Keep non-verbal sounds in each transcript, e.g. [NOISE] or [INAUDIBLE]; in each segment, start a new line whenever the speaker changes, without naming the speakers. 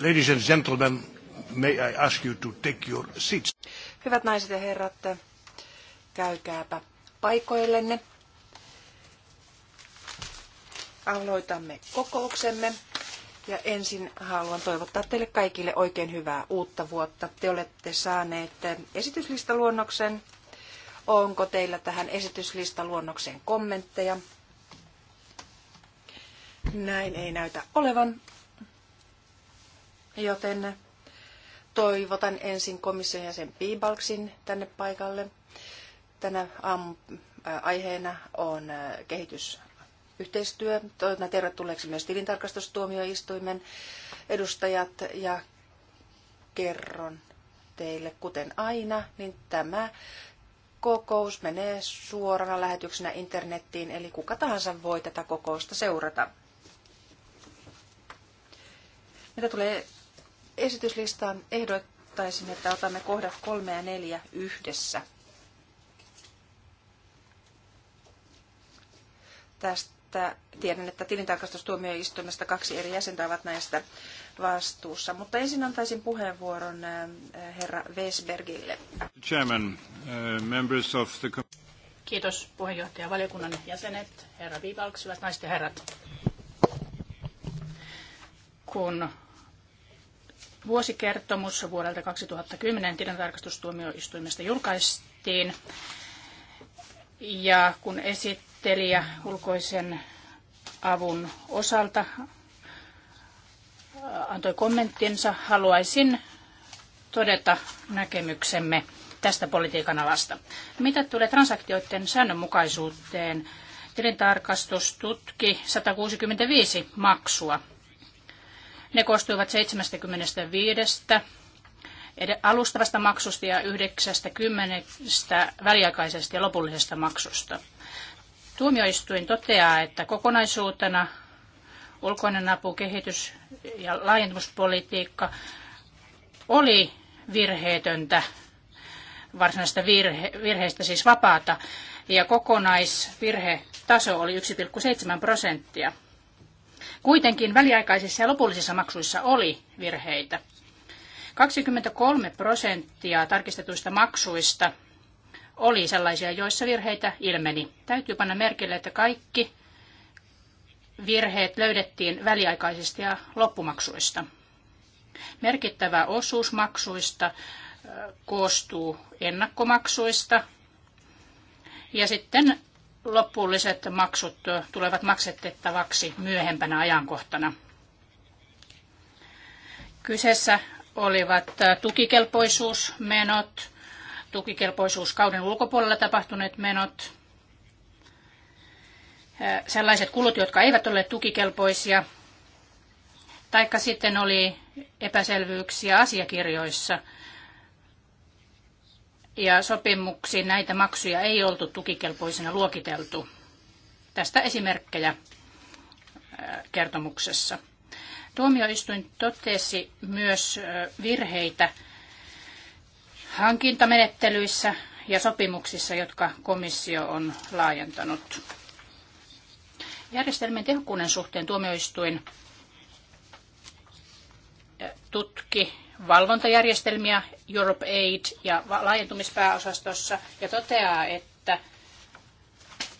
Ladies and gentlemen, may I ask you to take your seats?
Hyvät naiset ja herrat, käykääpä paikoillenne. Aloitamme kokouksemme ja ensin haluan toivottaa teille kaikille oikein hyvää uutta vuotta. Te olette saaneet esityslistaluonnoksen. Onko teillä tähän esityslistaluonnokseen kommentteja? Näin ei näytä olevan, Joten toivotan ensin komission jäsen Piibalksin tänne paikalle. Tänä aamun aiheena on kehitysyhteistyö. Toivotan tervetulleeksi myös tilintarkastustuomioistuimen edustajat ja kerron teille, kuten aina, niin tämä kokous menee suorana lähetyksenä internettiin, eli kuka tahansa voi tätä kokousta seurata. Mitä tulee esityslistaan ehdottaisin, että otamme kohdat kolme ja neljä yhdessä. Tästä tiedän, että tilintarkastustuomioistuimesta kaksi eri jäsentä ovat näistä vastuussa. Mutta ensin antaisin puheenvuoron äh, herra Vesbergille.
Chairman, äh, members of the...
Kiitos puheenjohtaja valiokunnan
jäsenet, herra Viivalks, hyvät naiset ja herrat. Kun vuosikertomus vuodelta 2010 tilintarkastustuomioistuimesta julkaistiin. Ja kun esittelijä ulkoisen avun osalta äh, antoi kommenttinsa, haluaisin todeta näkemyksemme tästä politiikan alasta. Mitä tulee transaktioiden säännönmukaisuuteen, tilintarkastus tutki 165 maksua ne koostuivat 75 alustavasta maksusta ja 90 väliaikaisesta ja lopullisesta maksusta. Tuomioistuin toteaa, että kokonaisuutena ulkoinen apu, kehitys ja laajentumispolitiikka oli virheetöntä, varsinaista virhe, virheistä siis vapaata, ja kokonaisvirhetaso oli 1,7 prosenttia. Kuitenkin väliaikaisissa ja lopullisissa maksuissa oli virheitä. 23 prosenttia tarkistetuista maksuista oli sellaisia, joissa virheitä ilmeni. Täytyy panna merkille, että kaikki virheet löydettiin väliaikaisista ja loppumaksuista. Merkittävä osuus maksuista koostuu ennakkomaksuista ja sitten lopulliset maksut tulevat maksettavaksi myöhempänä ajankohtana. Kyseessä olivat tukikelpoisuusmenot, tukikelpoisuuskauden ulkopuolella tapahtuneet menot, sellaiset kulut, jotka eivät ole tukikelpoisia, taikka sitten oli epäselvyyksiä asiakirjoissa – ja sopimuksiin näitä maksuja ei oltu tukikelpoisena luokiteltu. Tästä esimerkkejä kertomuksessa. Tuomioistuin totesi myös virheitä hankintamenettelyissä ja sopimuksissa, jotka komissio on laajentanut. Järjestelmien tehokkuuden suhteen tuomioistuin tutki valvontajärjestelmiä Europe Aid ja laajentumispääosastossa ja toteaa, että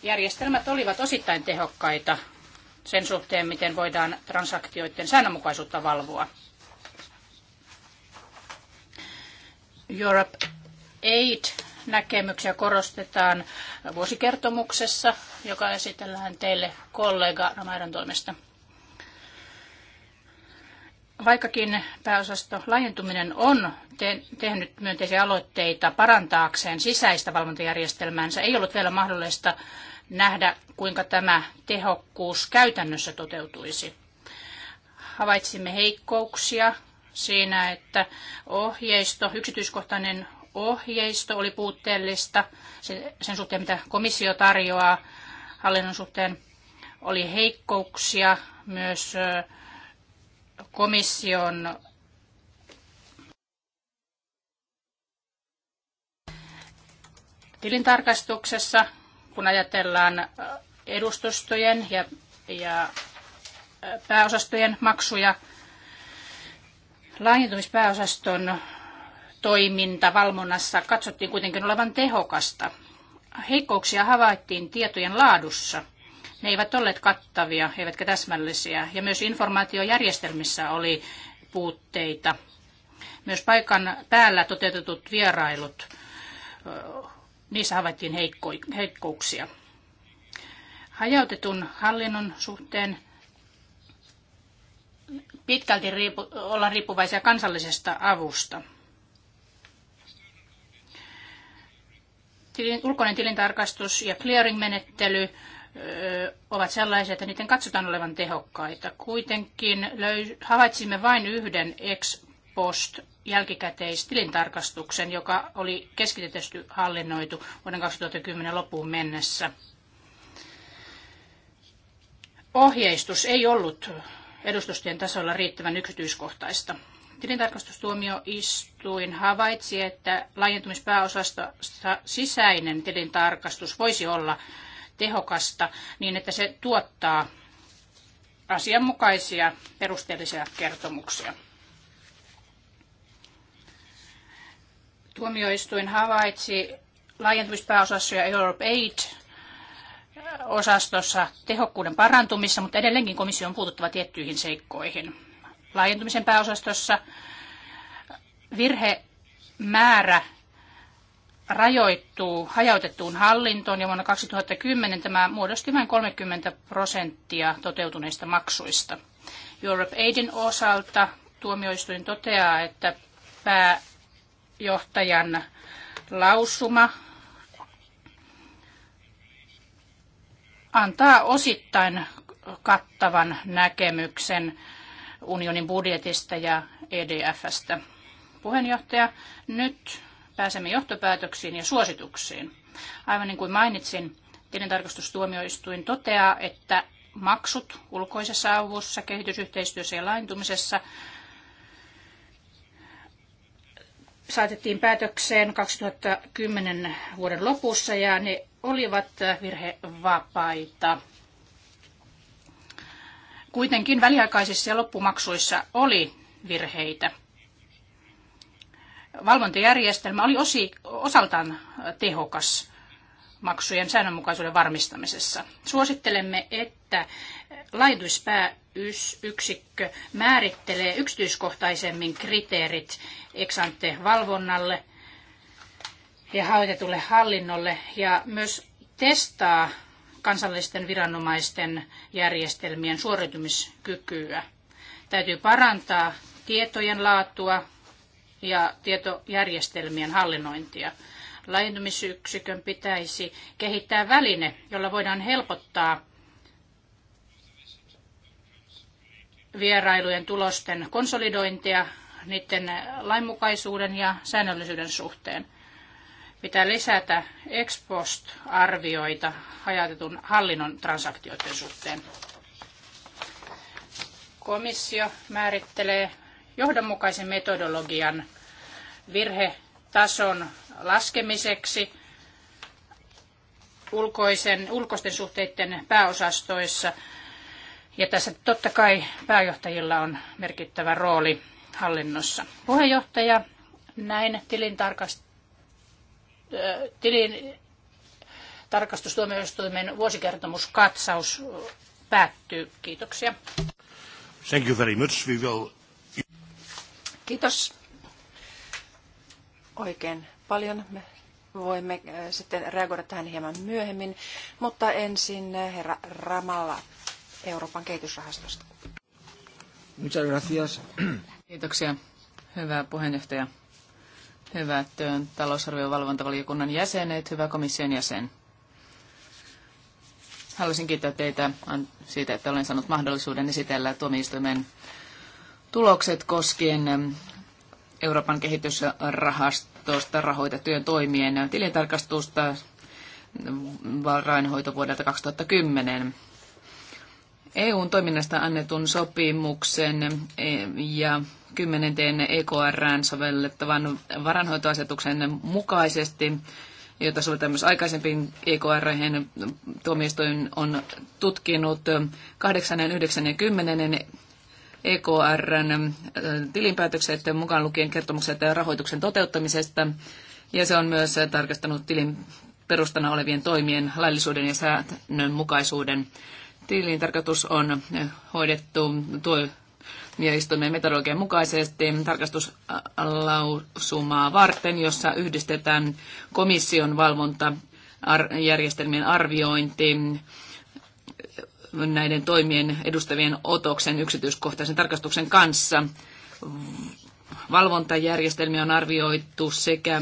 järjestelmät olivat osittain tehokkaita sen suhteen, miten voidaan transaktioiden säännönmukaisuutta valvoa. Europe Aid näkemyksiä korostetaan vuosikertomuksessa, joka esitellään teille kollega Ramairan toimesta. Vaikkakin pääosasto laajentuminen on te- tehnyt myönteisiä aloitteita parantaakseen sisäistä valvontajärjestelmäänsä, ei ollut vielä mahdollista nähdä, kuinka tämä tehokkuus käytännössä toteutuisi. Havaitsimme heikkouksia siinä, että ohjeisto, yksityiskohtainen ohjeisto oli puutteellista sen suhteen, mitä komissio tarjoaa hallinnon suhteen. Oli heikkouksia myös komission tilintarkastuksessa, kun ajatellaan äh, edustustojen ja, ja äh, pääosastojen maksuja, laajentumispääosaston toiminta valvonnassa katsottiin kuitenkin olevan tehokasta. Heikkouksia havaittiin tietojen laadussa – ne eivät olleet kattavia eivätkä täsmällisiä ja myös informaatiojärjestelmissä oli puutteita. Myös paikan päällä toteutetut vierailut, niissä havaittiin heikko- heikkouksia. Hajautetun hallinnon suhteen pitkälti riipu, olla riippuvaisia kansallisesta avusta. ulkoinen tilintarkastus ja clearing-menettely ovat sellaisia, että niiden katsotaan olevan tehokkaita. Kuitenkin havaitsimme vain yhden ex post jälkikäteistilintarkastuksen, joka oli keskitetysti hallinnoitu vuoden 2010 loppuun mennessä. Ohjeistus ei ollut edustustien tasolla riittävän yksityiskohtaista. Tilintarkastustuomioistuin havaitsi, että laajentumispääosasta sisäinen tilintarkastus voisi olla tehokasta niin, että se tuottaa asianmukaisia perusteellisia kertomuksia. Tuomioistuin havaitsi laajentumispääosassa ja Europe Aid osastossa tehokkuuden parantumissa, mutta edelleenkin komissio on puututtava tiettyihin seikkoihin. Laajentumisen pääosastossa virhemäärä rajoittuu hajautettuun hallintoon ja vuonna 2010 tämä muodosti vain 30 prosenttia toteutuneista maksuista. Europe Aidin osalta tuomioistuin toteaa, että pääjohtajan lausuma antaa osittain kattavan näkemyksen unionin budjetista ja EDFstä. Puheenjohtaja, nyt pääsemme johtopäätöksiin ja suosituksiin. Aivan niin kuin mainitsin, tilintarkastustuomioistuin toteaa, että maksut ulkoisessa avussa, kehitysyhteistyössä ja laintumisessa saatettiin päätökseen 2010 vuoden lopussa ja ne olivat virhevapaita. Kuitenkin väliaikaisissa ja loppumaksuissa oli virheitä valvontajärjestelmä oli osi, osaltaan tehokas maksujen säännönmukaisuuden varmistamisessa. Suosittelemme, että laitospääyksikkö määrittelee yksityiskohtaisemmin kriteerit eksante valvonnalle ja hautetulle hallinnolle ja myös testaa kansallisten viranomaisten järjestelmien suoriutumiskykyä. Täytyy parantaa tietojen laatua, ja tietojärjestelmien hallinnointia. Laajentumisyksikön pitäisi kehittää väline, jolla voidaan helpottaa vierailujen tulosten konsolidointia niiden lainmukaisuuden ja säännöllisyyden suhteen. Pitää lisätä ex post-arvioita hajautetun hallinnon transaktioiden suhteen. Komissio määrittelee johdonmukaisen metodologian virhetason laskemiseksi ulkoisen, ulkoisten suhteiden pääosastoissa. Ja tässä totta kai pääjohtajilla on merkittävä rooli hallinnossa. Puheenjohtaja, näin tilintarkast... Äh, tilin vuosikertomuskatsaus päättyy. Kiitoksia.
Thank you very much. We will
Kiitos oikein paljon. Me voimme äh, sitten reagoida tähän hieman myöhemmin, mutta ensin äh, herra Ramalla Euroopan kehitysrahastosta.
Muchas gracias.
Kiitoksia. Hyvä puheenjohtaja. Hyvät talousarviovalvontavaliokunnan jäsenet, hyvä komission jäsen. Haluaisin kiittää teitä siitä, että olen saanut mahdollisuuden esitellä tuomioistuimen tulokset koskien Euroopan kehitysrahastosta rahoitettujen toimien tilintarkastusta varainhoito vuodelta 2010. EUn toiminnasta annetun sopimuksen e, ja kymmenenteen EKRään sovellettavan varanhoitoasetuksen mukaisesti, jota sovelletaan myös aikaisempiin ekr tuomioistuin on tutkinut 8, 9 ja 10 EKRn äh, tilinpäätökset mukaan lukien kertomukset rahoituksen toteuttamisesta. Ja se on myös tarkastanut tilin perustana olevien toimien laillisuuden ja säännönmukaisuuden. Tilintarkastus on hoidettu tuo ja istuimen metodologian mukaisesti tarkastuslausumaa varten, jossa yhdistetään komission valvontajärjestelmien arviointi näiden toimien edustavien otoksen yksityiskohtaisen tarkastuksen kanssa. Valvontajärjestelmiä on arvioitu sekä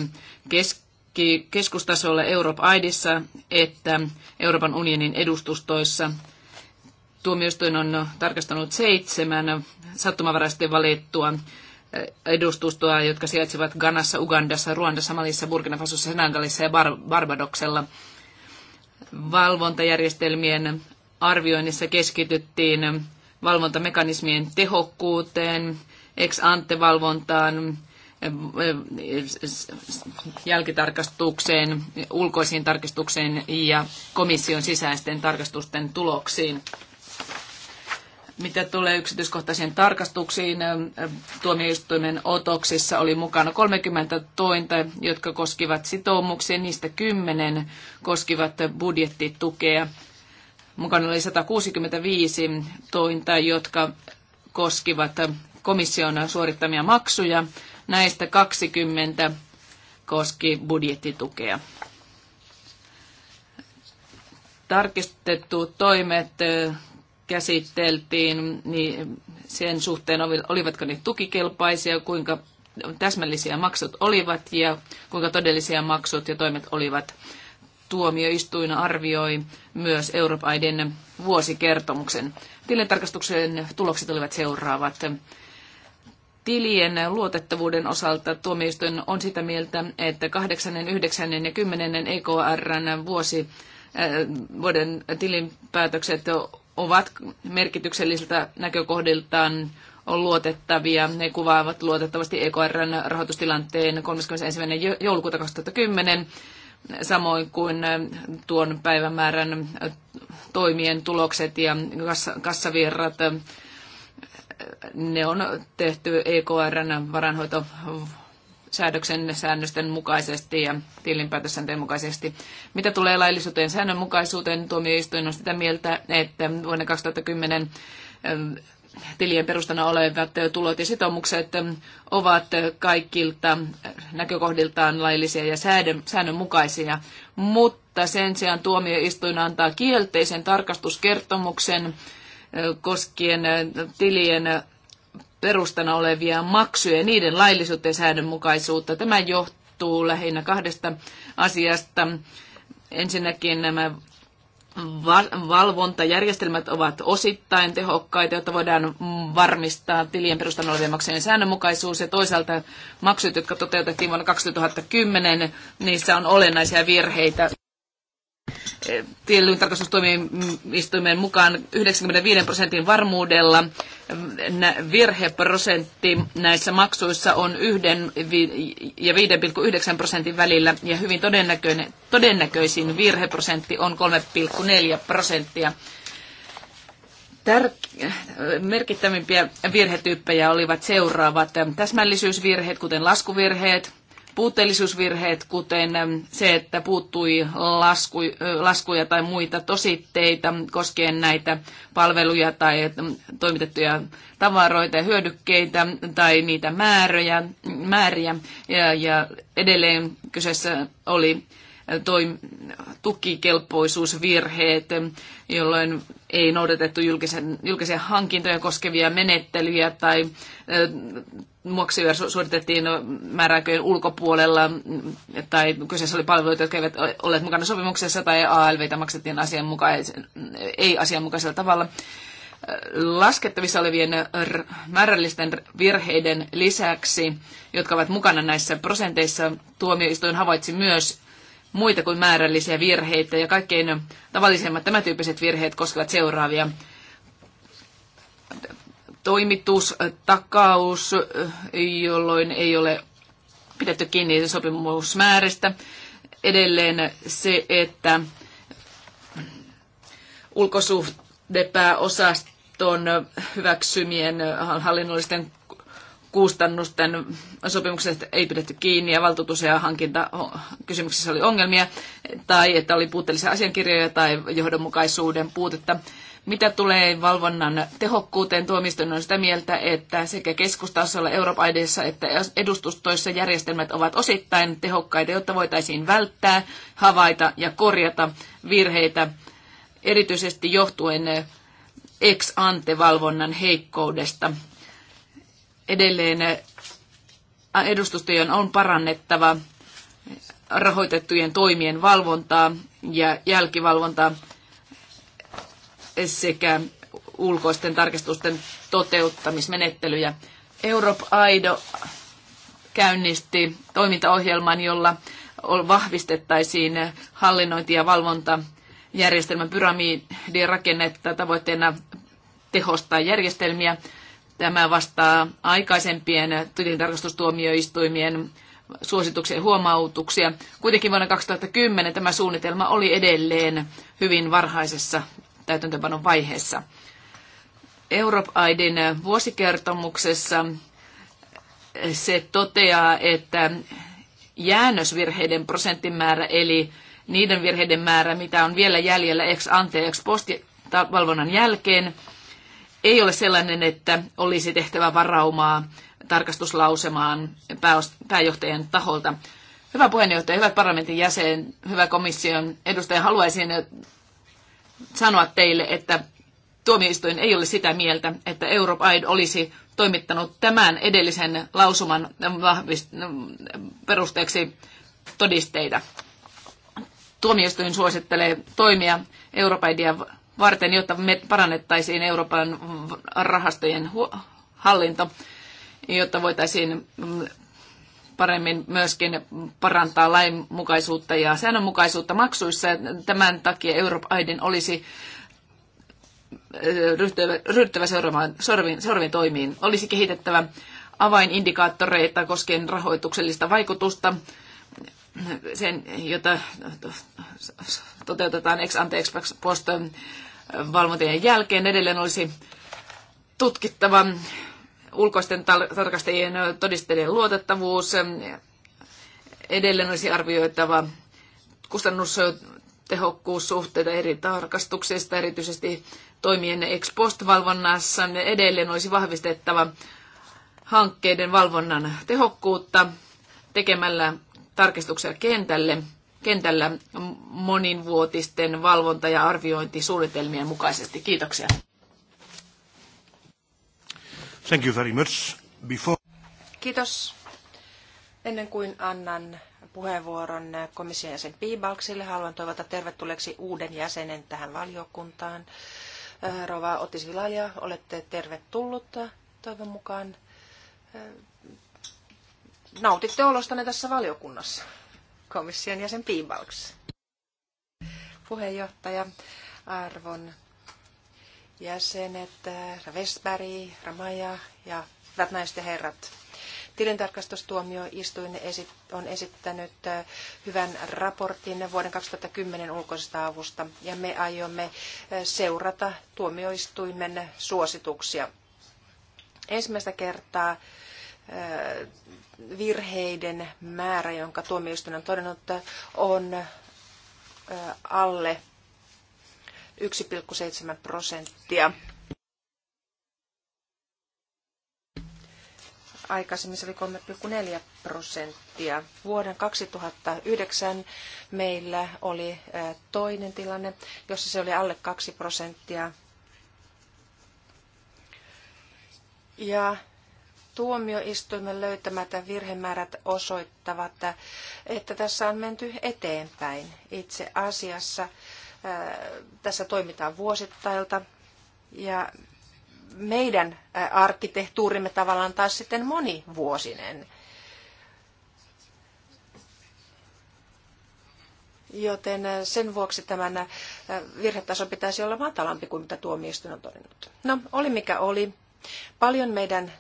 keski, keskustasolla Europe Aidissa että Euroopan unionin edustustoissa. Tuomioistuin on tarkastanut seitsemän sattumavaraisesti valittua eh, edustustoa, jotka sijaitsevat Ganassa, Ugandassa, Ruandassa, Malissa, Burkina Fasossa, Senegalissa ja Bar- Barbadoksella. Valvontajärjestelmien arvioinnissa keskityttiin valvontamekanismien tehokkuuteen, ex ante valvontaan, jälkitarkastukseen, ulkoisiin tarkastukseen ja komission sisäisten tarkastusten tuloksiin. Mitä tulee yksityiskohtaisiin tarkastuksiin, tuomioistuimen otoksissa oli mukana 30 tointa, jotka koskivat sitoumuksia, niistä 10 koskivat budjettitukea. Mukana oli 165 tointa, jotka koskivat komission suorittamia maksuja. Näistä 20 koski budjettitukea. Tarkistettu toimet käsiteltiin niin sen suhteen, olivatko ne tukikelpaisia, kuinka täsmällisiä maksut olivat ja kuinka todellisia maksut ja toimet olivat tuomioistuin arvioi myös Europaiden vuosikertomuksen. Tilintarkastuksen tulokset olivat seuraavat. Tilien luotettavuuden osalta tuomioistuin on sitä mieltä, että 8, 9 ja 10 EKRn vuosi, äh, vuoden tilinpäätökset ovat merkityksellisiltä näkökohdiltaan on luotettavia. Ne kuvaavat luotettavasti EKRn rahoitustilanteen 31. joulukuuta 2010 samoin kuin tuon päivämäärän toimien tulokset ja kassavirrat. Ne on tehty EKRn varanhoito säädöksen säännösten mukaisesti ja tilinpäätössäänteen mukaisesti. Mitä tulee laillisuuteen säännönmukaisuuteen, tuomioistuin on sitä mieltä, että vuonna 2010 tilien perustana olevat tulot ja sitoumukset ovat kaikilta näkökohdiltaan laillisia ja säännönmukaisia, mutta sen sijaan tuomioistuin antaa kielteisen tarkastuskertomuksen koskien tilien perustana olevia maksuja ja niiden laillisuutta ja säännönmukaisuutta. Tämä johtuu lähinnä kahdesta asiasta. Ensinnäkin nämä valvontajärjestelmät ovat osittain tehokkaita, jotta voidaan varmistaa tilien perustan olevien maksujen säännönmukaisuus ja toisaalta maksut, jotka toteutettiin vuonna 2010, niissä on olennaisia virheitä tilintarkastustuomioistuimen mukaan 95 prosentin varmuudella virheprosentti näissä maksuissa on 1 ja 5,9 prosentin välillä ja hyvin todennäköinen, todennäköisin virheprosentti on 3,4 prosenttia. Tär- merkittävimpiä virhetyyppejä olivat seuraavat täsmällisyysvirheet, kuten laskuvirheet, puutteellisuusvirheet, kuten ähm, se, että puuttui lasku, äh, laskuja tai muita tositteita koskien näitä palveluja tai äh, toimitettuja tavaroita ja hyödykkeitä tai niitä määröjä, määriä. Ja, ja edelleen kyseessä oli äh, toi, tukikelpoisuusvirheet, jolloin ei noudatettu julkisen, julkisia hankintoja koskevia menettelyjä tai muoksia suoritettiin määräaikojen ulkopuolella mm, tai kyseessä oli palveluita, jotka eivät olleet mukana sopimuksessa tai ALVitä maksettiin ei asianmukaisella tavalla. Laskettavissa olevien määrällisten virheiden lisäksi, jotka ovat mukana näissä prosenteissa, tuomioistuin havaitsi myös muita kuin määrällisiä virheitä ja kaikkein tavallisemmat tämän tyyppiset virheet koskevat seuraavia. Toimitus, takaus, jolloin ei ole pidetty kiinni sopimusmääristä. Edelleen se, että ulkosuhdepääosaston hyväksymien hallinnollisten kustannusten sopimuksesta ei pidetty kiinni ja valtuutus- ja hankintakysymyksissä oli ongelmia tai että oli puutteellisia asiakirjoja tai johdonmukaisuuden puutetta. Mitä tulee valvonnan tehokkuuteen, tuomioistuin on sitä mieltä, että sekä keskustasolla Euroopan että edustustoissa järjestelmät ovat osittain tehokkaita, jotta voitaisiin välttää, havaita ja korjata virheitä, erityisesti johtuen ex-ante-valvonnan heikkoudesta edelleen edustustojen on parannettava rahoitettujen toimien valvontaa ja jälkivalvontaa sekä ulkoisten tarkistusten toteuttamismenettelyjä. Europe Aido käynnisti toimintaohjelman, jolla vahvistettaisiin hallinnointi- ja valvontajärjestelmän pyramidien rakennetta tavoitteena tehostaa järjestelmiä, Tämä vastaa aikaisempien tilintarkastustuomioistuimien suosituksia ja huomautuksia. Kuitenkin vuonna 2010 tämä suunnitelma oli edelleen hyvin varhaisessa täytäntöpanon vaiheessa. Europe vuosikertomuksessa se toteaa, että jäännösvirheiden prosenttimäärä, eli niiden virheiden määrä, mitä on vielä jäljellä ex ante ex post valvonnan jälkeen, ei ole sellainen, että olisi tehtävä varaumaa tarkastuslausemaan pääjohtajan taholta. Hyvä puheenjohtaja, hyvät parlamentin jäsen, hyvä komission edustaja, haluaisin sanoa teille, että tuomioistuin ei ole sitä mieltä, että Europide olisi toimittanut tämän edellisen lausuman perusteeksi todisteita. Tuomioistuin suosittelee toimia Europidea varten, jotta me parannettaisiin Euroopan rahastojen hallinto, jotta voitaisiin paremmin myöskin parantaa lainmukaisuutta ja säännönmukaisuutta maksuissa. Tämän takia Euroopan olisi ryhtyvä, ryhtyvä seuraamaan sorvin, sorvin toimiin. Olisi kehitettävä avainindikaattoreita koskien rahoituksellista vaikutusta, sen, jota toteutetaan ex ante ex post valvontien jälkeen edelleen olisi tutkittava ulkoisten tarkastajien todisteiden luotettavuus, edelleen olisi arvioitava kustannustehokkuussuhteita eri tarkastuksista, erityisesti toimien ex post-valvonnassa. Edelleen olisi vahvistettava hankkeiden valvonnan tehokkuutta tekemällä tarkistuksia kentälle – kentällä moninvuotisten valvonta- ja arviointisuunnitelmien mukaisesti. Kiitoksia.
Thank you very much. Before...
Kiitos. Ennen kuin annan puheenvuoron komission jäsen Piibalksille, haluan toivota tervetulleeksi uuden jäsenen tähän valiokuntaan. Äh, Rova Otis Vilaja, olette tervetullut äh, toivon mukaan. Äh, nautitte olostanne tässä valiokunnassa komission jäsen Piibalks. Puheenjohtaja, arvon jäsenet, Vestberg, Ramaja ja hyvät naiset ja herrat. Tilintarkastustuomioistuin on esittänyt äh, hyvän raportin vuoden 2010 ulkoisesta avusta ja me aiomme äh, seurata tuomioistuimen suosituksia. Ensimmäistä kertaa virheiden määrä, jonka tuomioistuin on todennut, on alle 1,7 prosenttia. aikaisemmin se oli 3,4 prosenttia. Vuoden 2009 meillä oli toinen tilanne, jossa se oli alle 2 prosenttia. Ja tuomioistuimen löytämätä virhemäärät osoittavat, että tässä on menty eteenpäin. Itse asiassa tässä toimitaan vuosittailta ja meidän arkkitehtuurimme tavallaan taas sitten monivuosinen. Joten sen vuoksi tämän virhetaso pitäisi olla matalampi kuin mitä tuomioistuin on todennut. No, oli mikä oli. Paljon meidän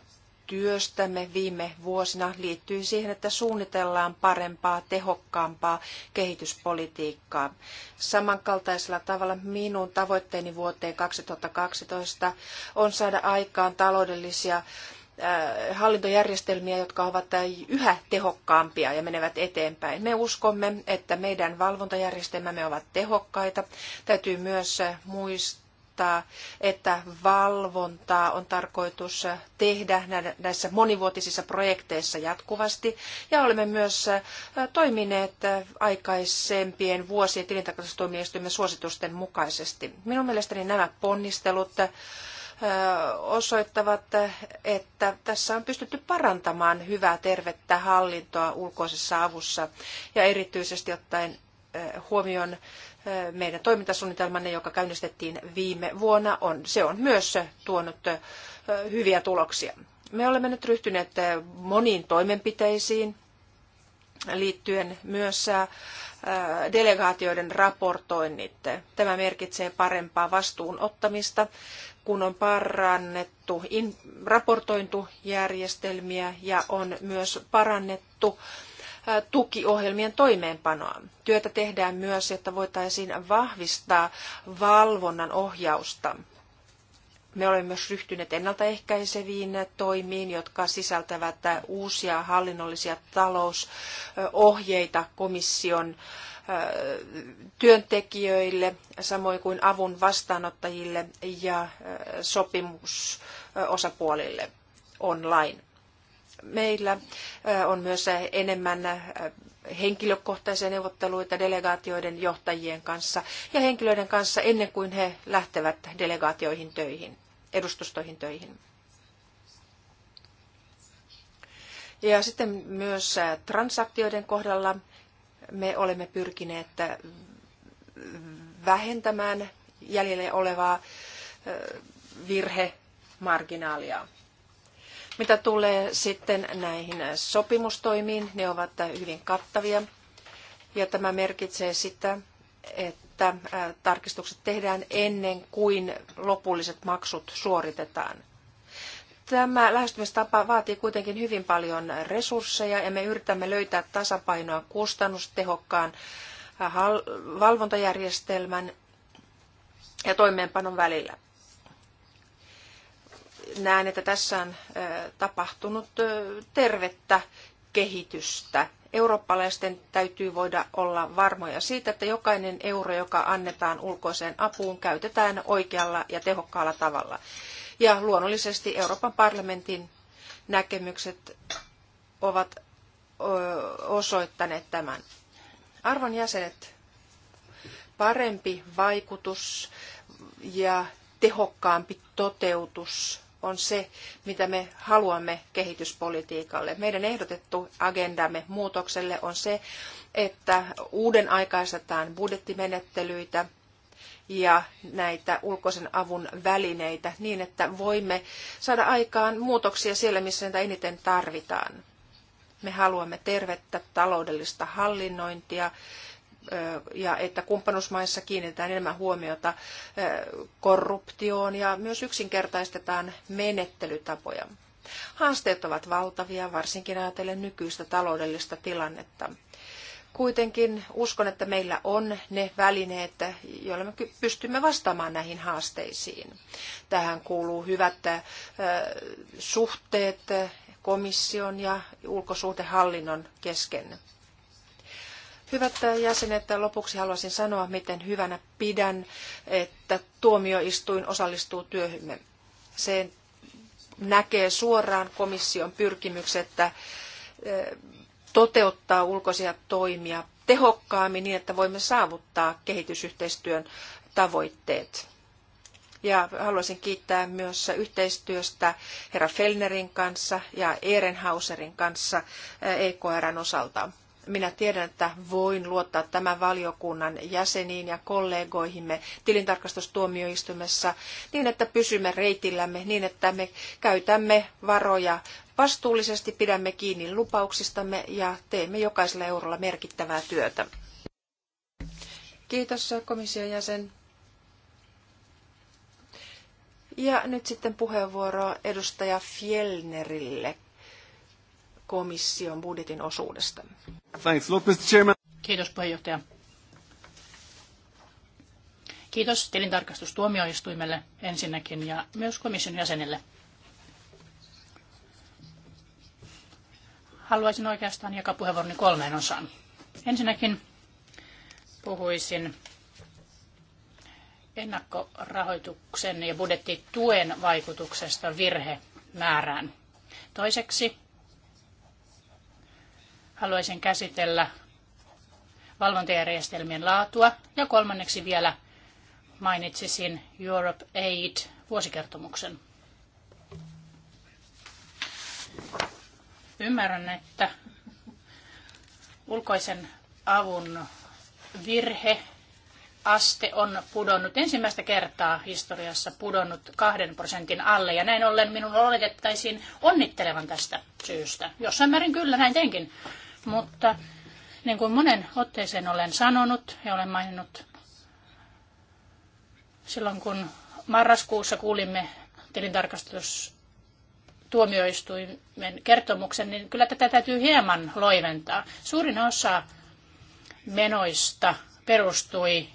työstämme viime vuosina liittyy siihen, että suunnitellaan parempaa, tehokkaampaa kehityspolitiikkaa. Samankaltaisella tavalla minun tavoitteeni vuoteen 2012 on saada aikaan taloudellisia äh, hallintojärjestelmiä, jotka ovat yhä tehokkaampia ja menevät eteenpäin. Me uskomme, että meidän valvontajärjestelmämme ovat tehokkaita. Täytyy myös muistaa, ehdottaa, että valvontaa on tarkoitus tehdä näissä monivuotisissa projekteissa jatkuvasti. Ja olemme myös toimineet aikaisempien vuosien tilintarkastustuomioistuimen suositusten mukaisesti. Minun mielestäni nämä ponnistelut osoittavat, että tässä on pystytty parantamaan hyvää tervettä hallintoa ulkoisessa avussa ja erityisesti ottaen huomioon meidän toimintasuunnitelmanne, joka käynnistettiin viime vuonna, on, se on myös tuonut hyviä tuloksia. Me olemme nyt ryhtyneet moniin toimenpiteisiin liittyen myös delegaatioiden raportoinnit. Tämä merkitsee parempaa vastuun ottamista, kun on parannettu raportointujärjestelmiä ja on myös parannettu tukiohjelmien toimeenpanoa. Työtä tehdään myös, jotta voitaisiin vahvistaa valvonnan ohjausta. Me olemme myös ryhtyneet ennaltaehkäiseviin toimiin, jotka sisältävät uusia hallinnollisia talousohjeita komission työntekijöille, samoin kuin avun vastaanottajille ja sopimusosapuolille online meillä on myös enemmän henkilökohtaisia neuvotteluita delegaatioiden johtajien kanssa ja henkilöiden kanssa ennen kuin he lähtevät delegaatioihin töihin, edustustoihin töihin. Ja sitten myös transaktioiden kohdalla me olemme pyrkineet vähentämään jäljelle olevaa virhemarginaalia. Mitä tulee sitten näihin sopimustoimiin, ne ovat hyvin kattavia. Ja tämä merkitsee sitä, että tarkistukset tehdään ennen kuin lopulliset maksut suoritetaan. Tämä lähestymistapa vaatii kuitenkin hyvin paljon resursseja ja me yritämme löytää tasapainoa kustannustehokkaan valvontajärjestelmän ja toimeenpanon välillä näen, että tässä on tapahtunut tervettä kehitystä. Eurooppalaisten täytyy voida olla varmoja siitä, että jokainen euro, joka annetaan ulkoiseen apuun, käytetään oikealla ja tehokkaalla tavalla. Ja luonnollisesti Euroopan parlamentin näkemykset ovat osoittaneet tämän. Arvon jäsenet, parempi vaikutus ja tehokkaampi toteutus on se, mitä me haluamme kehityspolitiikalle. Meidän ehdotettu agendamme muutokselle on se, että uuden aikaistetaan budjettimenettelyitä ja näitä ulkoisen avun välineitä niin, että voimme saada aikaan muutoksia siellä, missä niitä eniten tarvitaan. Me haluamme tervettä taloudellista hallinnointia, ja että kumppanuusmaissa kiinnitetään enemmän huomiota korruptioon ja myös yksinkertaistetaan menettelytapoja. Haasteet ovat valtavia, varsinkin ajatellen nykyistä taloudellista tilannetta. Kuitenkin uskon, että meillä on ne välineet, joilla me pystymme vastaamaan näihin haasteisiin. Tähän kuuluu hyvät suhteet komission ja ulkosuhdehallinnon kesken. Hyvät jäsenet, lopuksi haluaisin sanoa, miten hyvänä pidän, että tuomioistuin osallistuu työhymme. Se näkee suoraan komission pyrkimykset äh, toteuttaa ulkoisia toimia tehokkaammin niin, että voimme saavuttaa kehitysyhteistyön tavoitteet. Ja haluaisin kiittää myös yhteistyöstä herra Fellnerin kanssa ja Ehrenhauserin kanssa äh, EKRn osalta. Minä tiedän, että voin luottaa tämän valiokunnan jäseniin ja kollegoihimme tilintarkastustuomioistuimessa niin, että pysymme reitillämme, niin että me käytämme varoja vastuullisesti, pidämme kiinni lupauksistamme ja teemme jokaisella eurolla merkittävää työtä. Kiitos komission jäsen. Ja nyt sitten puheenvuoro edustaja Fjellnerille komission budjetin osuudesta.
Thanks, Mr. Chairman.
Kiitos puheenjohtaja. Kiitos tilintarkastustuomioistuimelle ensinnäkin ja myös komission jäsenille. Haluaisin oikeastaan jakaa puheenvuoroni kolmeen osaan. Ensinnäkin puhuisin ennakkorahoituksen ja budjettituen vaikutuksesta virhemäärään. Toiseksi Haluaisin käsitellä valvontajärjestelmien laatua ja kolmanneksi vielä mainitsisin Europe Aid vuosikertomuksen. Ymmärrän, että ulkoisen avun virhe aste on pudonnut ensimmäistä kertaa historiassa pudonnut kahden prosentin alle ja näin ollen minun oletettaisiin onnittelevan tästä syystä. Jossain määrin kyllä näin teinkin, mutta niin kuin monen otteeseen olen sanonut ja olen maininnut silloin, kun marraskuussa kuulimme tilintarkastustuomioistuimen kertomuksen, niin kyllä tätä täytyy hieman loiventaa. Suurin osa menoista perustui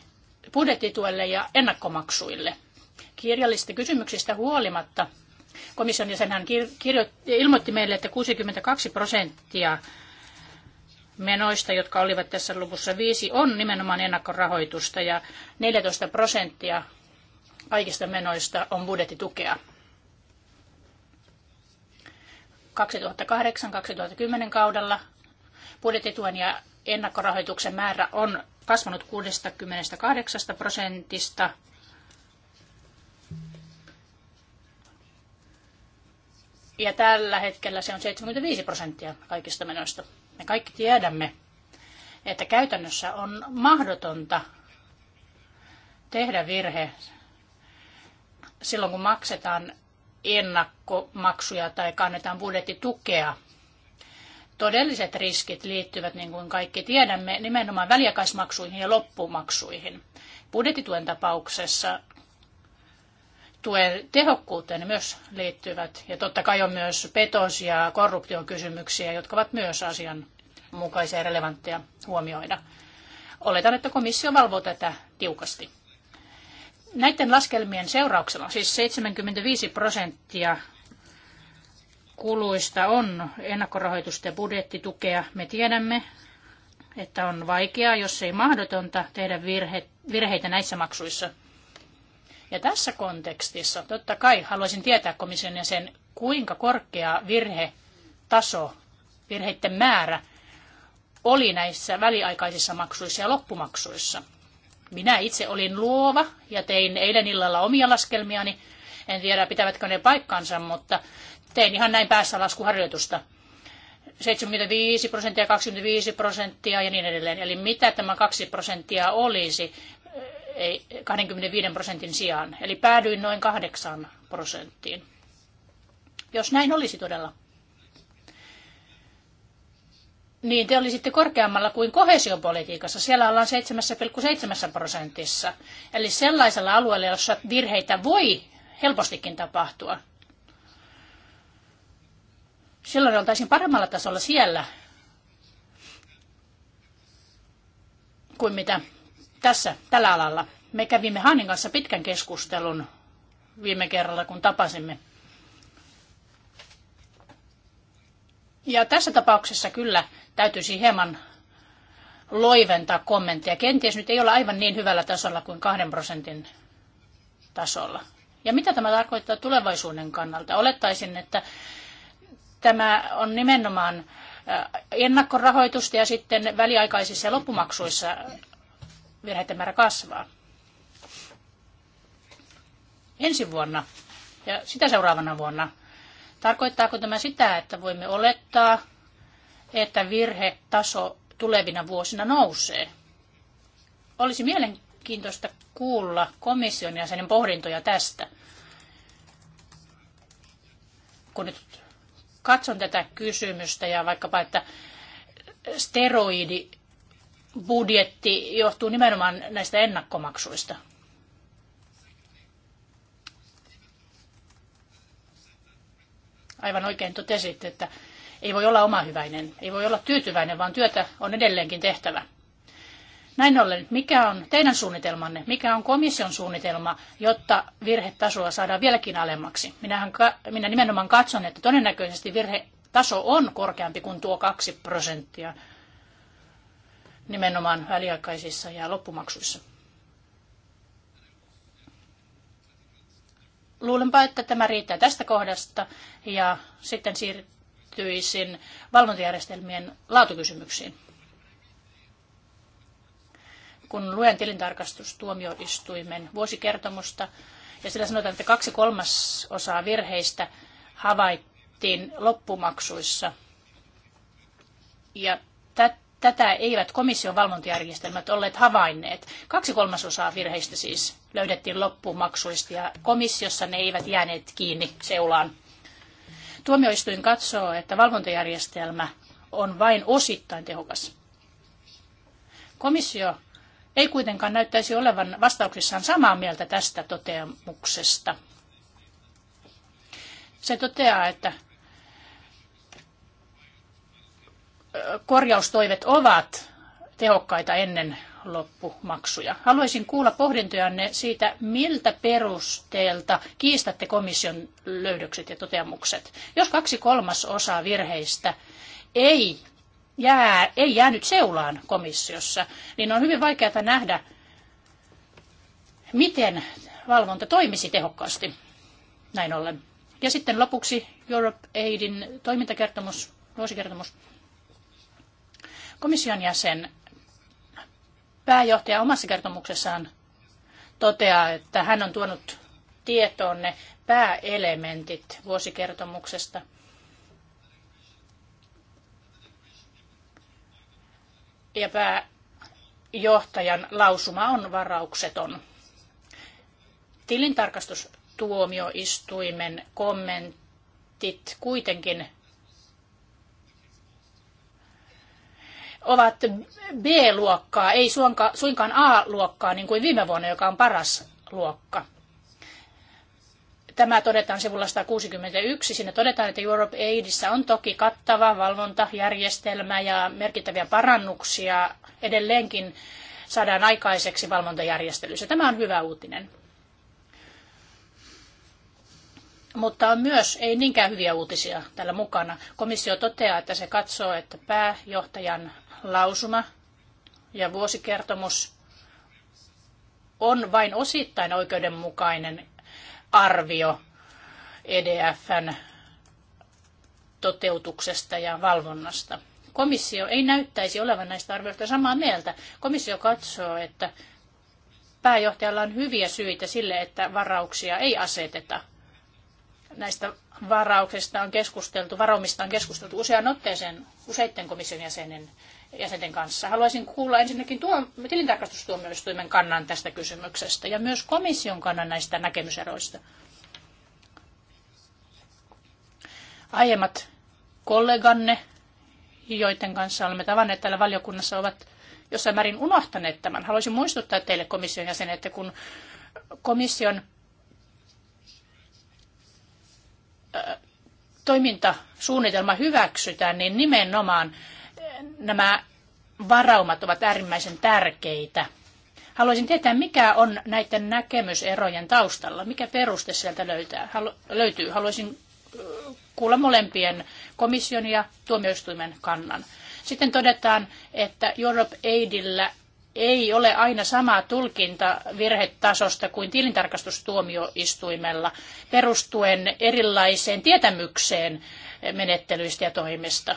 budjettituelle ja ennakkomaksuille. Kirjallisista kysymyksistä huolimatta komission jäsenhän kirjoitti, ilmoitti meille, että 62 prosenttia menoista, jotka olivat tässä luvussa viisi, on nimenomaan ennakkorahoitusta ja 14 prosenttia kaikista menoista on budjettitukea. 2008-2010 kaudella budjettituen ja ennakkorahoituksen määrä on kasvanut 68 prosentista ja tällä hetkellä se on 75 prosenttia kaikista menoista. Me kaikki tiedämme, että käytännössä on mahdotonta tehdä virhe silloin, kun maksetaan ennakkomaksuja tai kannetaan budjettitukea. Todelliset riskit liittyvät, niin kuin kaikki tiedämme, nimenomaan väliaikaismaksuihin ja loppumaksuihin. Budjettituen tapauksessa tuen tehokkuuteen myös liittyvät. Ja totta kai on myös petos- ja korruptiokysymyksiä, jotka ovat myös asian mukaisia ja relevantteja huomioida. Oletan, että komissio valvoo tätä tiukasti. Näiden laskelmien seurauksena siis 75 prosenttia kuluista on ennakkorahoitusta ja budjettitukea. Me tiedämme, että on vaikeaa, jos ei mahdotonta, tehdä virhe, virheitä näissä maksuissa – ja tässä kontekstissa totta kai haluaisin tietää komission ja sen, kuinka korkea virhetaso, virheiden määrä oli näissä väliaikaisissa maksuissa ja loppumaksuissa. Minä itse olin luova ja tein eilen illalla omia laskelmiani. En tiedä, pitävätkö ne paikkansa, mutta tein ihan näin päässä laskuharjoitusta. 75 prosenttia, 25 prosenttia ja niin edelleen. Eli mitä tämä 2 prosenttia olisi? 25 prosentin sijaan, eli päädyin noin 8 prosenttiin. Jos näin olisi todella, niin te olisitte korkeammalla kuin kohesiopolitiikassa. Siellä ollaan 7,7 prosentissa. Eli sellaisella alueella, jossa virheitä voi helpostikin tapahtua. Silloin oltaisiin paremmalla tasolla siellä kuin mitä tässä, tällä alalla. Me kävimme Hanin kanssa pitkän keskustelun viime kerralla, kun tapasimme. Ja tässä tapauksessa kyllä täytyisi hieman loiventaa kommentteja. Kenties nyt ei ole aivan niin hyvällä tasolla kuin kahden prosentin tasolla. Ja mitä tämä tarkoittaa tulevaisuuden kannalta? Olettaisin, että tämä on nimenomaan äh, ennakkorahoitusta ja sitten väliaikaisissa ja loppumaksuissa virheiden määrä kasvaa. Ensi vuonna ja sitä seuraavana vuonna. Tarkoittaako tämä sitä, että voimme olettaa, että virhetaso tulevina vuosina nousee? Olisi mielenkiintoista kuulla komission jäsenen pohdintoja tästä. Kun nyt katson tätä kysymystä ja vaikkapa, että steroidi budjetti johtuu nimenomaan näistä ennakkomaksuista? Aivan oikein totesit, että ei voi olla oma hyväinen, ei voi olla tyytyväinen, vaan työtä on edelleenkin tehtävä. Näin ollen, mikä on teidän suunnitelmanne, mikä on komission suunnitelma, jotta virhetasoa saadaan vieläkin alemmaksi? Minähän, minä nimenomaan katson, että todennäköisesti virhetaso on korkeampi kuin tuo 2 prosenttia nimenomaan väliaikaisissa ja loppumaksuissa. Luulenpa, että tämä riittää tästä kohdasta ja sitten siirtyisin valvontajärjestelmien laatukysymyksiin. Kun luen tilintarkastustuomioistuimen vuosikertomusta, ja sillä sanotaan, että kaksi kolmasosaa virheistä havaittiin loppumaksuissa. Ja Tätä eivät komission valvontajärjestelmät olleet havainneet. Kaksi kolmasosaa virheistä siis löydettiin loppumaksuista ja komissiossa ne eivät jääneet kiinni seulaan. Tuomioistuin katsoo, että valvontajärjestelmä on vain osittain tehokas. Komissio ei kuitenkaan näyttäisi olevan vastauksissaan samaa mieltä tästä toteamuksesta. Se toteaa, että korjaustoimet ovat tehokkaita ennen loppumaksuja. Haluaisin kuulla pohdintojanne siitä, miltä perusteelta kiistätte komission löydökset ja toteamukset. Jos kaksi kolmasosaa virheistä ei, jää, ei jäänyt seulaan komissiossa, niin on hyvin vaikeaa nähdä, miten valvonta toimisi tehokkaasti näin ollen. Ja sitten lopuksi Europe Aidin toimintakertomus, vuosikertomus. Komission jäsen pääjohtaja omassa kertomuksessaan toteaa, että hän on tuonut tietoon ne pääelementit vuosikertomuksesta. Ja pääjohtajan lausuma on varaukseton. Tilintarkastustuomioistuimen kommentit kuitenkin ovat B-luokkaa, ei suinkaan A-luokkaa, niin kuin viime vuonna, joka on paras luokka. Tämä todetaan sivulla 161. Siinä todetaan, että Europe Aidissa on toki kattava valvontajärjestelmä ja merkittäviä parannuksia edelleenkin saadaan aikaiseksi valvontajärjestelyssä. Tämä on hyvä uutinen. Mutta on myös ei niinkään hyviä uutisia tällä mukana. Komissio toteaa, että se katsoo, että pääjohtajan lausuma ja vuosikertomus on vain osittain oikeudenmukainen arvio EDFn toteutuksesta ja valvonnasta. Komissio ei näyttäisi olevan näistä arvioista samaa mieltä. Komissio katsoo, että pääjohtajalla on hyviä syitä sille, että varauksia ei aseteta. Näistä varauksista on keskusteltu, varomista on keskusteltu usean otteeseen useiden komission jäsenen jäsenten kanssa. Haluaisin kuulla ensinnäkin tuo, tilintarkastustuomioistuimen kannan tästä kysymyksestä ja myös komission kannan näistä näkemyseroista. Aiemmat kolleganne, joiden kanssa olemme tavanneet täällä valiokunnassa, ovat jossain määrin unohtaneet tämän. Haluaisin muistuttaa teille komission jäsenet, että kun komission toimintasuunnitelma hyväksytään, niin nimenomaan nämä varaumat ovat äärimmäisen tärkeitä. Haluaisin tietää, mikä on näiden näkemyserojen taustalla, mikä peruste sieltä löytää, halu, löytyy. Haluaisin kuulla molempien komission ja tuomioistuimen kannan. Sitten todetaan, että Europe Aidillä ei ole aina samaa tulkinta virhetasosta kuin tilintarkastustuomioistuimella perustuen erilaiseen tietämykseen menettelyistä ja toimista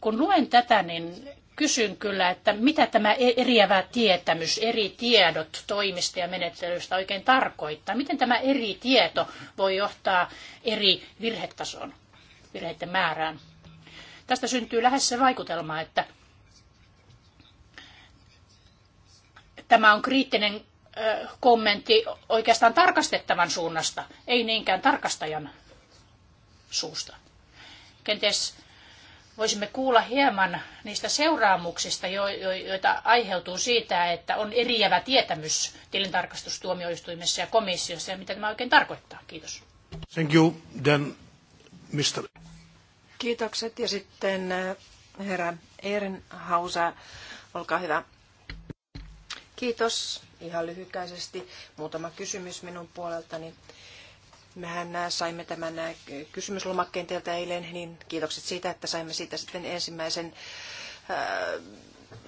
kun luen tätä, niin kysyn kyllä, että mitä tämä e- eriävä tietämys, eri tiedot toimista ja menettelystä oikein tarkoittaa? Miten tämä eri tieto voi johtaa eri virhetasoon, virheiden määrään? Tästä syntyy lähes se vaikutelma, että tämä on kriittinen kommentti oikeastaan tarkastettavan suunnasta, ei niinkään tarkastajan suusta. Kenties voisimme kuulla hieman niistä seuraamuksista, joita aiheutuu siitä, että on eriävä tietämys tilintarkastustuomioistuimessa ja komissiossa, ja mitä tämä oikein
tarkoittaa. Kiitos.
Thank you. Then, Mr.
Kiitokset. Ja sitten eh, herra Ehrenhauser, olkaa hyvä. Kiitos. Ihan lyhykäisesti muutama kysymys minun puoleltani. Mehän saimme tämän kysymyslomakkeen teiltä eilen, niin kiitokset siitä, että saimme siitä sitten ensimmäisen,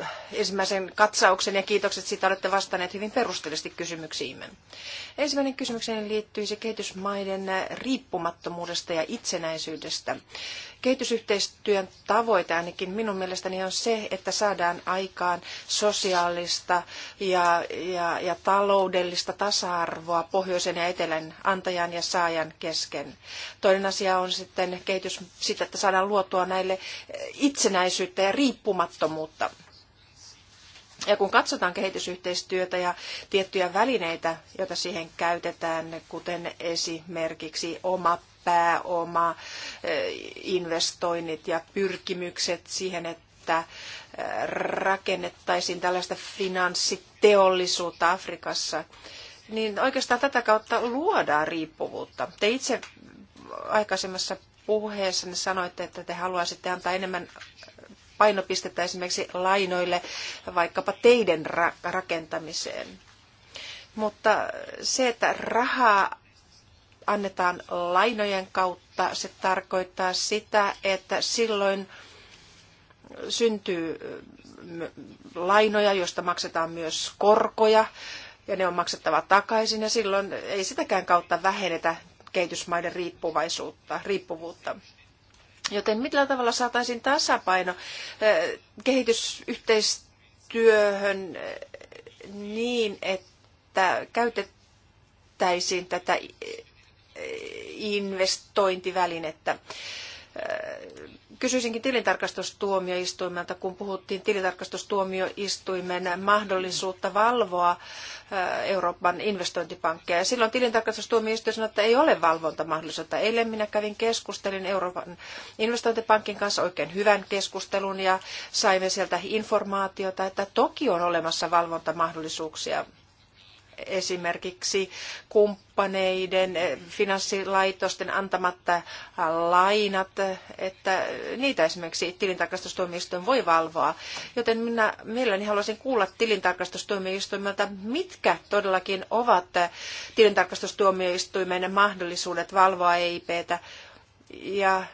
äh, ensimmäisen katsauksen ja kiitokset siitä, olette vastanneet hyvin perusteellisesti kysymyksiimme. Ensimmäinen kysymykseni se kehitysmaiden riippumattomuudesta ja itsenäisyydestä. Kehitysyhteistyön tavoite ainakin minun mielestäni on se, että saadaan aikaan sosiaalista ja, ja, ja taloudellista tasa-arvoa pohjoisen ja etelän antajan ja saajan kesken. Toinen asia on sitten kehitys sitä, että saadaan luotua näille itsenäisyyttä ja riippumattomuutta. Ja kun katsotaan kehitysyhteistyötä ja tiettyjä välineitä, joita siihen käytetään, kuten esimerkiksi oma pääoma, eh, investoinnit ja pyrkimykset siihen, että eh, rakennettaisiin tällaista finanssiteollisuutta Afrikassa, niin oikeastaan tätä kautta luodaan riippuvuutta. Te itse aikaisemmassa puheessanne sanoitte, että te haluaisitte antaa enemmän painopistettä esimerkiksi lainoille, vaikkapa teiden rakentamiseen. Mutta se, että rahaa annetaan lainojen kautta, se tarkoittaa sitä, että silloin syntyy äh, lainoja, joista maksetaan myös korkoja, ja ne on maksettava takaisin, ja silloin ei sitäkään kautta vähennetä kehitysmaiden riippuvaisuutta, riippuvuutta. Joten millä tavalla saataisiin tasapaino äh, kehitysyhteistyöhön äh, niin, että käytettäisiin tätä investointivälinettä. Kysyisinkin tilintarkastustuomioistuimelta, kun puhuttiin tilintarkastustuomioistuimen mahdollisuutta valvoa Euroopan investointipankkeja. Ja silloin tilintarkastustuomioistuin sanoi, että ei ole valvontamahdollisuutta. Eilen minä kävin keskustelin Euroopan investointipankin kanssa oikein hyvän keskustelun ja saimme sieltä informaatiota, että toki on olemassa valvontamahdollisuuksia esimerkiksi kumppaneiden, eh, finanssilaitosten antamatta lainat, eh, että niitä esimerkiksi tilintarkastustuomioistuin voi valvoa. Joten minä mielelläni haluaisin kuulla tilintarkastustuomioistuimelta, mitkä todellakin ovat eh, tilintarkastustuomioistuimen mahdollisuudet valvoa EIPtä ja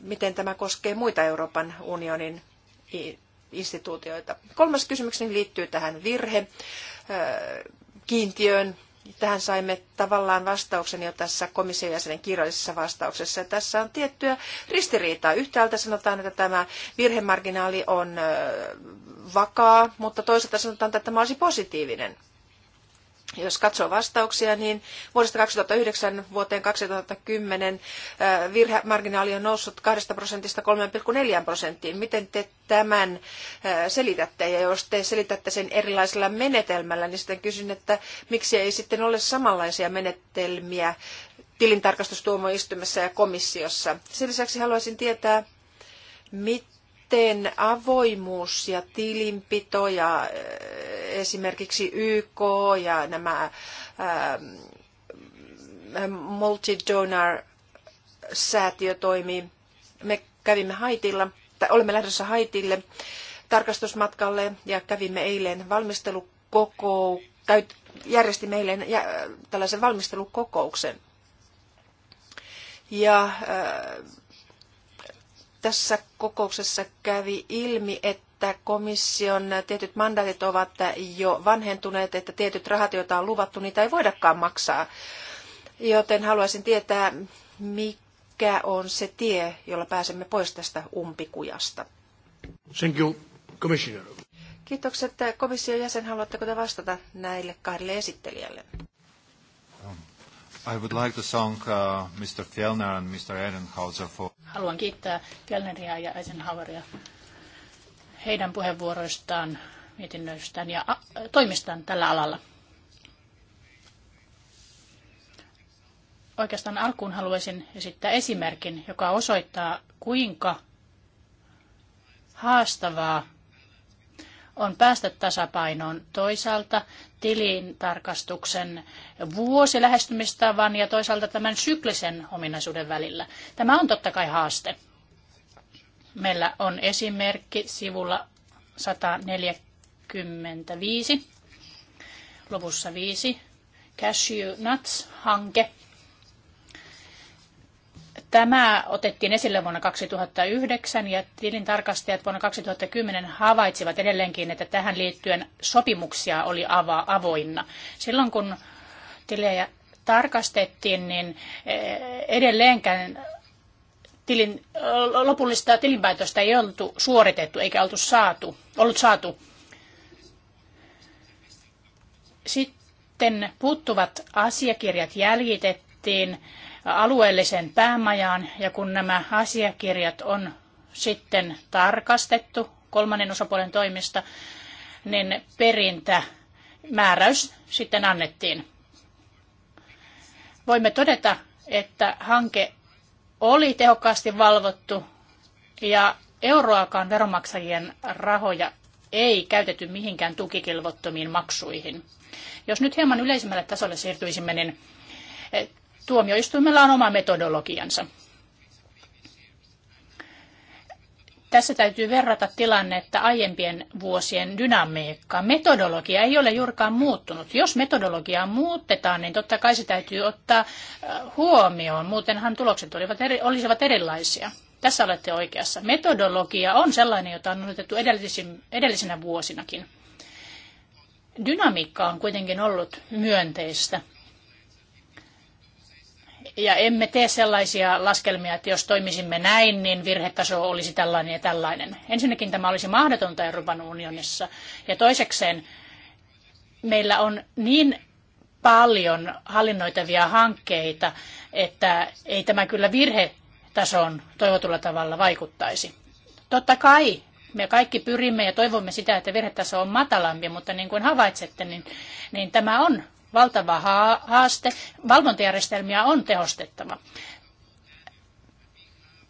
miten tämä koskee muita Euroopan unionin instituutioita. Kolmas kysymykseni liittyy tähän virhe Kiintiöön Tähän saimme tavallaan vastauksen jo tässä komission jäsenen kirjallisessa vastauksessa. Ja tässä on tiettyä ristiriitaa. Yhtäältä sanotaan, että tämä virhemarginaali on vakaa, mutta toisaalta sanotaan, että tämä olisi positiivinen. Jos katsoo vastauksia, niin vuodesta 2009 vuoteen 2010 äh, virhemarginaali on noussut 2 prosentista 3,4 prosenttiin. Miten te tämän äh, selitätte? Ja jos te selitätte sen erilaisella menetelmällä, niin sitten kysyn, että miksi ei sitten ole samanlaisia menetelmiä tilintarkastustuomioistuimessa ja komissiossa. Sen lisäksi haluaisin tietää, miten avoimuus ja tilinpito ja äh, esimerkiksi YK ja nämä ähm, multi-donor säätiö toimii. Me kävimme Haitilla, tai olemme lähdössä Haitille tarkastusmatkalle ja kävimme eilen valmistelukokouksen, järjestimme eilen tällaisen valmistelukokouksen. Ja äh, tässä kokouksessa kävi ilmi, että että komission tietyt mandaatit ovat jo vanhentuneet, että tietyt rahat, joita on luvattu, niitä ei voidakaan maksaa. Joten haluaisin tietää, mikä on se tie, jolla pääsemme pois tästä umpikujasta.
Thank you, Commissioner.
Kiitokset. Komission jäsen, haluatteko te vastata näille kahdelle esittelijälle?
Um, I would like to thank uh, Mr. Fjellner and Mr. for...
Haluan kiittää
Fjellneria ja Eisenhoweria heidän puheenvuoroistaan, mietinnöistään ja äh, toimistaan tällä alalla. Oikeastaan alkuun haluaisin esittää esimerkin, joka osoittaa, kuinka haastavaa on päästä tasapainoon toisaalta tilintarkastuksen vuosilähestymistavan ja toisaalta tämän syklisen ominaisuuden välillä. Tämä on totta kai haaste. Meillä on esimerkki sivulla 145, luvussa 5, Cashew Nuts-hanke. Tämä otettiin esille vuonna 2009 ja tilintarkastajat vuonna 2010 havaitsivat edelleenkin, että tähän liittyen sopimuksia oli ava avoinna. Silloin kun tilejä tarkastettiin, niin eh, edelleenkään tilin, lopullista tilinpäätöstä ei oltu suoritettu eikä oltu saatu, ollut saatu. Sitten puuttuvat asiakirjat jäljitettiin alueelliseen päämajaan ja kun nämä asiakirjat on sitten tarkastettu kolmannen osapuolen toimesta, niin perintämääräys sitten annettiin. Voimme todeta, että hanke oli tehokkaasti valvottu ja euroakaan veronmaksajien rahoja ei käytetty mihinkään tukikelvottomiin maksuihin. Jos nyt hieman yleisemmälle tasolle siirtyisimme, niin eh, tuomioistuimella on oma metodologiansa. Tässä täytyy verrata tilannetta aiempien vuosien dynamiikkaan. Metodologia ei ole juurikaan muuttunut. Jos metodologiaa muutetaan, niin totta kai se täytyy ottaa äh, huomioon. Muutenhan tulokset olivat eri, olisivat erilaisia. Tässä olette oikeassa. Metodologia on sellainen, jota on otettu edellisinä vuosinakin. Dynamiikka on kuitenkin ollut myönteistä – ja emme tee sellaisia laskelmia, että jos toimisimme näin, niin virhetaso olisi tällainen ja tällainen. Ensinnäkin tämä olisi mahdotonta Euroopan unionissa. Ja toisekseen meillä on niin paljon hallinnoitavia hankkeita, että ei tämä kyllä virhetasoon toivotulla tavalla vaikuttaisi. Totta kai me kaikki pyrimme ja toivomme sitä, että virhetaso on matalampi, mutta niin kuin havaitsette, niin, niin tämä on valtava haaste. Valvontajärjestelmiä on tehostettava.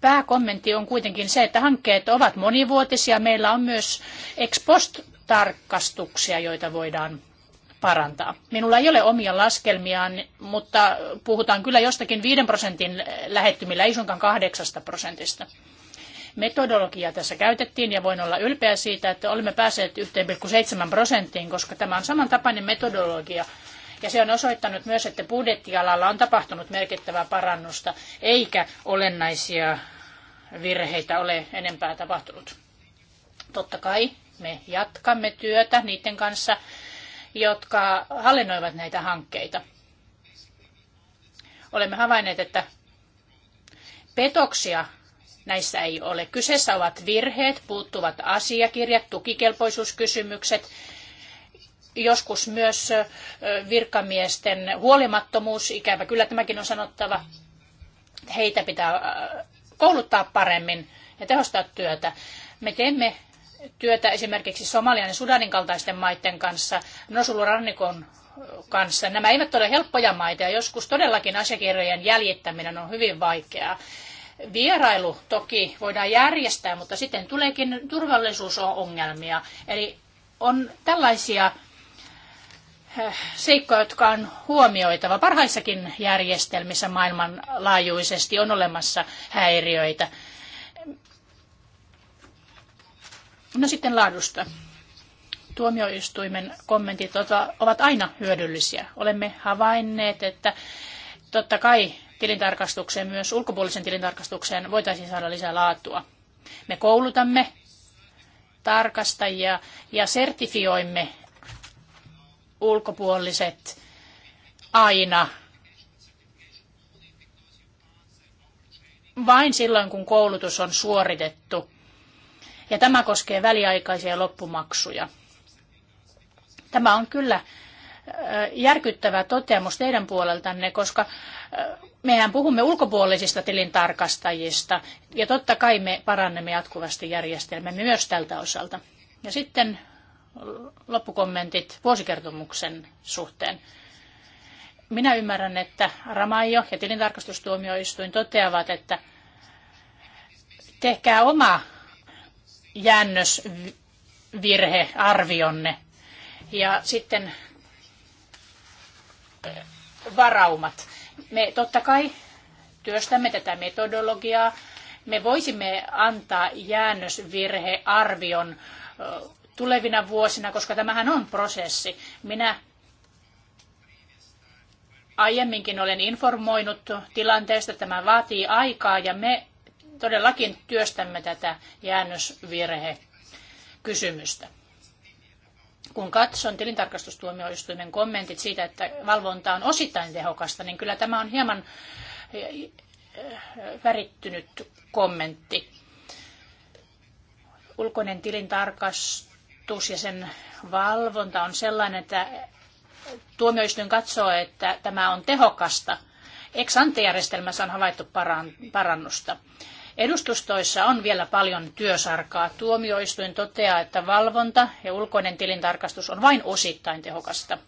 Pääkommentti on kuitenkin se, että hankkeet ovat monivuotisia. Meillä on myös ex post tarkastuksia, joita voidaan parantaa. Minulla ei ole omia laskelmiaan, mutta puhutaan kyllä jostakin 5 prosentin lähettymillä, ei suinkaan 8 prosentista. Metodologiaa tässä käytettiin ja voin olla ylpeä siitä, että olemme päässeet 1,7 prosenttiin, koska tämä on samantapainen metodologia ja se on osoittanut myös, että budjettialalla on tapahtunut merkittävää parannusta, eikä olennaisia virheitä ole enempää tapahtunut. Totta kai me jatkamme työtä niiden kanssa, jotka hallinnoivat näitä hankkeita. Olemme havainneet, että petoksia näissä ei ole. Kyseessä ovat virheet, puuttuvat asiakirjat, tukikelpoisuuskysymykset joskus myös virkamiesten huolimattomuus, ikävä kyllä tämäkin on sanottava, heitä pitää kouluttaa paremmin ja tehostaa työtä. Me teemme työtä esimerkiksi Somalian ja Sudanin kaltaisten maiden kanssa, Nosulurannikon kanssa. Nämä eivät ole helppoja maita ja joskus todellakin asiakirjojen jäljittäminen on hyvin vaikeaa. Vierailu toki voidaan järjestää, mutta sitten tuleekin turvallisuusongelmia. Eli on tällaisia Äh, seikkoja, jotka on huomioitava. Parhaissakin järjestelmissä maailmanlaajuisesti on olemassa häiriöitä. No sitten laadusta. Tuomioistuimen kommentit ovat aina hyödyllisiä. Olemme havainneet, että totta kai tilintarkastukseen, myös ulkopuolisen tilintarkastukseen voitaisiin saada lisää laatua. Me koulutamme tarkastajia ja sertifioimme ulkopuoliset aina vain silloin, kun koulutus on suoritettu. Ja tämä koskee väliaikaisia loppumaksuja. Tämä on kyllä äh, järkyttävä toteamus teidän puoleltanne, koska äh, mehän puhumme ulkopuolisista tilintarkastajista ja totta kai me parannemme jatkuvasti järjestelmämme myös tältä osalta. Ja sitten loppukommentit vuosikertomuksen suhteen. Minä ymmärrän, että Ramajo ja tilintarkastustuomioistuin toteavat, että tehkää oma jäännösvirhearvionne ja sitten eh, varaumat. Me totta kai työstämme tätä metodologiaa. Me voisimme antaa jäännösvirhearvion eh, tulevina vuosina, koska tämähän on prosessi. Minä aiemminkin olen informoinut tilanteesta, tämä vaatii aikaa ja me todellakin työstämme tätä jäännösvirhe kysymystä. Kun katson tilintarkastustuomioistuimen kommentit siitä, että valvonta on osittain tehokasta, niin kyllä tämä on hieman eh, värittynyt kommentti. Ulkoinen tilintarkastus vaikutus ja sen valvonta on sellainen, että tuomioistuin katsoo, että tämä on tehokasta. ex järjestelmässä on havaittu parannusta. Edustustoissa on vielä paljon työsarkaa. Tuomioistuin toteaa, että valvonta ja ulkoinen tilintarkastus on vain osittain tehokasta.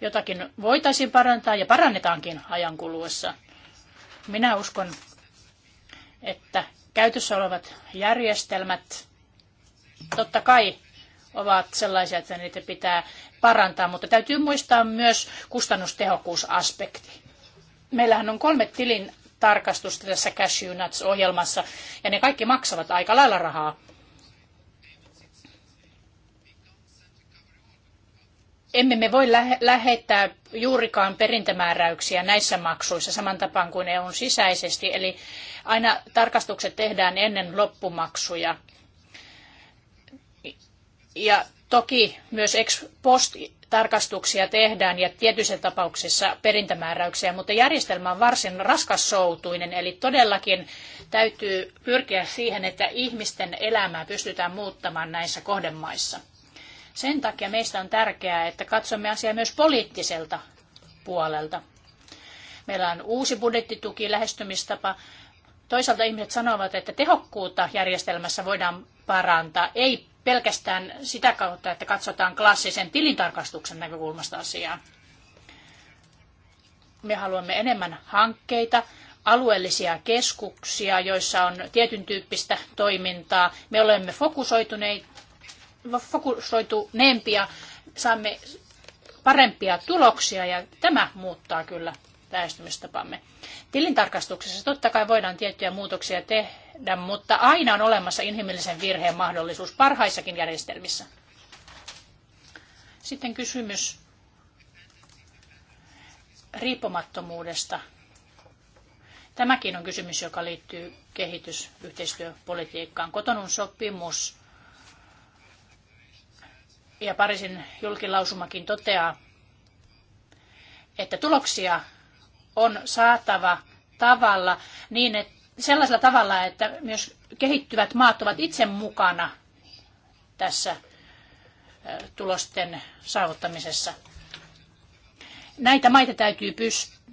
Jotakin voitaisiin parantaa ja parannetaankin ajan kuluessa. Minä uskon, että käytössä olevat järjestelmät totta kai ovat sellaisia, että niitä pitää parantaa, mutta täytyy muistaa myös kustannustehokkuusaspekti. Meillähän on kolme tilin tarkastusta tässä Cashew Nuts-ohjelmassa, ja ne kaikki maksavat aika lailla rahaa. Emme me voi lähettää juurikaan perintämääräyksiä näissä maksuissa saman tapaan kuin EUn sisäisesti, eli aina tarkastukset tehdään ennen loppumaksuja. Ja toki myös ex post tarkastuksia tehdään ja tietyissä tapauksissa perintämääräyksiä, mutta järjestelmä on varsin raskassoutuinen, eli todellakin täytyy pyrkiä siihen, että ihmisten elämää pystytään muuttamaan näissä kohdemaissa. Sen takia meistä on tärkeää, että katsomme asiaa myös poliittiselta puolelta. Meillä on uusi budjettituki lähestymistapa. Toisaalta ihmiset sanovat, että tehokkuutta järjestelmässä voidaan parantaa, ei pelkästään sitä kautta, että katsotaan klassisen tilintarkastuksen näkökulmasta asiaa. Me haluamme enemmän hankkeita, alueellisia keskuksia, joissa on tietyn tyyppistä toimintaa. Me olemme fokusoituneempia, saamme parempia tuloksia ja tämä muuttaa kyllä lähestymistapamme. Tilintarkastuksessa totta kai voidaan tiettyjä muutoksia tehdä, mutta aina on olemassa inhimillisen virheen mahdollisuus parhaissakin järjestelmissä. Sitten kysymys riippumattomuudesta. Tämäkin on kysymys, joka liittyy kehitysyhteistyöpolitiikkaan. Kotonun sopimus ja Pariisin julkilausumakin toteaa, että tuloksia on saatava tavalla niin, että sellaisella tavalla, että myös kehittyvät maat ovat itse mukana tässä tulosten saavuttamisessa. Näitä maita täytyy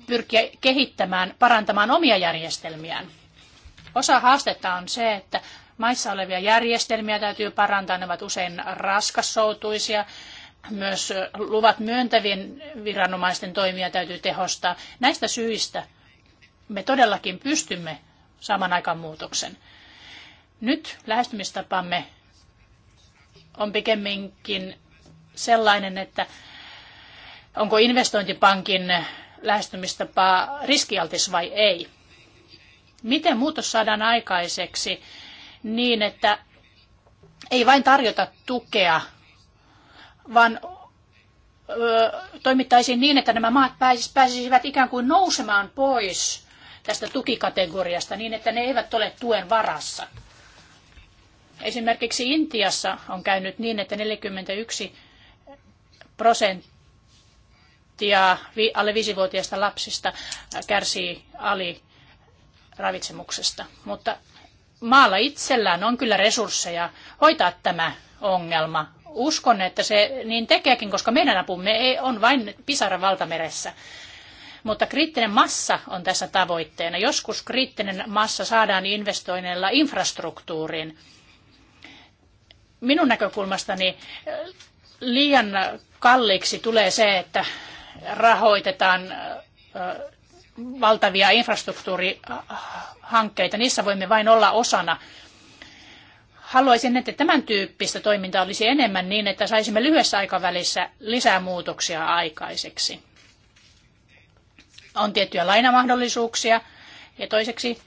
pyrkiä kehittämään, parantamaan omia järjestelmiään. Osa haastetta on se, että maissa olevia järjestelmiä täytyy parantaa. Ne ovat usein raskassoutuisia myös luvat myöntävien viranomaisten toimia täytyy tehostaa. Näistä syistä me todellakin pystymme saman aikaan muutoksen. Nyt lähestymistapamme on pikemminkin sellainen, että onko investointipankin lähestymistapa riskialtis vai ei. Miten muutos saadaan aikaiseksi niin, että ei vain tarjota tukea vaan toimittaisiin niin, että nämä maat pääsisivät ikään kuin nousemaan pois tästä tukikategoriasta niin, että ne eivät ole tuen varassa. Esimerkiksi Intiassa on käynyt niin, että 41 prosenttia alle viisivuotiaista lapsista kärsii aliravitsemuksesta. Mutta maalla itsellään on kyllä resursseja hoitaa tämä ongelma Uskon, että se niin tekeekin, koska meidän apumme ei, on vain pisara valtameressä. Mutta kriittinen massa on tässä tavoitteena. Joskus kriittinen massa saadaan investoinneilla infrastruktuuriin. Minun näkökulmastani äh, liian kalliiksi tulee se, että rahoitetaan äh, valtavia infrastruktuurihankkeita. Niissä voimme vain olla osana haluaisin, että tämän tyyppistä toimintaa olisi enemmän niin, että saisimme lyhyessä aikavälissä lisää muutoksia aikaiseksi. On tiettyjä lainamahdollisuuksia ja toiseksi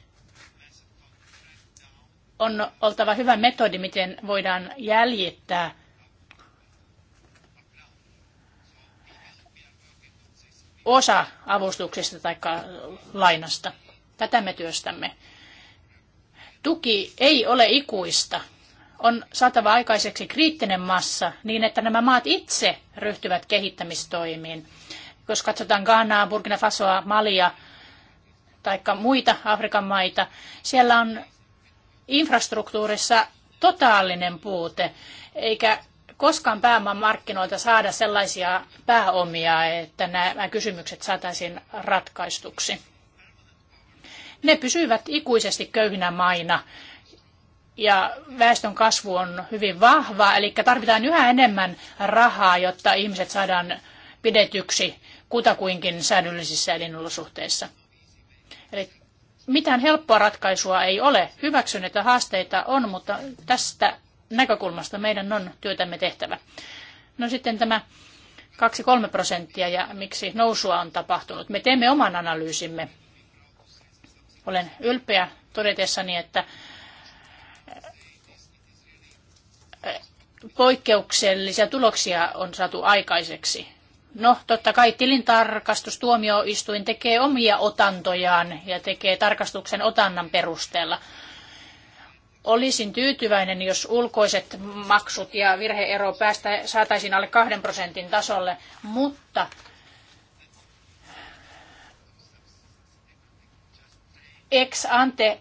on oltava hyvä metodi, miten voidaan jäljittää osa avustuksesta tai lainasta. Tätä me työstämme tuki ei ole ikuista. On saatava aikaiseksi kriittinen massa niin, että nämä maat itse ryhtyvät kehittämistoimiin. Jos katsotaan Ghanaa, Burkina Fasoa, Malia tai muita Afrikan maita, siellä on infrastruktuurissa totaalinen puute, eikä koskaan pääoman markkinoilta saada sellaisia pääomia, että nämä kysymykset saataisiin ratkaistuksi. Ne pysyvät ikuisesti köyhinä maina ja väestön kasvu on hyvin vahva, eli tarvitaan yhä enemmän rahaa, jotta ihmiset saadaan pidetyksi kutakuinkin säännöllisissä elinolosuhteissa. Eli mitään helppoa ratkaisua ei ole. Hyväksyn, että haasteita on, mutta tästä näkökulmasta meidän on työtämme tehtävä. No sitten tämä 2-3 prosenttia ja miksi nousua on tapahtunut. Me teemme oman analyysimme olen ylpeä todetessani, että eh, poikkeuksellisia tuloksia on saatu aikaiseksi. No, totta kai tilintarkastustuomioistuin tekee omia otantojaan ja tekee tarkastuksen otannan perusteella. Olisin tyytyväinen, jos ulkoiset maksut ja virheero päästä, saataisiin alle kahden prosentin tasolle, mutta ex ante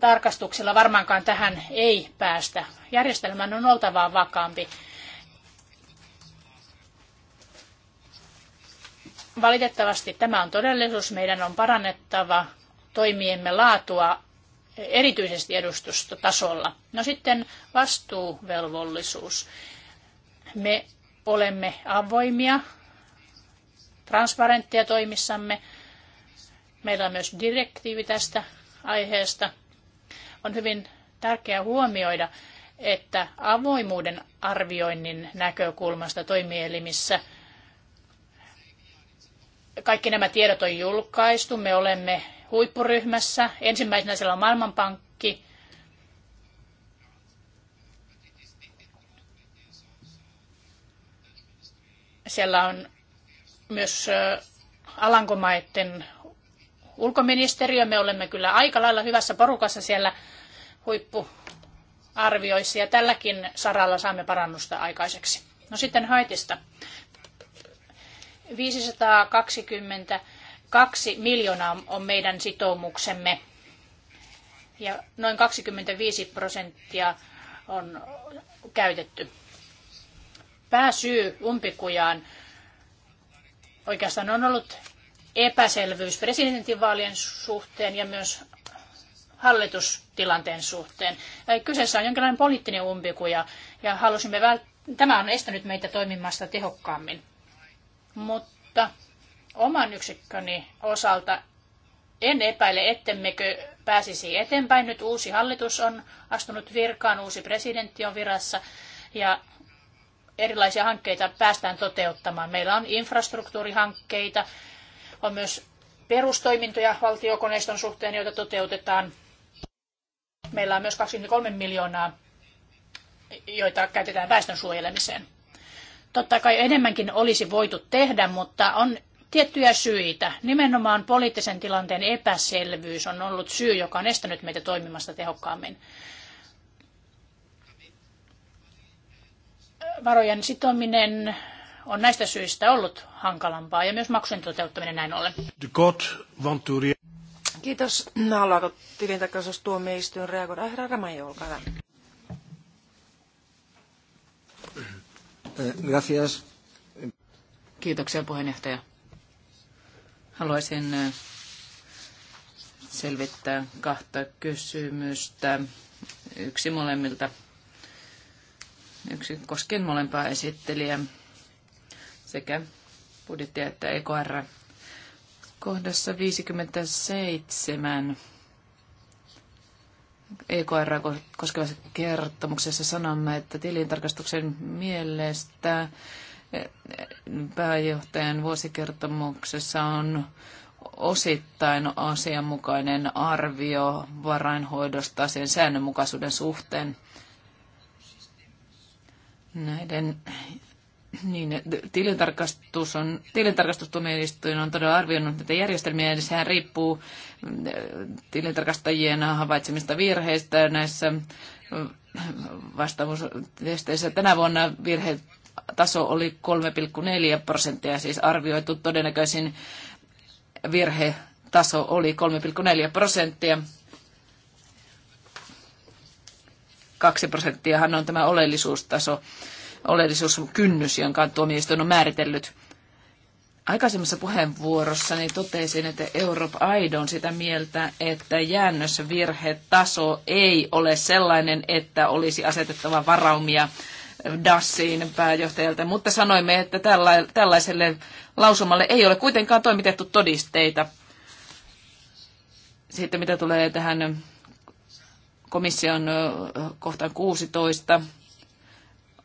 tarkastuksilla varmaankaan tähän ei päästä. Järjestelmän on oltava vakaampi. Valitettavasti tämä on todellisuus. Meidän on parannettava toimiemme laatua erityisesti edustustotasolla. No sitten vastuuvelvollisuus. Me olemme avoimia, transparentteja toimissamme. Meillä on myös direktiivi tästä aiheesta. On hyvin tärkeää huomioida, että avoimuuden arvioinnin näkökulmasta toimielimissä kaikki nämä tiedot on julkaistu. Me olemme huippuryhmässä. Ensimmäisenä siellä on Maailmanpankki. Siellä on myös Alankomaiden ulkoministeriö. Me olemme kyllä aika lailla hyvässä porukassa siellä huippuarvioissa ja tälläkin saralla saamme parannusta aikaiseksi. No sitten Haitista. 522 miljoonaa on meidän sitoumuksemme ja noin 25 prosenttia on käytetty. Pääsyy umpikujaan oikeastaan on ollut epäselvyys presidentinvaalien suhteen ja myös hallitustilanteen suhteen. Kyseessä on jonkinlainen poliittinen umpikuja ja halusimme vält- tämä on estänyt meitä toimimasta tehokkaammin. Mutta oman yksikköni osalta en epäile, ettemmekö pääsisi eteenpäin. Nyt uusi hallitus on astunut virkaan, uusi presidentti on virassa ja erilaisia hankkeita päästään toteuttamaan. Meillä on infrastruktuurihankkeita, on myös perustoimintoja valtiokoneiston suhteen, joita toteutetaan. Meillä on myös 23 miljoonaa, joita käytetään väestön suojelemiseen. Totta kai enemmänkin olisi voitu tehdä, mutta on tiettyjä syitä. Nimenomaan poliittisen tilanteen epäselvyys on ollut syy, joka on estänyt meitä toimimasta tehokkaammin. Varojen sitominen on näistä syistä ollut hankalampaa ja myös maksujen
toteuttaminen näin ollen. Kiitos. Haluaako tilintakaisuustuomioistuin reagoida? Herra Ramajo, olkaa hyvä.
Eh, gracias.
Kiitoksia puheenjohtaja.
Haluaisin eh, selvittää kahta kysymystä. Yksi molemmilta. Yksi koskien molempaa esittelijää sekä budjettia että EKR. Kohdassa 57 EKR koskevassa kertomuksessa sanomme, että tilintarkastuksen mielestä eh, pääjohtajan vuosikertomuksessa on osittain asianmukainen arvio varainhoidosta sen säännönmukaisuuden suhteen. Näiden niin, tilintarkastus on, tilintarkastustuomioistuin on todella arvioinut näitä järjestelmiä, eli sehän riippuu eh, tilintarkastajien havaitsemista virheistä näissä eh, vastaavuustesteissä. Tänä vuonna virhetaso oli 3,4 prosenttia, siis arvioitu todennäköisin virhetaso oli 3,4 prosenttia. Kaksi prosenttiahan on tämä oleellisuustaso kynnys, jonka tuomioistuin on määritellyt. Aikaisemmassa puheenvuorossani totesin, että Europe Aid on sitä mieltä, että virhetaso ei ole sellainen, että olisi asetettava varaumia DASin pääjohtajalta, mutta sanoimme, että tällaiselle lausumalle ei ole kuitenkaan toimitettu todisteita. Sitten mitä tulee tähän komission kohtaan 16,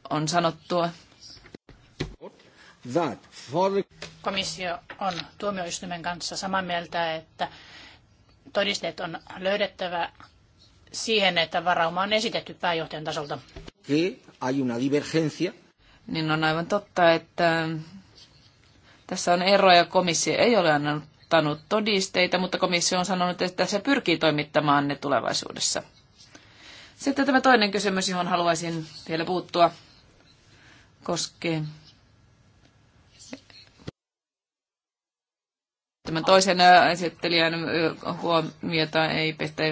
on sanottua.
Komissio on tuomioistuimen kanssa samaa mieltä, että todisteet on löydettävä siihen, että varauma on esitetty pääjohtajan tasolta. Niin on aivan totta, että tässä on eroja.
Komissio ei ole annanut todisteita, mutta komissio on sanonut, että se pyrkii toimittamaan ne tulevaisuudessa. Sitten tämä toinen kysymys, johon haluaisin vielä puuttua, koskee tämän toisen esittelijän huomiota ei pestä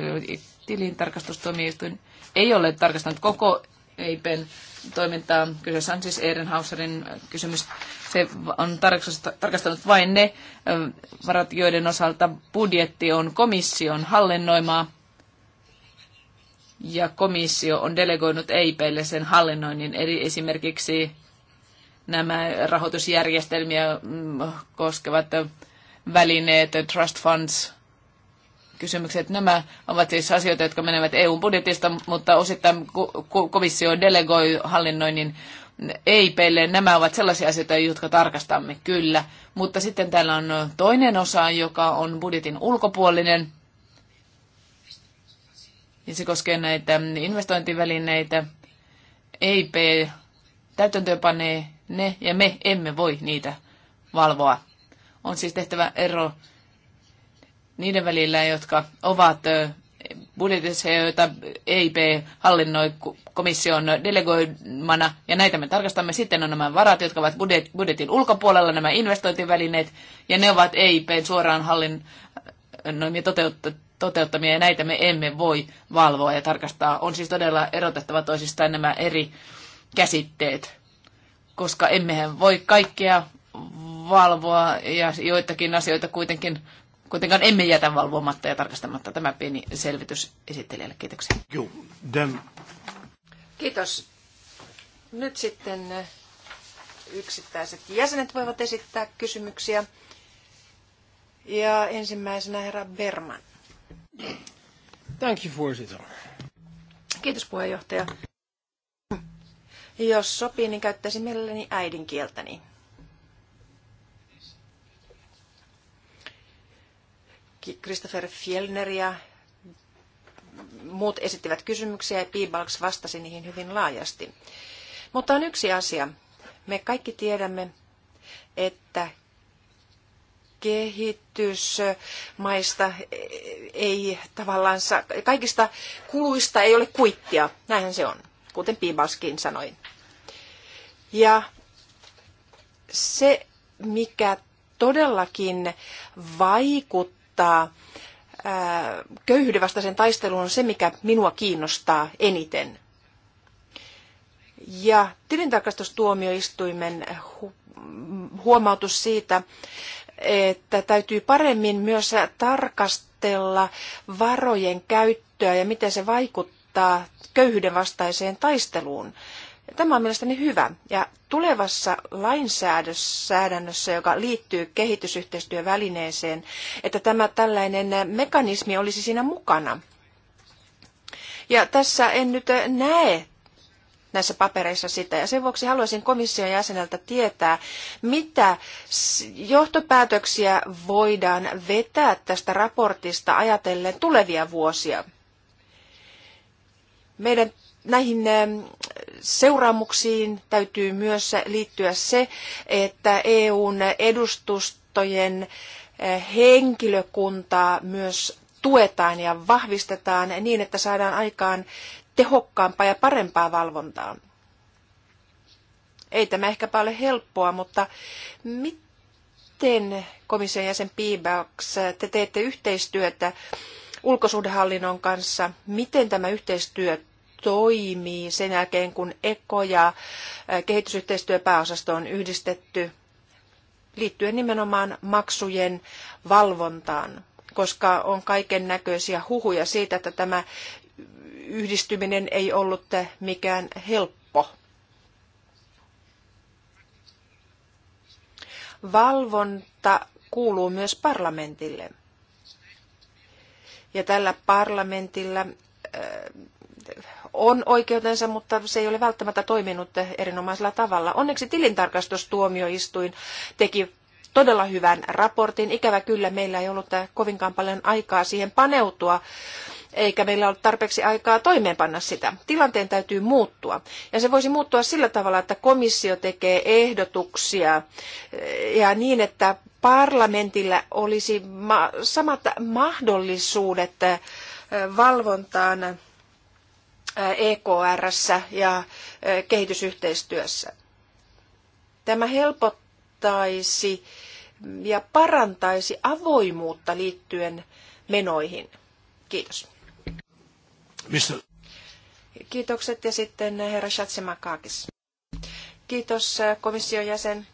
tilintarkastustoimijoistuin. ei ole tarkastanut koko EIPen toimintaa. Kyseessä on siis Ehrenhauserin kysymys. Se on tarkastanut vain ne varat, joiden osalta budjetti on komission hallinnoimaa ja komissio on delegoinut EIPille sen hallinnoinnin, eli esimerkiksi nämä rahoitusjärjestelmiä mm, koskevat välineet, trust funds, kysymykset. Nämä ovat siis asioita, jotka menevät EU-budjetista, mutta osittain komissio delegoi hallinnoinnin EIPille. Nämä ovat sellaisia asioita, jotka tarkastamme kyllä. Mutta sitten täällä on toinen osa, joka on budjetin ulkopuolinen – ja se koskee näitä investointivälineitä. EIP täytäntöönpanee ne ja me emme voi niitä valvoa. On siis tehtävä ero niiden välillä, jotka ovat budjetissa, joita EIP hallinnoi komission delegoimana, ja näitä me tarkastamme. Sitten on nämä varat, jotka ovat budjetin ulkopuolella, nämä investointivälineet, ja ne ovat EIP suoraan hallinnoimia toteuttamia ja näitä me emme voi valvoa ja tarkastaa. On siis todella erotettava toisistaan nämä eri käsitteet, koska emmehän voi kaikkea valvoa ja joitakin asioita kuitenkin kuitenkaan emme jätä valvomatta ja tarkastamatta. Tämä pieni selvitys
esittelijälle. Kiitoksia. Joo, then...
Kiitos. Nyt sitten eh, yksittäiset jäsenet voivat esittää kysymyksiä. Ja ensimmäisenä herra Berman.
Thank you, voorzitter.
Kiitos puheenjohtaja. Jos sopii, niin käyttäisin mielelläni äidinkieltäni. Christopher Fjellner ja muut esittivät kysymyksiä ja Piibalks vastasi niihin hyvin laajasti. Mutta on yksi asia. Me kaikki tiedämme, että kehitysmaista ei tavallaan, saa kaikista kuluista ei ole kuittia, näinhän se on, kuten Pibaskin sanoi. Ja se, mikä todellakin vaikuttaa köyhyyden vastaisen taisteluun, on se, mikä minua kiinnostaa eniten. Ja tilintarkastustuomioistuimen huomautus siitä, että täytyy paremmin myös tarkastella varojen käyttöä ja miten se vaikuttaa köyhyyden vastaiseen taisteluun. Tämä on mielestäni hyvä. Ja tulevassa lainsäädännössä, joka liittyy kehitysyhteistyövälineeseen, että tämä tällainen mekanismi olisi siinä mukana. Ja tässä en nyt näe näissä papereissa sitä. Ja sen vuoksi haluaisin komission jäseneltä tietää, mitä johtopäätöksiä voidaan vetää tästä raportista ajatellen tulevia vuosia. Meidän näihin ähm, seuraamuksiin täytyy myös liittyä se, että EUn edustustojen äh, henkilökuntaa myös tuetaan ja vahvistetaan niin, että saadaan aikaan tehokkaampaa ja parempaa valvontaa. Ei tämä ehkäpä ole helppoa, mutta miten komission jäsen Piibaks te teette yhteistyötä ulkosuhdehallinnon kanssa? Miten tämä yhteistyö toimii sen jälkeen, kun ECO ja kehitysyhteistyöpääosasto on yhdistetty liittyen nimenomaan maksujen valvontaan? koska on kaiken näköisiä huhuja siitä, että tämä yhdistyminen ei ollut mikään helppo. Valvonta kuuluu myös parlamentille. Ja tällä parlamentilla äh, on oikeutensa, mutta se ei ole välttämättä toiminut erinomaisella tavalla. Onneksi tilintarkastustuomioistuin teki todella hyvän raportin. Ikävä kyllä meillä ei ollut äh, kovinkaan paljon aikaa siihen paneutua, eikä meillä ole tarpeeksi aikaa toimeenpanna sitä. Tilanteen täytyy muuttua. Ja se voisi muuttua sillä tavalla, että komissio tekee ehdotuksia eh, ja niin, että parlamentilla olisi samat mahdollisuudet eh, valvontaan EKRssä eh, e ja kehitysyhteistyössä. Tämä helpottaisi ja parantaisi avoimuutta liittyen menoihin. Kiitos. Mistä? Kiitokset ja sitten herra Kiitos komission jäsen.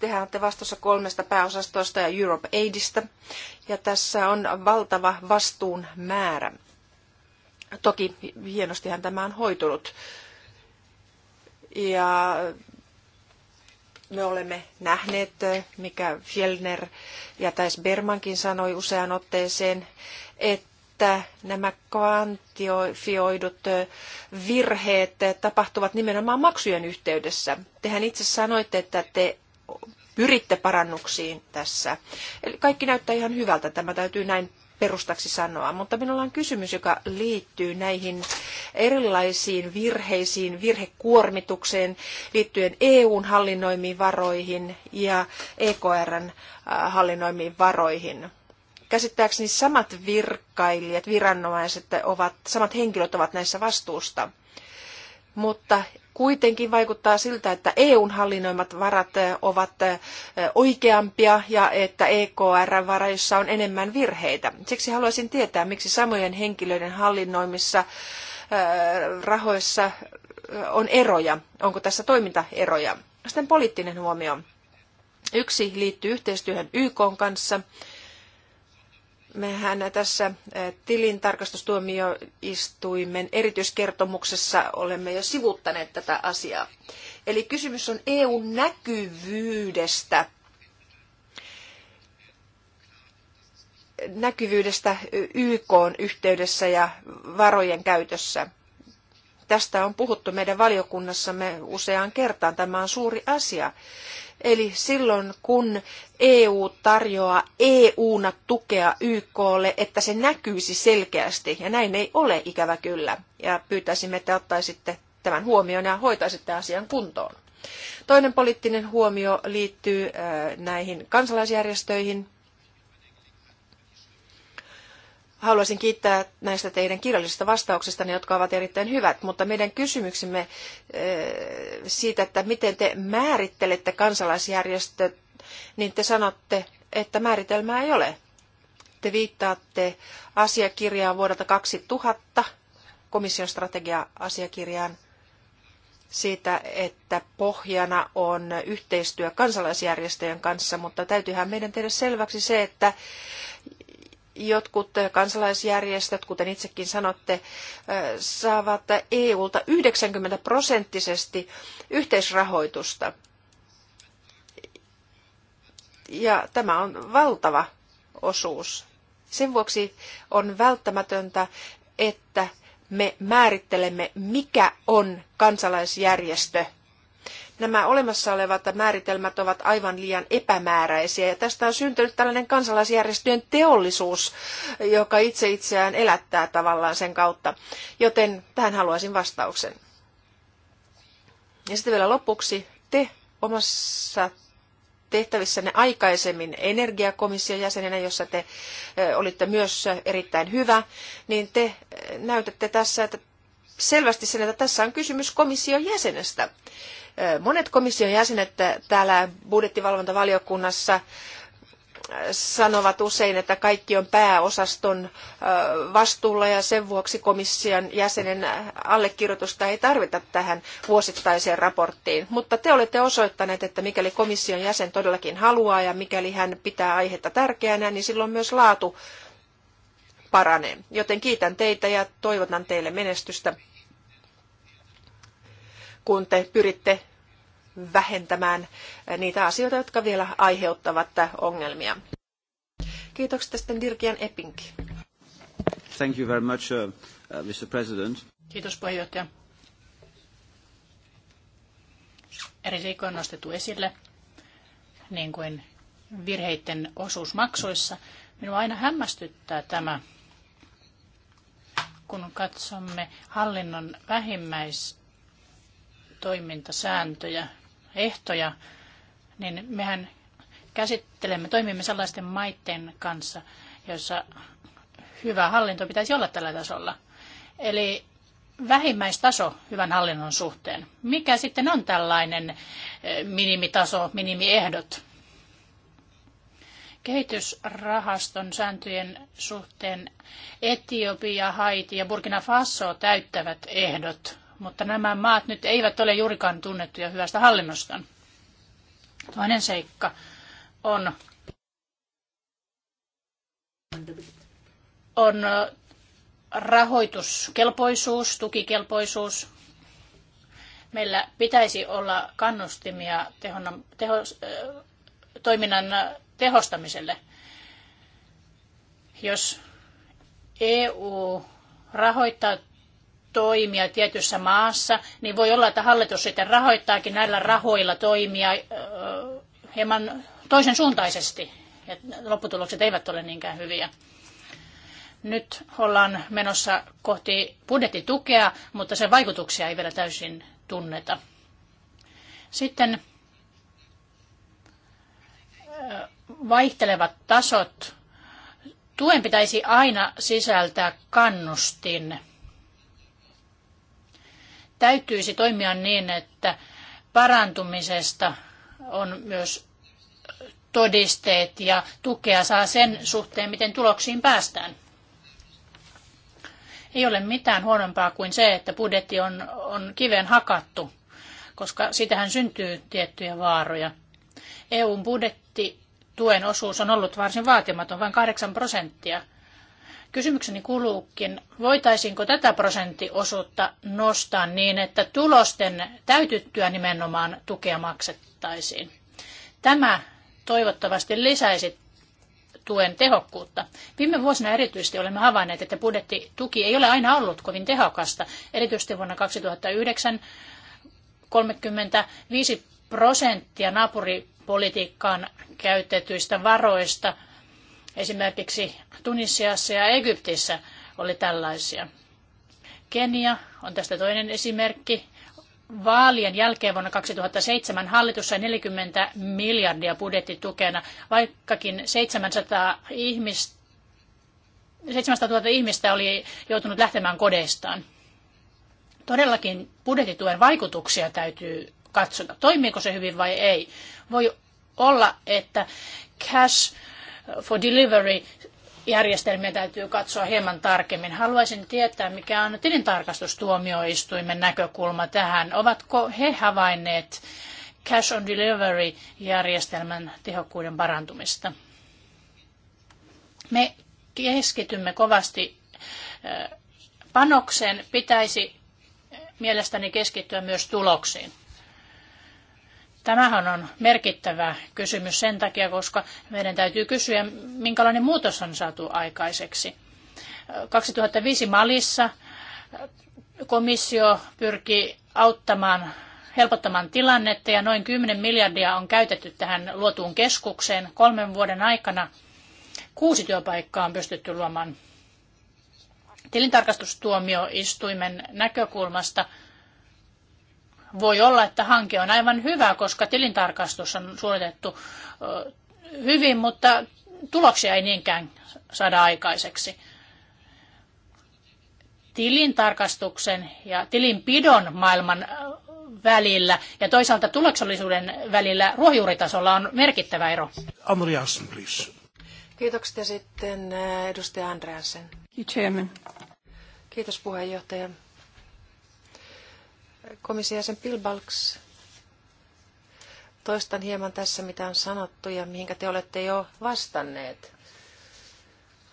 Tehän olette vastuussa kolmesta pääosastosta ja Europe Aidista. Ja tässä on valtava vastuun määrä. Toki hienostihan tämä on hoitunut. Ja me olemme nähneet, mikä Fjellner ja Tais Bermankin sanoi useaan otteeseen, että että nämä kvantifioidut virheet tapahtuvat nimenomaan maksujen yhteydessä. Tehän itse sanoitte, että te pyritte parannuksiin tässä. Eli kaikki näyttää ihan hyvältä, tämä täytyy näin perustaksi sanoa, mutta minulla on kysymys, joka liittyy näihin erilaisiin virheisiin, virhekuormitukseen liittyen EUn hallinnoimiin varoihin ja EKRn hallinnoimiin varoihin. Käsittääkseni samat virkailijat, viranomaiset ovat, samat henkilöt ovat näissä vastuusta. Mutta kuitenkin vaikuttaa siltä, että EUn hallinnoimat varat eh, ovat eh, oikeampia ja että EKR-varoissa on enemmän virheitä. Siksi haluaisin tietää, miksi samojen henkilöiden hallinnoimissa eh, rahoissa on eroja. Onko tässä toimintaeroja? Sitten poliittinen huomio. Yksi liittyy yhteistyöhön YK kanssa Mehän tässä eh, tilintarkastustuomioistuimen erityiskertomuksessa olemme jo sivuttaneet tätä asiaa. Eli kysymys on EU-näkyvyydestä näkyvyydestä YK yhteydessä ja varojen käytössä – Tästä on puhuttu meidän valiokunnassamme useaan kertaan. Tämä on suuri asia. Eli silloin kun EU tarjoaa EU-na tukea YKlle, että se näkyisi selkeästi. Ja näin ei ole ikävä kyllä. Ja pyytäisimme, että ottaisitte tämän huomioon ja hoitaisitte asian kuntoon. Toinen poliittinen huomio liittyy äh, näihin kansalaisjärjestöihin haluaisin kiittää näistä teidän kirjallisista vastauksista, jotka ovat erittäin hyvät, mutta meidän kysymyksemme eh, siitä, että miten te määrittelette kansalaisjärjestöt, niin te sanotte, että määritelmää ei ole. Te viittaatte asiakirjaan vuodelta 2000, komission strategia-asiakirjaan, siitä, että pohjana on yhteistyö kansalaisjärjestöjen kanssa, mutta täytyyhän meidän tehdä selväksi se, että jotkut kansalaisjärjestöt, kuten itsekin sanotte, saavat EU-lta 90 prosenttisesti yhteisrahoitusta. Ja tämä on valtava osuus. Sen vuoksi on välttämätöntä, että me määrittelemme, mikä on kansalaisjärjestö nämä olemassa olevat määritelmät ovat aivan liian epämääräisiä. Ja tästä on syntynyt tällainen kansalaisjärjestöjen teollisuus, joka itse itseään elättää tavallaan sen kautta. Joten tähän haluaisin vastauksen. Ja sitten vielä lopuksi te omassa tehtävissänne aikaisemmin energiakomission jäsenenä, jossa te olitte myös erittäin hyvä, niin te näytätte tässä, että selvästi sen, että tässä on kysymys komission jäsenestä. Monet komission jäsenet täällä budjettivalvontavaliokunnassa sanovat usein, että kaikki on pääosaston vastuulla ja sen vuoksi komission jäsenen allekirjoitusta ei tarvita tähän vuosittaiseen raporttiin. Mutta te olette osoittaneet, että mikäli komission jäsen todellakin haluaa ja mikäli hän pitää aihetta tärkeänä, niin silloin myös laatu paranee. Joten kiitän teitä ja toivotan teille menestystä kun te pyritte vähentämään niitä asioita, jotka vielä aiheuttavat ongelmia. Kiitokset sitten Dirkian Epping. Thank you very much, uh, uh Mr. President. Kiitos puheenjohtaja.
Eri seikkoja on nostettu esille, niin kuin virheiden osuus maksuissa. Minua aina hämmästyttää tämä, kun katsomme hallinnon vähimmäis toimintasääntöjä, ehtoja, niin mehän käsittelemme, toimimme sellaisten maiden kanssa, joissa hyvä hallinto pitäisi olla tällä tasolla. Eli vähimmäistaso hyvän hallinnon suhteen. Mikä sitten on tällainen eh, minimitaso, minimiehdot? Kehitysrahaston sääntöjen suhteen Etiopia, Haiti ja Burkina Faso täyttävät ehdot mutta nämä maat nyt eivät ole juurikaan tunnettuja hyvästä hallinnostaan. Toinen seikka on, on rahoituskelpoisuus, tukikelpoisuus. Meillä pitäisi olla kannustimia tehon, teho, toiminnan tehostamiselle. Jos EU rahoittaa toimia tietyssä maassa, niin voi olla, että hallitus sitten rahoittaakin näillä rahoilla toimia hieman toisen suuntaisesti. ja lopputulokset eivät ole niinkään hyviä. Nyt ollaan menossa kohti budjettitukea, mutta sen vaikutuksia ei vielä täysin tunneta. Sitten vaihtelevat tasot. Tuen pitäisi aina sisältää kannustin täytyisi toimia niin, että parantumisesta on myös todisteet ja tukea saa sen suhteen, miten tuloksiin päästään. Ei ole mitään huonompaa kuin se, että budjetti on, on kiven hakattu, koska sitähän syntyy tiettyjä vaaroja. EUn budjettituen osuus on ollut varsin vaatimaton, vain 8 prosenttia. Kysymykseni kuuluukin, voitaisiinko tätä prosenttiosuutta nostaa niin, että tulosten täytyttyä nimenomaan tukea maksettaisiin? Tämä toivottavasti lisäisi tuen tehokkuutta. Viime vuosina erityisesti olemme havainneet, että budjettituki ei ole aina ollut kovin tehokasta. Erityisesti vuonna 2009 35 prosenttia naapuripolitiikkaan käytetyistä varoista – Esimerkiksi Tunisiassa ja Egyptissä oli tällaisia. Kenia on tästä toinen esimerkki. Vaalien jälkeen vuonna 2007 hallitus sai 40 miljardia budjettitukena, vaikkakin 700 ihmistä 700 000 ihmistä oli joutunut lähtemään kodeistaan. Todellakin budjettituen vaikutuksia täytyy katsoa, Toimiiko se hyvin vai ei? Voi olla, että cash for delivery järjestelmiä täytyy katsoa hieman tarkemmin. Haluaisin tietää, mikä on tilintarkastustuomioistuimen näkökulma tähän. Ovatko he havainneet cash on delivery järjestelmän tehokkuuden parantumista? Me keskitymme kovasti eh, panokseen, pitäisi mielestäni keskittyä myös tuloksiin. Tämähän on merkittävä kysymys sen takia, koska meidän täytyy kysyä, minkälainen muutos on saatu aikaiseksi. 2005 Malissa komissio pyrki auttamaan, helpottamaan tilannetta ja noin 10 miljardia on käytetty tähän luotuun keskukseen. Kolmen vuoden aikana kuusi työpaikkaa on pystytty luomaan tilintarkastustuomioistuimen näkökulmasta – voi olla, että hanke on aivan hyvä, koska tilintarkastus on suoritettu hyvin, mutta tuloksia ei niinkään saada aikaiseksi. Tilintarkastuksen ja tilinpidon maailman välillä ja toisaalta tuloksellisuuden välillä ruohonjuuritasolla on merkittävä ero.
Andreasen, please.
Kiitokset ja sitten edustaja Andreasen. Chairman. Kiitos puheenjohtaja komission jäsen Pilbalks, toistan hieman tässä, mitä on sanottu ja mihinkä te olette jo vastanneet.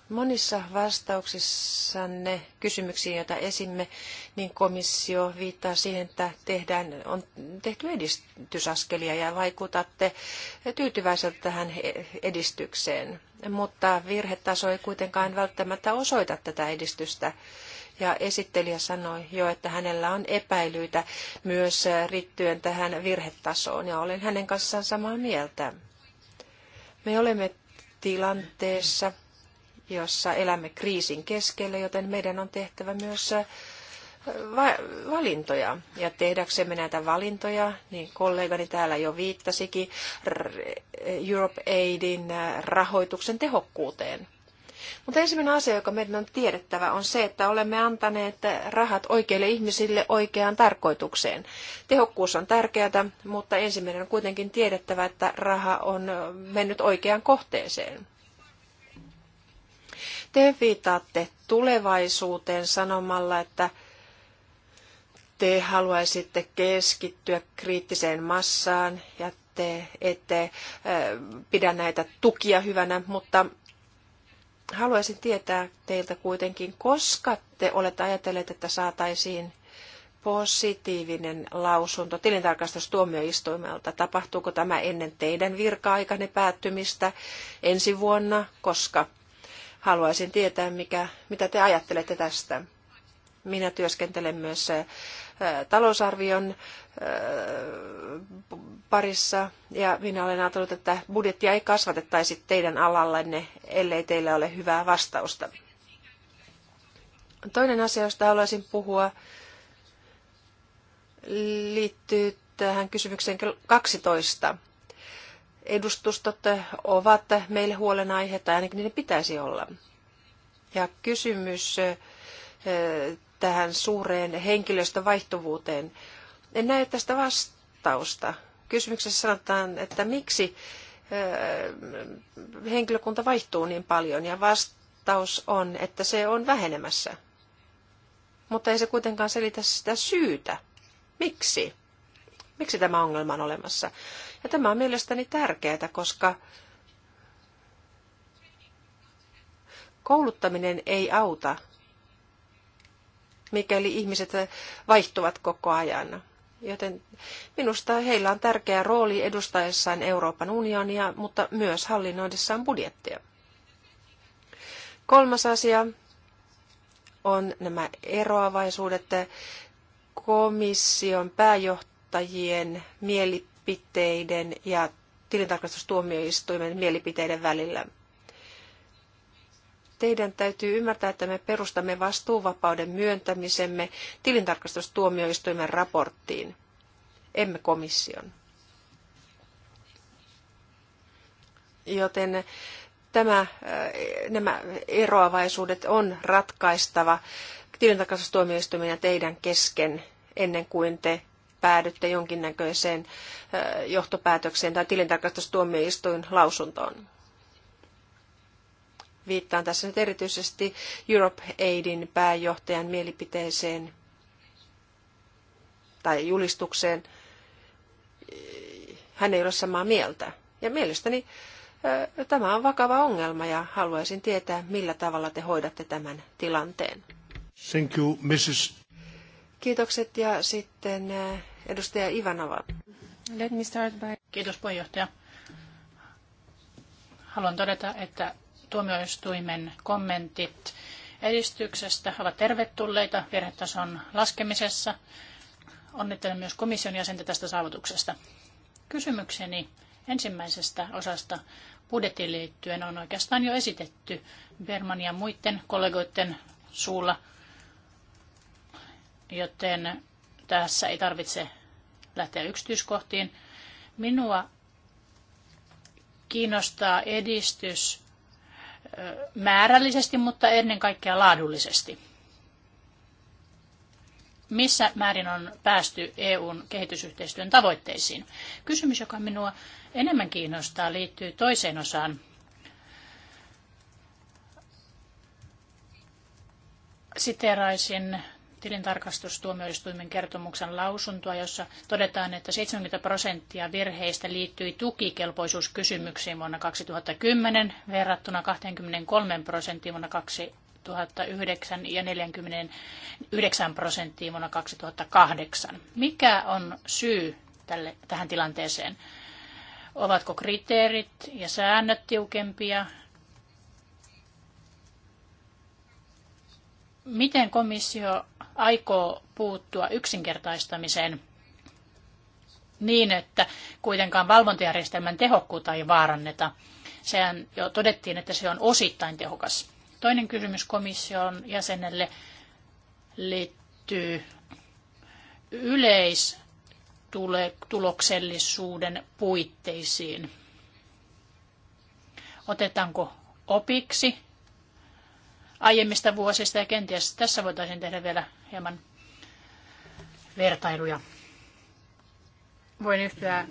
Monissa vastauksissanne kysymyksiin, joita esimme, niin komissio viittaa siihen, että tehdään, on tehty edistysaskelia ja vaikutatte tyytyväiseltä tähän edistykseen. Mutta virhetaso ei kuitenkaan välttämättä osoita tätä edistystä ja esittelijä sanoi jo, että hänellä on epäilyitä myös riittyen tähän virhetasoon ja olen hänen kanssaan samaa mieltä. Me olemme tilanteessa, jossa elämme kriisin keskellä, joten meidän on tehtävä myös äh, valintoja. Ja tehdäksemme näitä valintoja, niin kollegani täällä jo viittasikin Europe Aidin äh, rahoituksen tehokkuuteen – mutta ensimmäinen asia, joka meidän on tiedettävä, on se, että olemme antaneet rahat oikeille ihmisille oikeaan tarkoitukseen. Tehokkuus on tärkeää, mutta ensimmäinen on kuitenkin tiedettävä, että raha on mennyt oikeaan kohteeseen. Te viitaatte tulevaisuuteen sanomalla, että te haluaisitte keskittyä kriittiseen massaan ja te ette pidä näitä tukia hyvänä, mutta haluaisin tietää teiltä kuitenkin, koska te olette ajatelleet, että saataisiin positiivinen lausunto tilintarkastustuomioistuimelta. Tapahtuuko tämä ennen teidän virka-aikanne päättymistä ensi vuonna, koska haluaisin tietää, mikä, mitä te ajattelette tästä. Minä työskentelen myös talousarvion parissa ja minä olen ajatellut, että budjettia ei kasvatettaisi teidän alallanne, ellei teillä ole hyvää vastausta. Toinen asia, josta haluaisin puhua, liittyy tähän kysymykseen 12. Edustustot ovat meille huolenaihe, tai ainakin niiden pitäisi olla. Ja kysymys tähän suureen henkilöstövaihtuvuuteen. En näe tästä vastausta. Kysymyksessä sanotaan, että miksi henkilökunta vaihtuu niin paljon ja vastaus on, että se on vähenemässä. Mutta ei se kuitenkaan selitä sitä syytä. Miksi? Miksi tämä ongelma on olemassa? Ja tämä on mielestäni tärkeää, koska kouluttaminen ei auta mikäli ihmiset vaihtuvat koko ajan. Joten minusta heillä on tärkeä rooli edustaessaan Euroopan unionia, mutta myös hallinnoidessaan budjettia. Kolmas asia on nämä eroavaisuudet komission pääjohtajien mielipiteiden ja tilintarkastustuomioistuimen mielipiteiden välillä. Teidän täytyy ymmärtää, että me perustamme vastuuvapauden myöntämisemme tilintarkastustuomioistuimen raporttiin, emme komission. Joten tämä, äh, nämä eroavaisuudet on ratkaistava tilintarkastustuomioistuimen ja teidän kesken ennen kuin te päädytte jonkinnäköiseen äh, johtopäätökseen tai tilintarkastustuomioistuin lausuntoon. Viittaan tässä nyt erityisesti Europe Aidin pääjohtajan mielipiteeseen tai julistukseen. Hän ei ole samaa mieltä. Ja mielestäni tämä on vakava ongelma ja haluaisin tietää, millä tavalla te hoidatte tämän tilanteen.
Thank you, Mrs.
Kiitokset ja sitten edustaja Ivanova. Let me start by...
Kiitos puheenjohtaja. Haluan todeta, että tuomioistuimen kommentit edistyksestä ovat tervetulleita virhetason laskemisessa. Onnittelen myös komission jäsentä tästä saavutuksesta. Kysymykseni ensimmäisestä osasta budjettiin liittyen on oikeastaan jo esitetty Berman ja muiden kollegoiden suulla, joten tässä ei tarvitse lähteä yksityiskohtiin. Minua kiinnostaa edistys määrällisesti, mutta ennen kaikkea laadullisesti. Missä määrin on päästy EUn kehitysyhteistyön tavoitteisiin? Kysymys, joka minua enemmän kiinnostaa, liittyy toiseen osaan siteraisin tilintarkastustuomioistuimen kertomuksen lausuntoa, jossa todetaan, että 70 prosenttia virheistä liittyi tukikelpoisuuskysymyksiin vuonna 2010 verrattuna 23 prosenttiin vuonna 2009 ja 49 prosenttiin vuonna 2008. Mikä on syy tälle, tähän tilanteeseen? Ovatko kriteerit ja säännöt tiukempia? Miten komissio aikoo puuttua yksinkertaistamiseen niin, että kuitenkaan valvontajärjestelmän tehokkuutta ei vaaranneta? Sehän jo todettiin, että se on osittain tehokas. Toinen kysymys komission jäsenelle liittyy yleistuloksellisuuden puitteisiin. Otetaanko opiksi aiemmista vuosista ja kenties tässä voitaisiin tehdä vielä hieman vertailuja. Voin yhtyä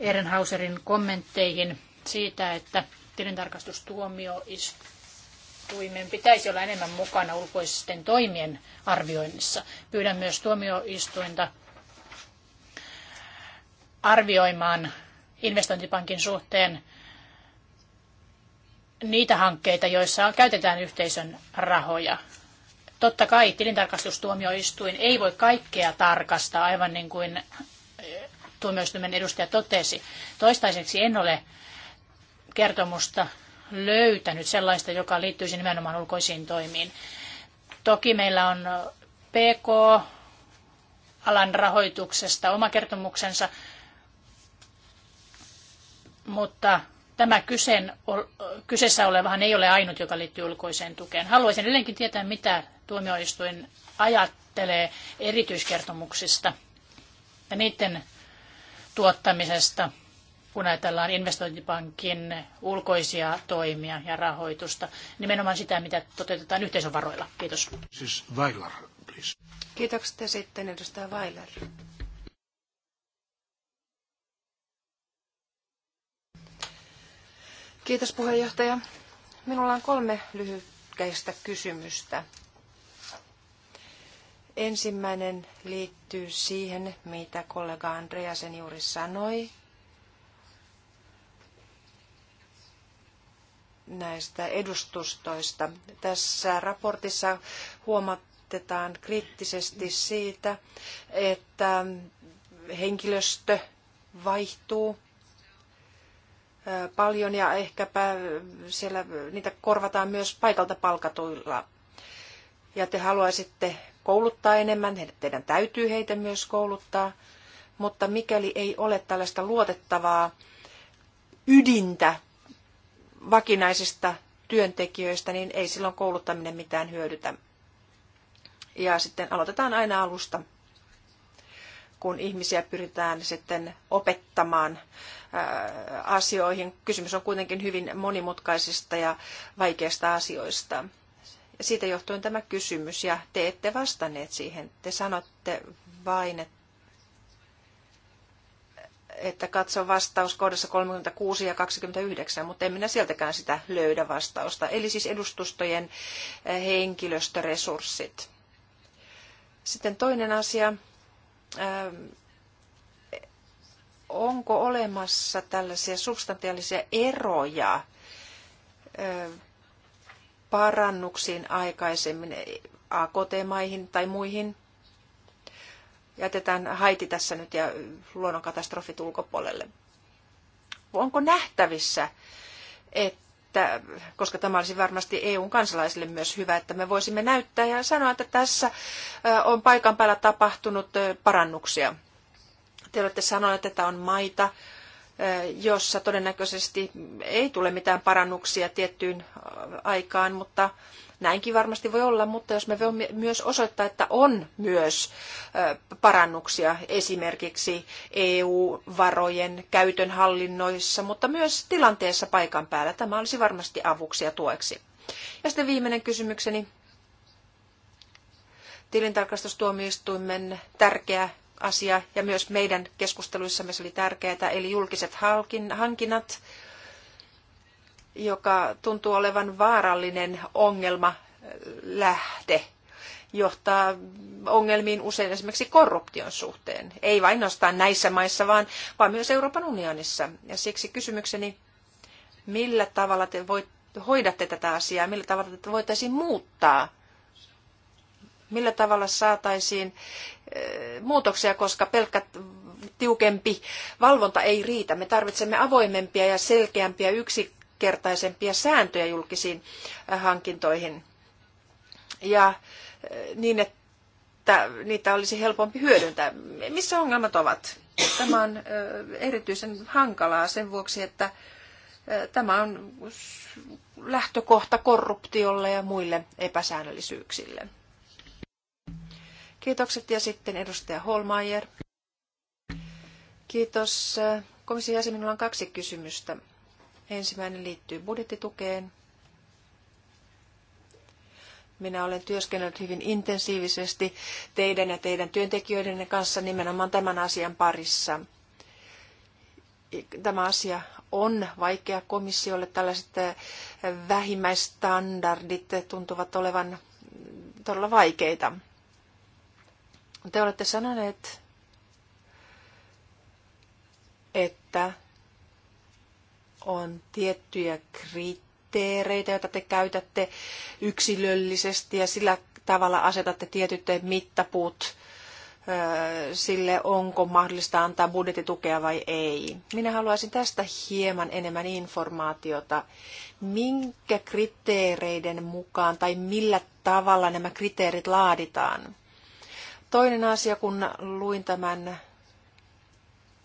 Ehrenhauserin kommentteihin siitä, että tilintarkastustuomioistuimen pitäisi olla enemmän mukana ulkoisten toimien arvioinnissa. Pyydän myös tuomioistuinta arvioimaan investointipankin suhteen niitä hankkeita, joissa käytetään yhteisön rahoja. Totta kai tilintarkastustuomioistuin ei voi kaikkea tarkastaa, aivan niin kuin eh, tuomioistuimen edustaja totesi. Toistaiseksi en ole kertomusta löytänyt sellaista, joka liittyisi nimenomaan ulkoisiin toimiin. Toki meillä on PK-alan rahoituksesta oma kertomuksensa, mutta tämä kyseen, kyseessä olevahan ei ole ainut, joka liittyy ulkoiseen tukeen. Haluaisin edelleenkin tietää, mitä tuomioistuin ajattelee erityiskertomuksista ja niiden tuottamisesta, kun ajatellaan investointipankin ulkoisia toimia ja rahoitusta, nimenomaan sitä, mitä toteutetaan yhteisövaroilla.
Kiitos. Siis Weiler, please.
Kiitokset sitten edustaja Weiler. Kiitos puheenjohtaja. Minulla on kolme lyhykäistä kysymystä. Ensimmäinen liittyy siihen, mitä kollega Andreasen juuri sanoi näistä edustustoista. Tässä raportissa huomatetaan kriittisesti siitä, että henkilöstö vaihtuu paljon ja ehkäpä siellä niitä korvataan myös paikalta palkatuilla. Ja te haluaisitte kouluttaa enemmän, teidän täytyy heitä myös kouluttaa, mutta mikäli ei ole tällaista luotettavaa ydintä vakinaisista työntekijöistä, niin ei silloin kouluttaminen mitään hyödytä. Ja sitten aloitetaan aina alusta kun ihmisiä pyritään sitten opettamaan asioihin. Kysymys on kuitenkin hyvin monimutkaisista ja vaikeista asioista. Ja siitä johtuen tämä kysymys, ja te ette vastanneet siihen. Te sanotte vain, että katso vastaus kohdassa 36 ja 29, mutta en minä sieltäkään sitä löydä vastausta. Eli siis edustustojen henkilöstöresurssit. Sitten toinen asia, Ähm, onko olemassa tällaisia substantiaalisia eroja ähm, parannuksiin aikaisemmin AKT-maihin tai muihin? Jätetään Haiti tässä nyt ja luonnonkatastrofit ulkopuolelle. Onko nähtävissä, että että, koska tämä olisi varmasti EUn kansalaisille myös hyvä, että me voisimme näyttää ja sanoa, että tässä on paikan päällä tapahtunut parannuksia. Te olette sanoneet, että on maita, jossa todennäköisesti ei tule mitään parannuksia tiettyyn aikaan, mutta Näinkin varmasti voi olla, mutta jos me voimme myös osoittaa, että on myös parannuksia esimerkiksi EU-varojen käytön hallinnoissa, mutta myös tilanteessa paikan päällä, tämä olisi varmasti avuksi ja tueksi. Ja sitten viimeinen kysymykseni. Tilintarkastustuomioistuimen tärkeä asia ja myös meidän keskusteluissamme se oli tärkeää, eli julkiset hankinnat joka tuntuu olevan vaarallinen ongelma äh, lähde johtaa ongelmiin usein esimerkiksi korruption suhteen. Ei vain nostaa näissä maissa, vaan, vaan myös Euroopan unionissa. Ja siksi kysymykseni, millä tavalla te voit, hoidatte tätä asiaa, millä tavalla te voitaisiin muuttaa, millä tavalla saataisiin äh, muutoksia, koska pelkkä tiukempi valvonta ei riitä. Me tarvitsemme avoimempia ja selkeämpiä yksi yksinkertaisempia sääntöjä julkisiin äh, hankintoihin ja äh, niin, että niitä olisi helpompi hyödyntää. Missä ongelmat ovat? Tämä on äh, erityisen hankalaa sen vuoksi, että tämä on lähtökohta korruptiolle ja muille epäsäännöllisyyksille. Kiitokset ja sitten edustaja Holmeier. Kiitos. Komission jäsen, minulla on kaksi kysymystä. Ensimmäinen liittyy budjettitukeen. Minä olen työskennellyt hyvin intensiivisesti teidän ja teidän työntekijöiden kanssa nimenomaan tämän asian parissa. Tämä asia on vaikea komissiolle. Tällaiset vähimmäistandardit tuntuvat olevan todella vaikeita. Te olette sanoneet, että on tiettyjä kriteereitä, joita te käytätte yksilöllisesti ja sillä tavalla asetatte tietyt mittapuut sille, onko mahdollista antaa budjettitukea vai ei. Minä haluaisin tästä hieman enemmän informaatiota. Minkä kriteereiden mukaan tai millä tavalla nämä kriteerit laaditaan? Toinen asia, kun luin tämän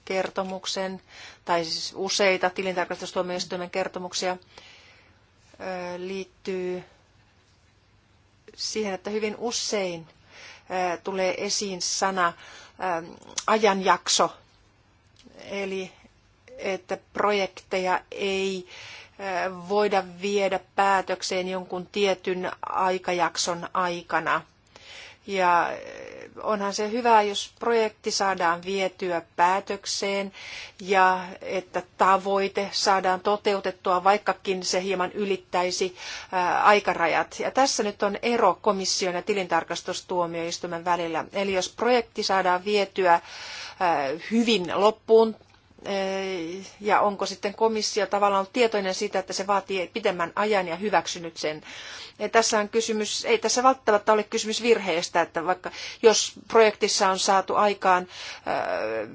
kertomuksen, tai siis useita tilintarkastustuomioistuimen kertomuksia, liittyy siihen, että hyvin usein tulee esiin sana ajanjakso, eli että projekteja ei voida viedä päätökseen jonkun tietyn aikajakson aikana – ja onhan se hyvä, jos projekti saadaan vietyä päätökseen ja että tavoite saadaan toteutettua, vaikkakin se hieman ylittäisi aikarajat. Ja tässä nyt on ero komission ja tilintarkastustuomioistuimen välillä. Eli jos projekti saadaan vietyä hyvin loppuun, Eh, ja onko sitten komissio tavallaan ollut tietoinen siitä, että se vaatii pidemmän ajan ja hyväksynyt sen. Ja tässä on kysymys, ei tässä välttämättä ole kysymys virheestä, että vaikka jos projektissa on saatu aikaan eh,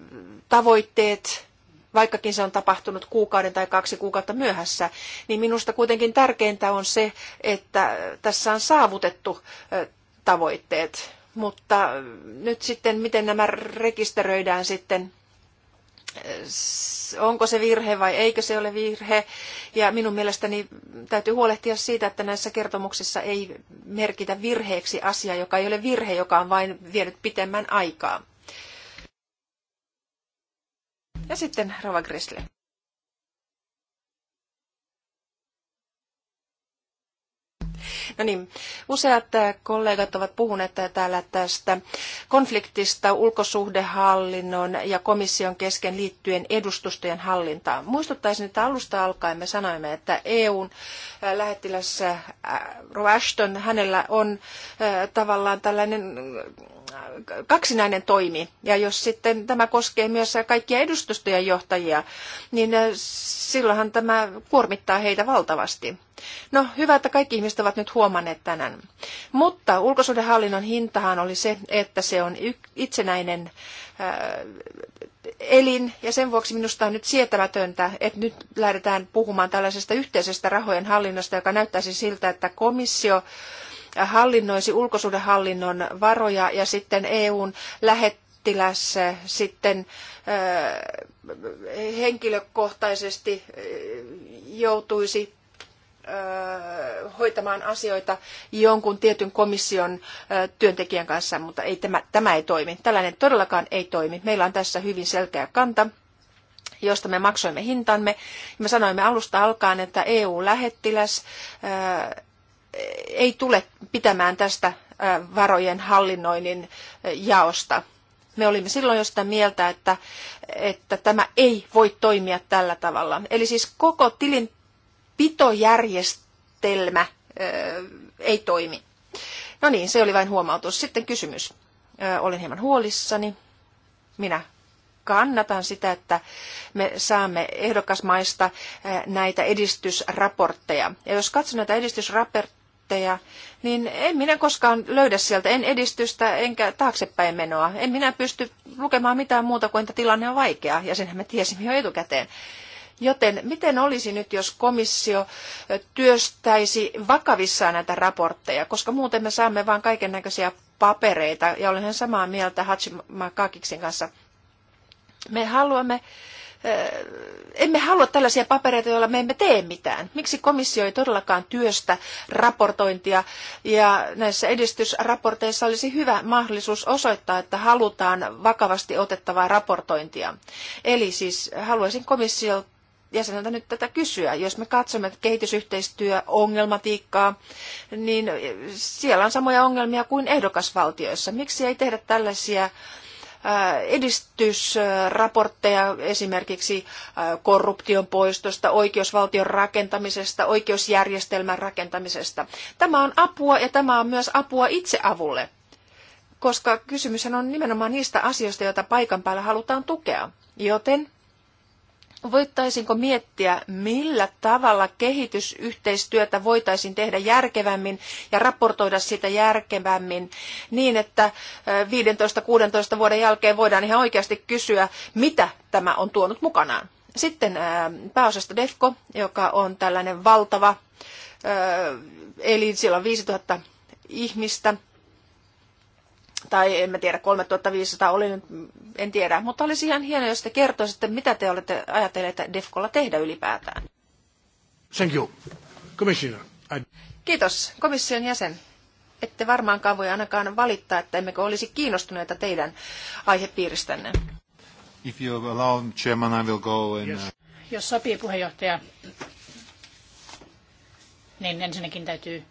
tavoitteet, vaikkakin se on tapahtunut kuukauden tai kaksi kuukautta myöhässä, niin minusta kuitenkin tärkeintä on se, että tässä on saavutettu eh, tavoitteet. Mutta nyt sitten, miten nämä rekisteröidään sitten onko se virhe vai eikö se ole virhe. Ja minun mielestäni täytyy huolehtia siitä, että näissä kertomuksissa ei merkitä virheeksi asiaa, joka ei ole virhe, joka on vain vienyt pitemmän aikaa. Ja sitten Rova Grisle. No niin, useat äh, kollegat ovat puhuneet täällä tästä konfliktista ulkosuhdehallinnon ja komission kesken liittyen edustustojen hallintaan. Muistuttaisin, että alusta alkaen me sanoimme, että EUn äh, lähettilässä äh, Ashton, hänellä on tavallaan tällainen kaksinainen toimi. Ja jos sitten tämä koskee myös kaikkia edustustojen johtajia, niin äh, silloinhan tämä kuormittaa heitä valtavasti. No hyvä, että kaikki ihmiset ovat nyt huomanneet tänään. Mutta ulkosuhdehallinnon hintahan oli se, että se on itsenäinen äh, elin ja sen vuoksi minusta on nyt sietämätöntä, että nyt lähdetään puhumaan tällaisesta yhteisestä rahojen hallinnasta, joka näyttäisi siltä, että komissio hallinnoisi ulkosuhdehallinnon varoja ja sitten EUn lähettiläs eh, sitten eh, henkilökohtaisesti eh, joutuisi hoitamaan asioita jonkun tietyn komission työntekijän kanssa, mutta ei tämä, tämä ei toimi. Tällainen todellakaan ei toimi. Meillä on tässä hyvin selkeä kanta josta me maksoimme hintamme. Me sanoimme alusta alkaen, että EU-lähettiläs ei tule pitämään tästä varojen hallinnoinnin jaosta. Me olimme silloin jo sitä mieltä, että, että tämä ei voi toimia tällä tavalla. Eli siis koko tilinpitojärjestelmä ei toimi. No niin, se oli vain huomautus. Sitten kysymys. Olen hieman huolissani. Minä kannatan sitä, että me saamme ehdokasmaista näitä edistysraportteja. Ja jos katson näitä edistysraportteja, kortteja, niin en minä koskaan löydä sieltä, en edistystä enkä taaksepäin menoa. En minä pysty lukemaan mitään muuta kuin, että tilanne on vaikea, ja senhän me tiesimme jo etukäteen. Joten miten olisi nyt, jos komissio työstäisi vakavissaan näitä raportteja, koska muuten me saamme vain kaiken näköisiä papereita, ja olen samaa mieltä Hachimakakiksen kanssa. Me haluamme emme halua tällaisia papereita, joilla me emme tee mitään. Miksi komissio ei todellakaan työstä raportointia ja näissä edistysraporteissa olisi hyvä mahdollisuus osoittaa, että halutaan vakavasti otettavaa raportointia. Eli siis haluaisin komissiolta jäseneltä nyt tätä kysyä. Jos me katsomme kehitysyhteistyöongelmatiikkaa, niin siellä on samoja ongelmia kuin ehdokasvaltioissa. Miksi ei tehdä tällaisia Äh, edistysraportteja esimerkiksi äh, korruption poistosta, oikeusvaltion rakentamisesta, oikeusjärjestelmän rakentamisesta. Tämä on apua ja tämä on myös apua itseavulle, koska kysymyshän on nimenomaan niistä asioista, joita paikan päällä halutaan tukea. Joten voittaisinko miettiä, millä tavalla kehitysyhteistyötä voitaisiin tehdä järkevämmin ja raportoida sitä järkevämmin niin, että 15-16 vuoden jälkeen voidaan ihan oikeasti kysyä, mitä tämä on tuonut mukanaan. Sitten pääosasta DEFCO, joka on tällainen valtava, eli siellä on 5000 ihmistä, tai emme tiedä, 3500 oli nyt, en tiedä, mutta olisi ihan hienoa, jos te kertoisitte, mitä te olette ajatelleet DEFCOlla tehdä ylipäätään.
Thank you. Commissioner. I...
Kiitos, komission jäsen. Ette varmaankaan voi ainakaan valittaa, että emmekö olisi kiinnostuneita teidän aihepiiristänne.
If you allow, Chairman, I will go and... yes. Uh,
jos sopii puheenjohtaja,
niin ensinnäkin täytyy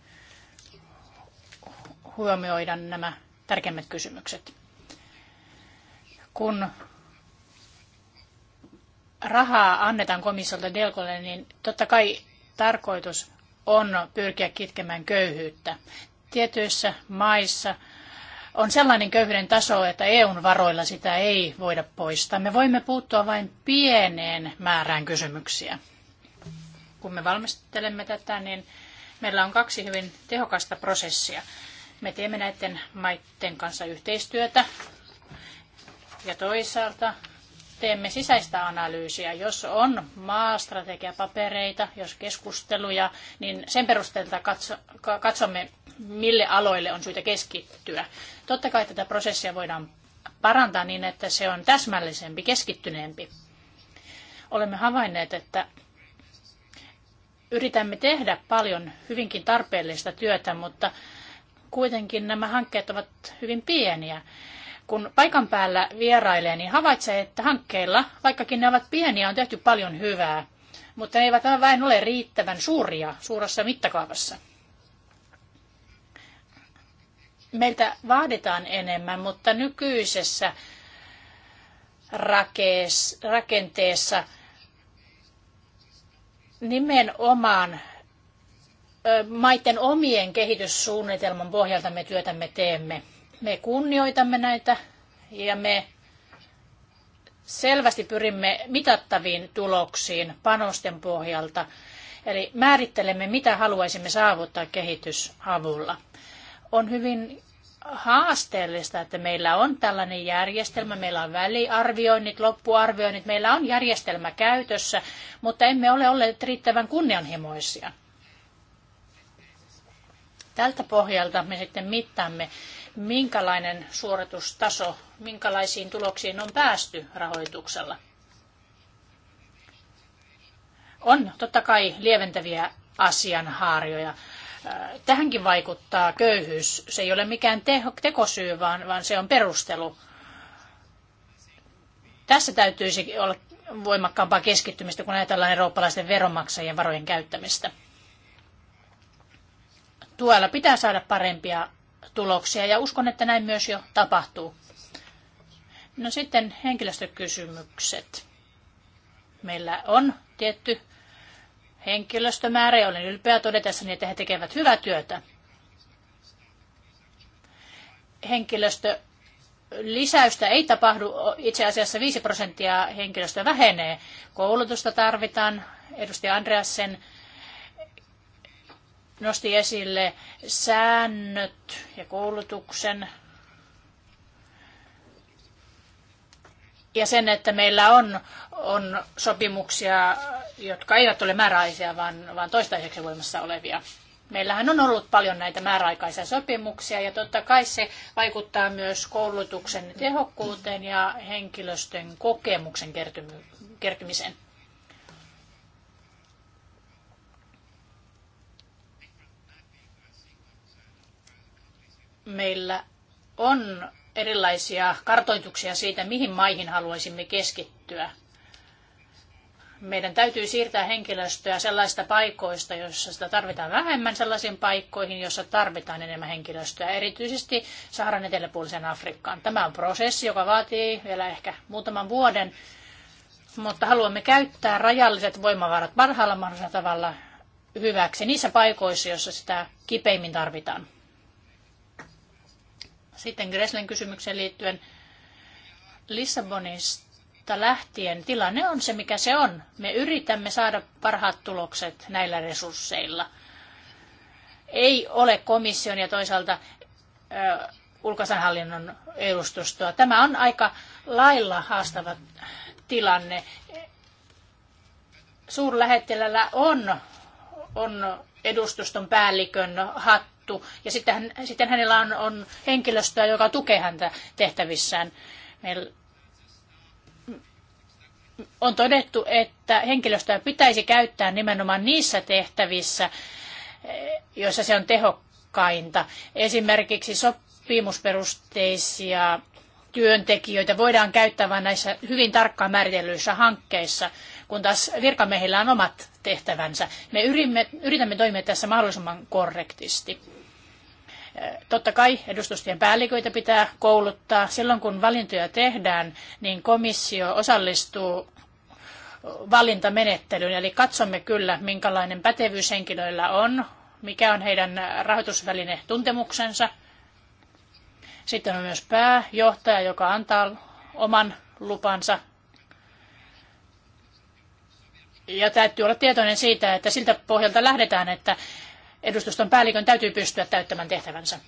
huomioida nämä tärkeimmät kysymykset. Kun rahaa annetaan komissiolta Delkolle, niin totta kai tarkoitus on pyrkiä kitkemään köyhyyttä. Tietyissä maissa on sellainen köyhyyden taso, että EUn varoilla sitä ei voida poistaa. Me voimme puuttua vain pieneen määrään kysymyksiä. Kun me valmistelemme tätä, niin meillä on kaksi hyvin tehokasta prosessia. Me teemme näiden maiden kanssa yhteistyötä ja toisaalta teemme sisäistä analyysiä. Jos on maastrategiapapereita, jos keskusteluja, niin sen perusteelta katsomme, mille aloille on syytä keskittyä. Totta kai tätä prosessia voidaan parantaa niin, että se on täsmällisempi, keskittyneempi. Olemme havainneet, että yritämme tehdä paljon hyvinkin tarpeellista työtä, mutta kuitenkin nämä hankkeet ovat hyvin pieniä. Kun paikan päällä vierailee, niin havaitsee, että hankkeilla, vaikkakin ne ovat pieniä, on tehty paljon hyvää, mutta ne eivät vain ole riittävän suuria suurassa mittakaavassa. Meiltä vaaditaan enemmän, mutta nykyisessä rakenteessa nimenomaan maiden omien kehityssuunnitelman pohjalta me työtämme teemme. Me kunnioitamme näitä ja me selvästi pyrimme mitattaviin tuloksiin panosten pohjalta. Eli määrittelemme, mitä haluaisimme saavuttaa kehitysavulla. On hyvin haasteellista, että meillä on tällainen järjestelmä, meillä on väliarvioinnit, loppuarvioinnit, meillä on järjestelmä käytössä, mutta emme ole olleet riittävän kunnianhimoisia. Tältä pohjalta me sitten mittaamme, minkälainen suoritustaso, minkälaisiin tuloksiin on päästy rahoituksella. On totta kai lieventäviä asianhaarjoja. Äh, tähänkin vaikuttaa köyhyys. Se ei ole mikään tekosyy, vaan, vaan se on perustelu. Tässä täytyisi olla voimakkaampaa keskittymistä, kun ajatellaan eurooppalaisten veronmaksajien varojen käyttämistä tuella pitää saada parempia tuloksia ja uskon, että näin myös jo tapahtuu. No sitten henkilöstökysymykset. Meillä on tietty henkilöstömäärä ja olen ylpeä todetessani, että he tekevät hyvää työtä. Henkilöstö lisäystä ei tapahdu, itse asiassa 5 prosenttia henkilöstö vähenee. Koulutusta tarvitaan, edustaja Andreasen nosti esille säännöt ja koulutuksen ja sen, että meillä on, on sopimuksia, jotka eivät ole määräaisia, vaan, vaan toistaiseksi voimassa olevia. Meillähän on ollut paljon näitä määräaikaisia sopimuksia ja totta kai se vaikuttaa myös koulutuksen tehokkuuteen ja henkilöstön kokemuksen kertymiseen. meillä on erilaisia kartoituksia siitä, mihin maihin haluaisimme keskittyä. Meidän täytyy siirtää henkilöstöä sellaisista paikoista, joissa sitä tarvitaan vähemmän, sellaisiin paikkoihin, joissa tarvitaan enemmän henkilöstöä, erityisesti Saharan eteläpuoliseen Afrikkaan. Tämä on prosessi, joka vaatii vielä ehkä muutaman vuoden, mutta haluamme käyttää rajalliset voimavarat parhaalla mahdollisella tavalla hyväksi niissä paikoissa, joissa sitä kipeimmin tarvitaan. Sitten Greslen kysymykseen liittyen Lissabonista lähtien tilanne on se, mikä se on. Me yritämme saada parhaat tulokset näillä resursseilla. Ei ole komission ja toisaalta ö, ulkosanhallinnon edustustoa. Tämä on aika lailla haastava tilanne. Suurlähettilällä on, on edustuston päällikön hat, tuttu. Ja sitten, sitten hänellä on, on henkilöstöä, joka tukee häntä tehtävissään. Meillä on todettu, että henkilöstöä pitäisi käyttää nimenomaan niissä tehtävissä, eh, joissa se on tehokkainta. Esimerkiksi sopimusperusteisia työntekijöitä voidaan käyttää vain näissä hyvin tarkkaan määritellyissä hankkeissa, kun taas virkamiehillä on omat tehtävänsä. Me yritämme toimia tässä mahdollisimman korrektisti. Totta kai edustustien päälliköitä pitää kouluttaa. Silloin kun valintoja tehdään, niin komissio osallistuu valintamenettelyyn. Eli katsomme kyllä, minkälainen pätevyys henkilöillä on, mikä on heidän rahoitusväline tuntemuksensa. Sitten on myös pääjohtaja, joka antaa oman lupansa. Ja täytyy olla tietoinen siitä, että siltä pohjalta lähdetään, että edustuston päällikön täytyy pystyä täyttämään tehtävänsä.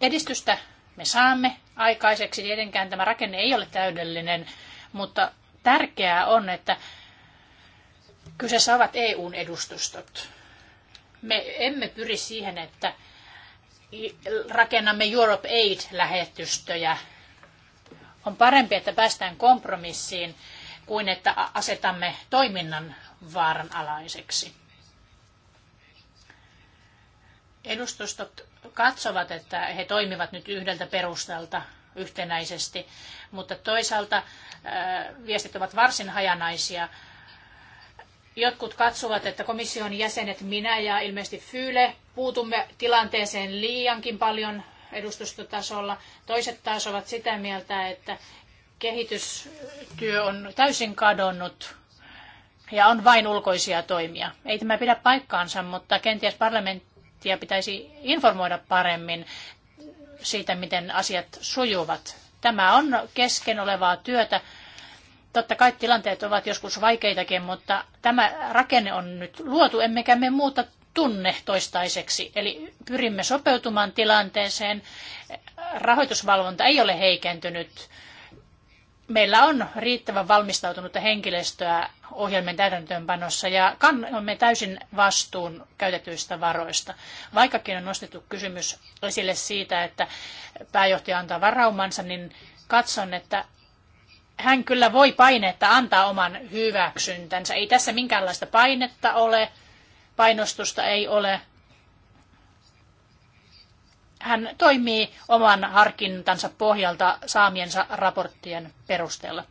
Edistystä me saamme aikaiseksi. Tietenkään tämä rakenne ei ole täydellinen, mutta tärkeää on, että kyseessä ovat EUn edustustot. Me emme pyri siihen, että rakennamme Europe Aid-lähetystöjä. On parempi, että päästään kompromissiin kuin että asetamme toiminnan vaaranalaiseksi edustustot katsovat, että he toimivat nyt yhdeltä perustalta yhtenäisesti, mutta toisaalta äh, viestit ovat varsin hajanaisia. Jotkut katsovat, että komission jäsenet, minä ja ilmeisesti Fyle, puutumme tilanteeseen liiankin paljon edustustotasolla. Toiset taas ovat sitä mieltä, että kehitystyö on täysin kadonnut ja on vain ulkoisia toimia. Ei tämä pidä paikkaansa, mutta kenties parlamentti ja pitäisi informoida paremmin siitä, miten asiat sujuvat. Tämä on kesken olevaa työtä. Totta kai tilanteet ovat joskus vaikeitakin, mutta tämä rakenne on nyt luotu, emmekä me muuta tunne toistaiseksi. Eli pyrimme sopeutumaan tilanteeseen. Rahoitusvalvonta ei ole heikentynyt meillä on riittävän valmistautunutta henkilöstöä ohjelmien täytäntöönpanossa ja kannamme täysin vastuun käytetyistä varoista. Vaikkakin on nostettu kysymys esille siitä, että pääjohtaja antaa varaumansa, niin katson, että hän kyllä voi painetta antaa oman hyväksyntänsä. Ei tässä minkäänlaista painetta ole, painostusta ei ole hän toimii oman harkintansa pohjalta saamiensa raporttien perusteella.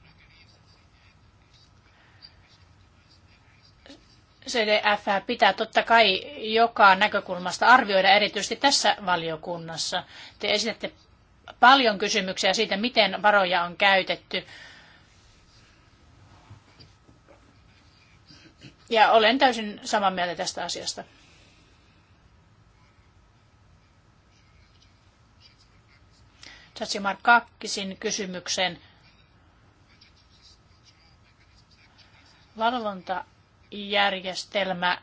CDF pitää totta kai joka näkökulmasta arvioida, erityisesti tässä valiokunnassa. Te esitätte paljon kysymyksiä siitä, miten varoja on käytetty. Ja olen täysin samaa mieltä tästä asiasta. Chasimar Kakkisin kysymyksen. Valvontajärjestelmä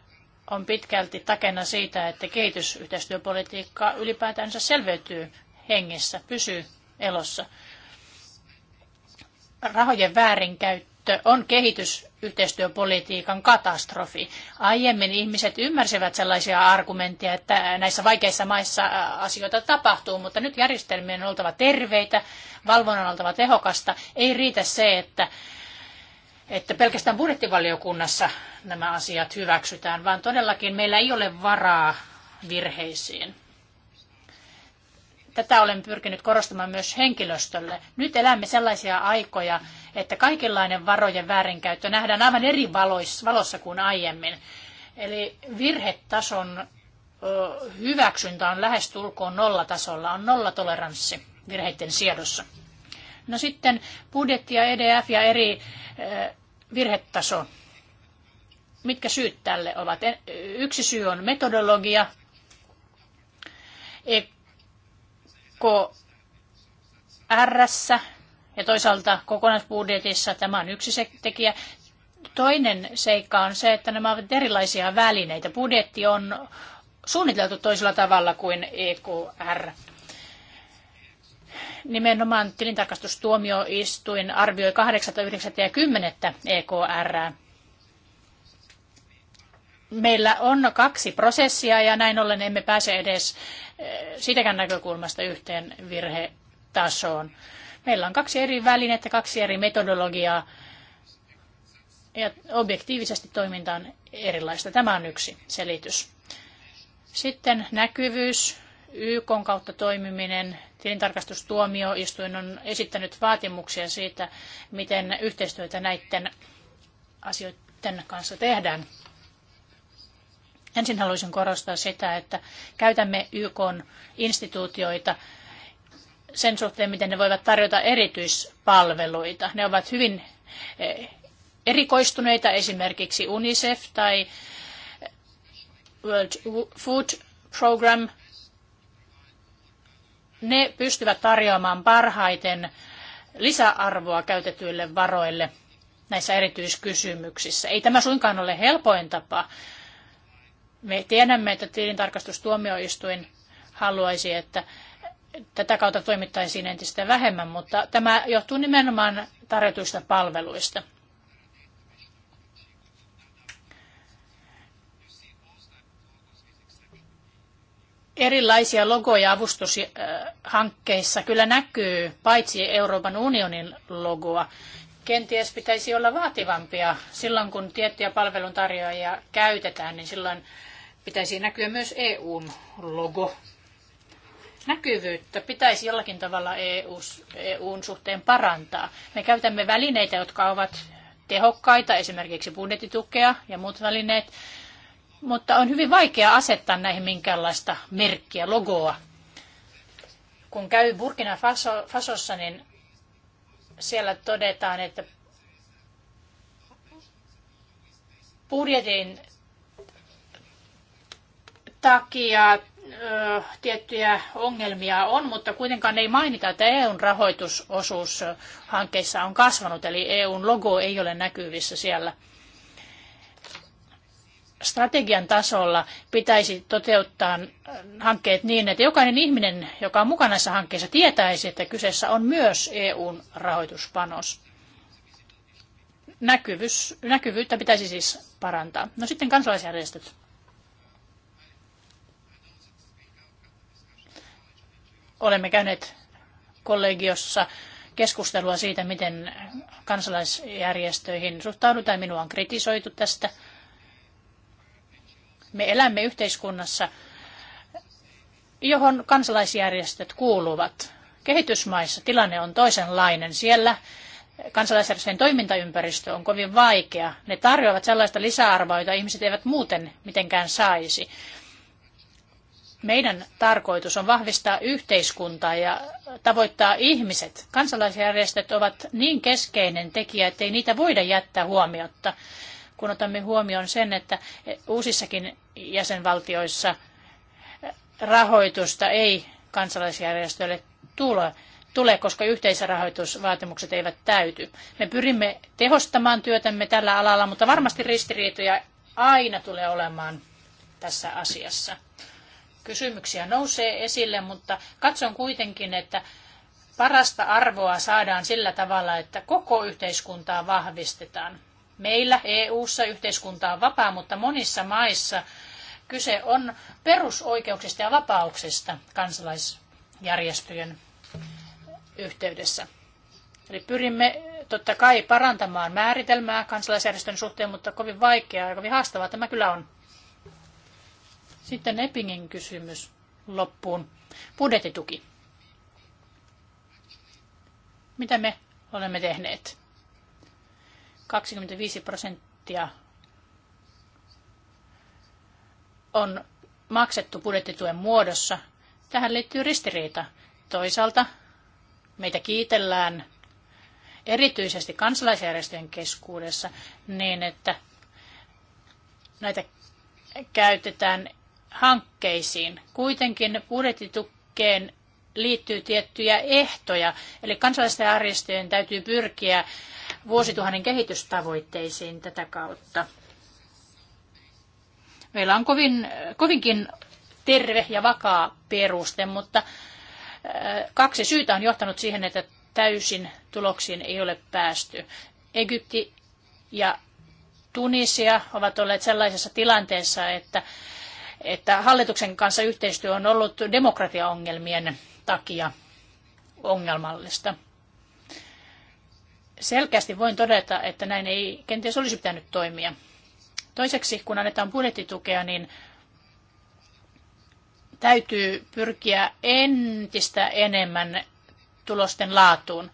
on pitkälti takena siitä, että kehitysyhteistyöpolitiikka ylipäätänsä selveytyy hengissä, pysyy elossa. Rahojen väärinkäyttö on kehitysyhteistyöpolitiikan katastrofi. Aiemmin ihmiset ymmärsivät sellaisia argumentteja, että näissä vaikeissa maissa asioita tapahtuu, mutta nyt järjestelmien on oltava terveitä, valvonnan on oltava tehokasta. Ei riitä se, että että pelkästään budjettivaliokunnassa nämä asiat hyväksytään, vaan todellakin meillä ei ole varaa virheisiin. Tätä olen pyrkinyt korostamaan myös henkilöstölle. Nyt elämme sellaisia aikoja, että kaikenlainen varojen väärinkäyttö nähdään aivan eri valossa kuin aiemmin. Eli virhetason hyväksyntä on lähestulkoon nollatasolla, on nollatoleranssi virheiden siedossa. No sitten budjetti ja EDF ja eri virhetaso. Mitkä syyt tälle ovat? Yksi syy on metodologia. Eko RS ja toisaalta kokonaisbudjetissa tämä on yksi tekijä. Toinen seikka on se, että nämä ovat erilaisia välineitä. Budjetti on suunniteltu toisella tavalla kuin EKR. Nimenomaan tilintarkastustuomioistuin arvioi 8, 9 ja 10 EKR. Meillä on kaksi prosessia ja näin ollen emme pääse edes eh, sitäkään näkökulmasta yhteen virhetasoon. Meillä on kaksi eri välinettä, kaksi eri metodologiaa ja objektiivisesti toiminta on erilaista. Tämä on yksi selitys. Sitten näkyvyys, YK kautta toimiminen, tilintarkastustuomioistuin on esittänyt vaatimuksia siitä, miten yhteistyötä näiden asioiden kanssa tehdään. Ensin haluaisin korostaa sitä, että käytämme YK instituutioita sen suhteen, miten ne voivat tarjota erityispalveluita. Ne ovat hyvin e, erikoistuneita esimerkiksi UNICEF tai e, World Food Program. Ne pystyvät tarjoamaan parhaiten lisäarvoa käytetyille varoille näissä erityiskysymyksissä. Ei tämä suinkaan ole helpoin tapa. Me tiedämme, että tilintarkastustuomioistuin haluaisi, että tätä kautta toimittaisiin entistä vähemmän, mutta tämä johtuu nimenomaan tarjotuista palveluista. Erilaisia logoja avustushankkeissa kyllä näkyy, paitsi Euroopan unionin logoa. Kenties pitäisi olla vaativampia silloin, kun tiettyjä palveluntarjoajia käytetään, niin silloin pitäisi näkyä myös EUn logo näkyvyyttä pitäisi jollakin tavalla EUn e suhteen parantaa. Me käytämme välineitä, jotka ovat tehokkaita, esimerkiksi budjettitukea ja muut välineet, mutta on hyvin vaikea asettaa näihin minkäänlaista merkkiä, logoa. Kun käy Burkina Faso, Fasossa, niin siellä todetaan, että budjetin takia ö, tiettyjä ongelmia on, mutta kuitenkaan ei mainita, että EUn rahoitusosuus hankkeissa on kasvanut, eli EUn logo ei ole näkyvissä siellä. Strategian tasolla pitäisi toteuttaa hankkeet niin, että jokainen ihminen, joka on mukana näissä hankkeissa, tietäisi, että kyseessä on myös EUn rahoituspanos. Näkyvyys, näkyvyyttä pitäisi siis parantaa. No sitten kansalaisjärjestöt. olemme käyneet kollegiossa keskustelua siitä, miten kansalaisjärjestöihin suhtaudutaan. Minua on kritisoitu tästä. Me elämme yhteiskunnassa, johon kansalaisjärjestöt kuuluvat. Kehitysmaissa tilanne on toisenlainen. Siellä kansalaisjärjestöjen toimintaympäristö on kovin vaikea. Ne tarjoavat sellaista lisäarvoa, jota ihmiset eivät muuten mitenkään saisi. Meidän tarkoitus on vahvistaa yhteiskuntaa ja tavoittaa ihmiset. Kansalaisjärjestöt ovat niin keskeinen tekijä, ettei niitä voida jättää huomiotta, kun otamme huomioon sen, että uusissakin jäsenvaltioissa rahoitusta ei kansalaisjärjestöille tule tule, koska yhteisrahoitusvaatimukset eivät täyty. Me pyrimme tehostamaan työtämme tällä alalla, mutta varmasti ristiriitoja aina tulee olemaan tässä asiassa kysymyksiä nousee esille, mutta katson kuitenkin, että parasta arvoa saadaan sillä tavalla, että koko yhteiskuntaa vahvistetaan. Meillä EU-ssa yhteiskunta on vapaa, mutta monissa maissa kyse on perusoikeuksista ja vapauksista kansalaisjärjestöjen yhteydessä. Eli pyrimme totta kai parantamaan määritelmää kansalaisjärjestön suhteen, mutta kovin vaikeaa ja kovin haastavaa tämä kyllä on. Sitten Epingin kysymys loppuun. Budjetituki. Mitä me olemme tehneet? 25 prosenttia on maksettu budjettituen muodossa. Tähän liittyy ristiriita. Toisaalta meitä kiitellään erityisesti kansalaisjärjestöjen keskuudessa niin, että näitä käytetään hankkeisiin. Kuitenkin budjettitukkeen liittyy tiettyjä ehtoja, eli kansalaisten järjestöjen täytyy pyrkiä vuosituhannen kehitystavoitteisiin tätä kautta. Meillä on kovin, kovinkin terve ja vakaa peruste, mutta äh, kaksi syytä on johtanut siihen, että täysin tuloksiin ei ole päästy. Egypti ja Tunisia ovat olleet sellaisessa tilanteessa, että että hallituksen kanssa yhteistyö on ollut demokratiaongelmien takia ongelmallista. Selkeästi voin todeta, että näin ei kenties olisi pitänyt toimia. Toiseksi, kun annetaan budjettitukea, niin täytyy pyrkiä entistä enemmän tulosten laatuun.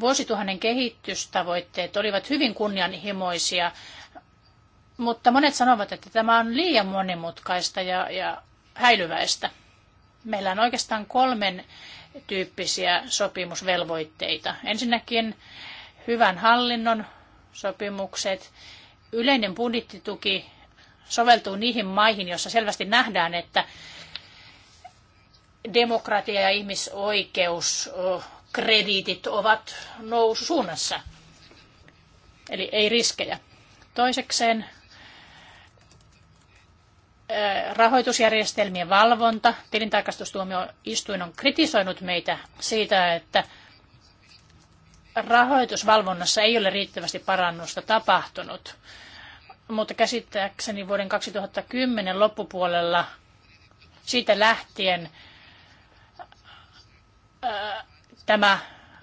Vuosituhannen kehitystavoitteet olivat hyvin kunnianhimoisia mutta monet sanovat, että tämä on liian monimutkaista ja, ja häilyväistä. Meillä on oikeastaan kolmen tyyppisiä sopimusvelvoitteita. Ensinnäkin hyvän hallinnon sopimukset, yleinen budjettituki soveltuu niihin maihin, joissa selvästi nähdään, että demokratia ja krediitit ovat noususuunnassa. Eli ei riskejä. Toisekseen rahoitusjärjestelmien valvonta. Tilintarkastustuomioistuin on kritisoinut meitä siitä, että rahoitusvalvonnassa ei ole riittävästi parannusta tapahtunut. Mutta käsittääkseni vuoden 2010 loppupuolella siitä lähtien ää, tämä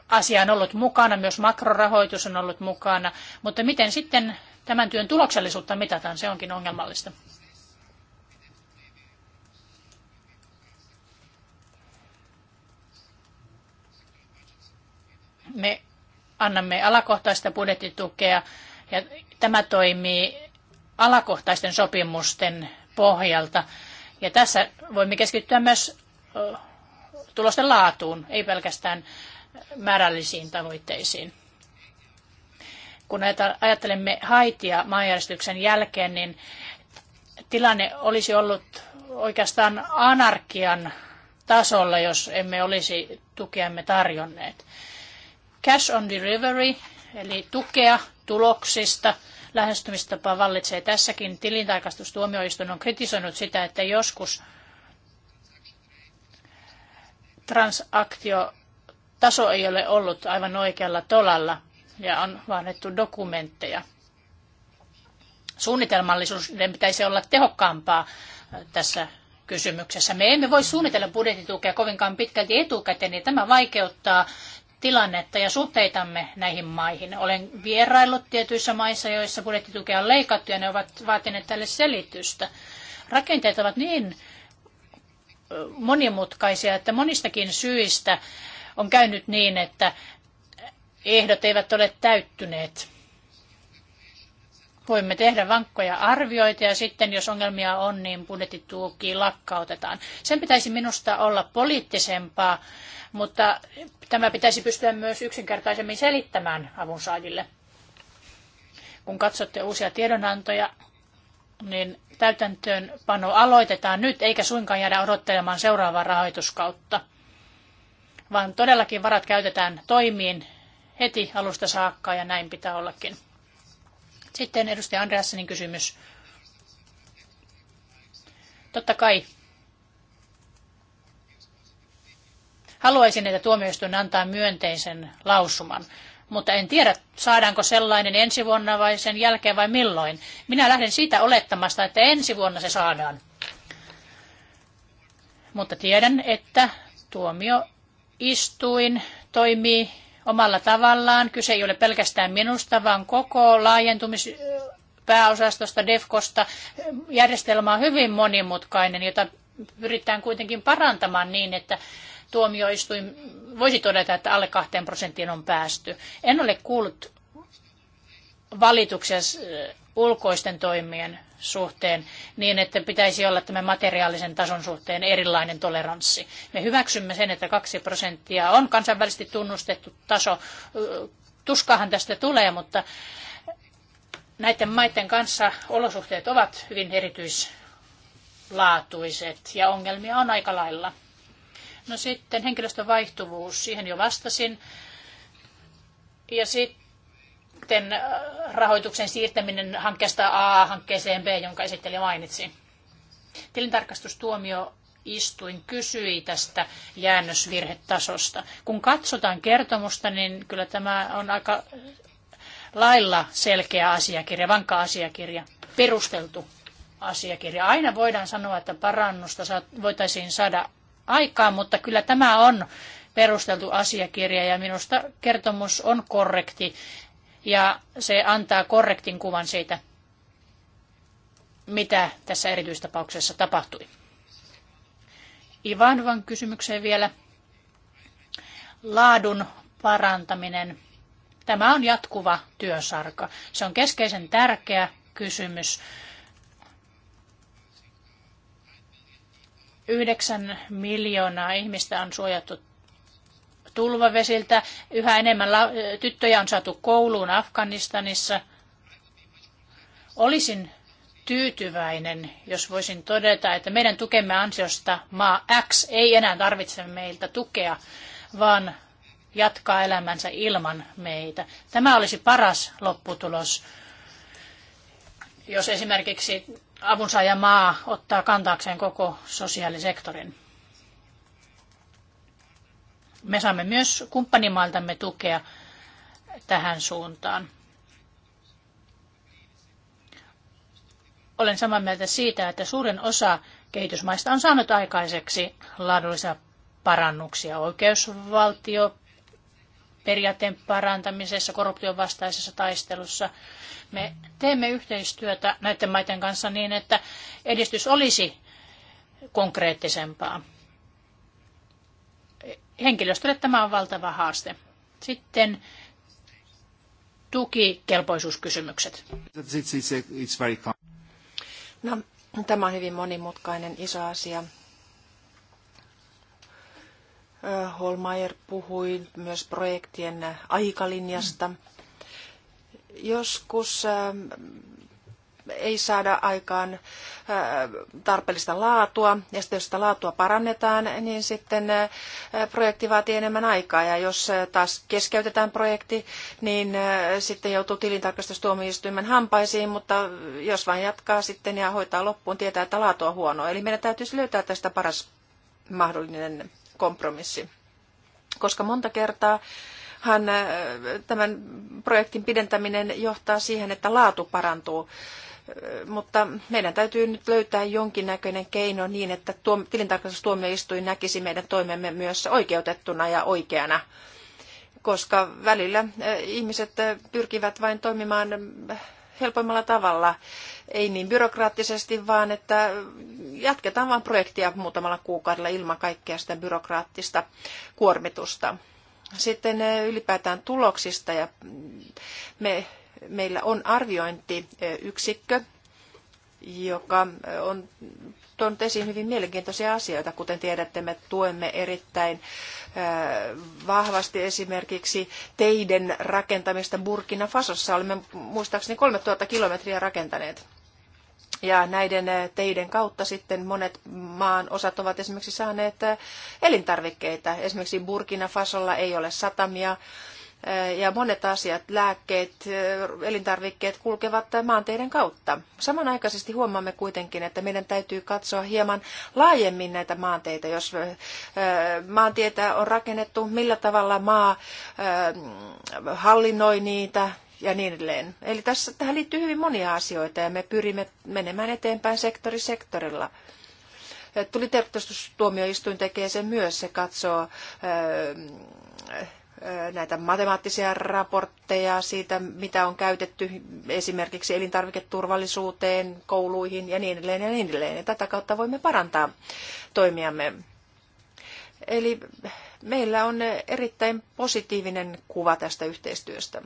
asia on ollut mukana, myös makrorahoitus on ollut mukana, mutta miten sitten tämän työn tuloksellisuutta mitataan, se onkin ongelmallista. Me annamme alakohtaista budjettitukea ja tämä toimii alakohtaisten sopimusten pohjalta. Ja tässä voimme keskittyä myös tulosten laatuun, ei pelkästään määrällisiin tavoitteisiin. Kun ajattelemme Haitia maanjärjestyksen jälkeen, niin tilanne olisi ollut oikeastaan anarkian tasolla, jos emme olisi tukeamme tarjonneet. Cash on delivery, eli tukea tuloksista, lähestymistapa vallitsee tässäkin. Tilintarkastustuomioistuin on kritisoinut sitä, että joskus transaktiotaso ei ole ollut aivan oikealla tolalla ja on vaadittu dokumentteja. Suunnitelmallisuuden pitäisi olla tehokkaampaa tässä kysymyksessä. Me emme voi suunnitella budjettitukea kovinkaan pitkälti etukäteen, niin tämä vaikeuttaa tilannetta ja suhteitamme näihin maihin. Olen vieraillut tietyissä maissa, joissa budjettitukea on leikattu ja ne ovat vaatineet tälle selitystä. Rakenteet ovat niin monimutkaisia, että monistakin syistä on käynyt niin, että ehdot eivät ole täyttyneet voimme tehdä vankkoja arvioita ja sitten jos ongelmia on, niin budjettituki lakkautetaan. Sen pitäisi minusta olla poliittisempaa, mutta tämä pitäisi pystyä myös yksinkertaisemmin selittämään avunsaajille. Kun katsotte uusia tiedonantoja, niin täytäntöönpano aloitetaan nyt, eikä suinkaan jäädä odottelemaan seuraavaa rahoituskautta, vaan todellakin varat käytetään toimiin heti alusta saakka ja näin pitää ollakin. Sitten edustaja Andreassenin kysymys. Totta kai haluaisin, että tuomioistuin antaa myönteisen lausuman. Mutta en tiedä, saadaanko sellainen ensi vuonna vai sen jälkeen vai milloin. Minä lähden siitä olettamasta, että ensi vuonna se saadaan. Mutta tiedän, että tuomioistuin toimii omalla tavallaan. Kyse ei ole pelkästään minusta, vaan koko laajentumispääosastosta, DEFKosta. Järjestelmä on hyvin monimutkainen, jota pyritään kuitenkin parantamaan niin, että tuomioistuin voisi todeta, että alle kahteen prosenttiin on päästy. En ole kuullut valituksia ulkoisten toimien suhteen niin, että pitäisi olla tämän materiaalisen tason suhteen erilainen toleranssi. Me hyväksymme sen, että kaksi prosenttia on kansainvälisesti tunnustettu taso. Tuskahan tästä tulee, mutta näiden maiden kanssa olosuhteet ovat hyvin erityislaatuiset ja ongelmia on aika lailla. No sitten henkilöstön vaihtuvuus, siihen jo vastasin. Ja sitten sitten äh, rahoituksen siirtäminen hankkeesta A hankkeeseen B, jonka esittelijä mainitsi. Tilintarkastustuomio istuin kysyi tästä jäännösvirhetasosta. Kun katsotaan kertomusta, niin kyllä tämä on aika lailla selkeä asiakirja, vankka asiakirja, perusteltu asiakirja. Aina voidaan sanoa, että parannusta voitaisiin saada aikaan, mutta kyllä tämä on perusteltu asiakirja ja minusta kertomus on korrekti ja se antaa korrektin kuvan siitä, mitä tässä erityistapauksessa tapahtui. Ivanvan kysymykseen vielä. Laadun parantaminen. Tämä on jatkuva työsarka. Se on keskeisen tärkeä kysymys. Yhdeksän miljoonaa ihmistä on suojattu tulvavesiltä. Yhä enemmän tyttöjä on saatu kouluun Afganistanissa. Olisin tyytyväinen, jos voisin todeta, että meidän tukemme ansiosta maa X ei enää tarvitse meiltä tukea, vaan jatkaa elämänsä ilman meitä. Tämä olisi paras lopputulos,
jos esimerkiksi
avunsaajaa maa ottaa kantaakseen koko sosiaalisektorin. Me saamme myös kumppanimaaltamme tukea tähän suuntaan. Olen samaa mieltä siitä, että suurin osa kehitysmaista on saanut aikaiseksi laadullisia parannuksia oikeusvaltio periaatteen parantamisessa, korruption vastaisessa taistelussa. Me teemme yhteistyötä näiden maiden kanssa niin, että edistys olisi konkreettisempaa henkilöstölle tämä on valtava haaste. Sitten
tukikelpoisuuskysymykset. No, tämä on hyvin monimutkainen iso asia. Holmeier puhui myös projektien aikalinjasta. Joskus ei saada aikaan äh, tarpeellista laatua, ja sitten jos sitä laatua parannetaan, niin sitten äh, projekti vaatii enemmän aikaa, ja jos äh, taas keskeytetään projekti, niin sitten joutuu tilintarkastustuomioistuimen hampaisiin, mutta jos vain jatkaa sitten ja hoitaa loppuun, tietää, että laatu on huono. Eli meidän täytyisi löytää tästä paras mahdollinen kompromissi, koska monta kertaa hän, tämän projektin pidentäminen johtaa siihen, että laatu parantuu mutta meidän täytyy nyt löytää jonkinnäköinen keino niin, että tuo, tilintarkastustuomioistuin näkisi meidän toimemme myös oikeutettuna ja oikeana, koska välillä ihmiset pyrkivät vain toimimaan helpoimmalla tavalla, ei niin byrokraattisesti, vaan että jatketaan vain projektia muutamalla kuukaudella ilman kaikkea sitä byrokraattista kuormitusta. Sitten ylipäätään tuloksista ja mm, me meillä on arviointiyksikkö, joka on tuonut esiin hyvin mielenkiintoisia asioita. Kuten tiedätte, me tuemme erittäin vahvasti esimerkiksi teiden rakentamista Burkina Fasossa. Olemme muistaakseni 3000 kilometriä rakentaneet. Ja näiden teiden kautta sitten monet maan osat ovat esimerkiksi saaneet elintarvikkeita. Esimerkiksi Burkina Fasolla ei ole satamia, ja monet asiat, lääkkeet, elintarvikkeet kulkevat maanteiden kautta. Samanaikaisesti huomaamme kuitenkin, että meidän täytyy katsoa hieman laajemmin näitä maanteita. Jos maantietä on rakennettu, millä tavalla maa hallinnoi niitä ja niin edelleen. Eli tässä, tähän liittyy hyvin monia asioita ja me pyrimme menemään eteenpäin sektori sektorilla. Tuli tuomioistuin tekee sen myös, se katsoo näitä matemaattisia raportteja siitä, mitä on käytetty esimerkiksi elintarviketurvallisuuteen, kouluihin ja niin edelleen ja niin edelleen. Ja tätä kautta voimme parantaa toimiamme. Eli meillä on erittäin positiivinen kuva tästä yhteistyöstä.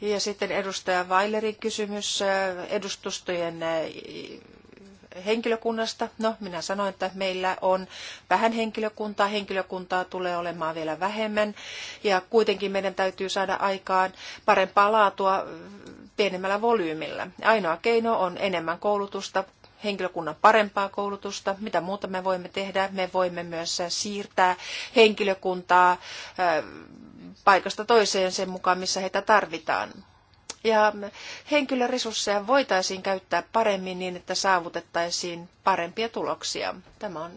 Ja sitten edustaja Weilerin kysymys edustustojen henkilökunnasta. No, minä sanoin, että meillä on vähän henkilökuntaa, henkilökuntaa tulee olemaan vielä vähemmän ja kuitenkin meidän täytyy saada aikaan parempaa laatua pienemmällä volyymillä. Ainoa keino on enemmän koulutusta, henkilökunnan parempaa koulutusta. Mitä muuta me voimme tehdä? Me voimme myös siirtää henkilökuntaa paikasta toiseen sen mukaan, missä heitä tarvitaan ja henkilöresursseja voitaisiin käyttää paremmin niin, että saavutettaisiin parempia tuloksia. Tämä on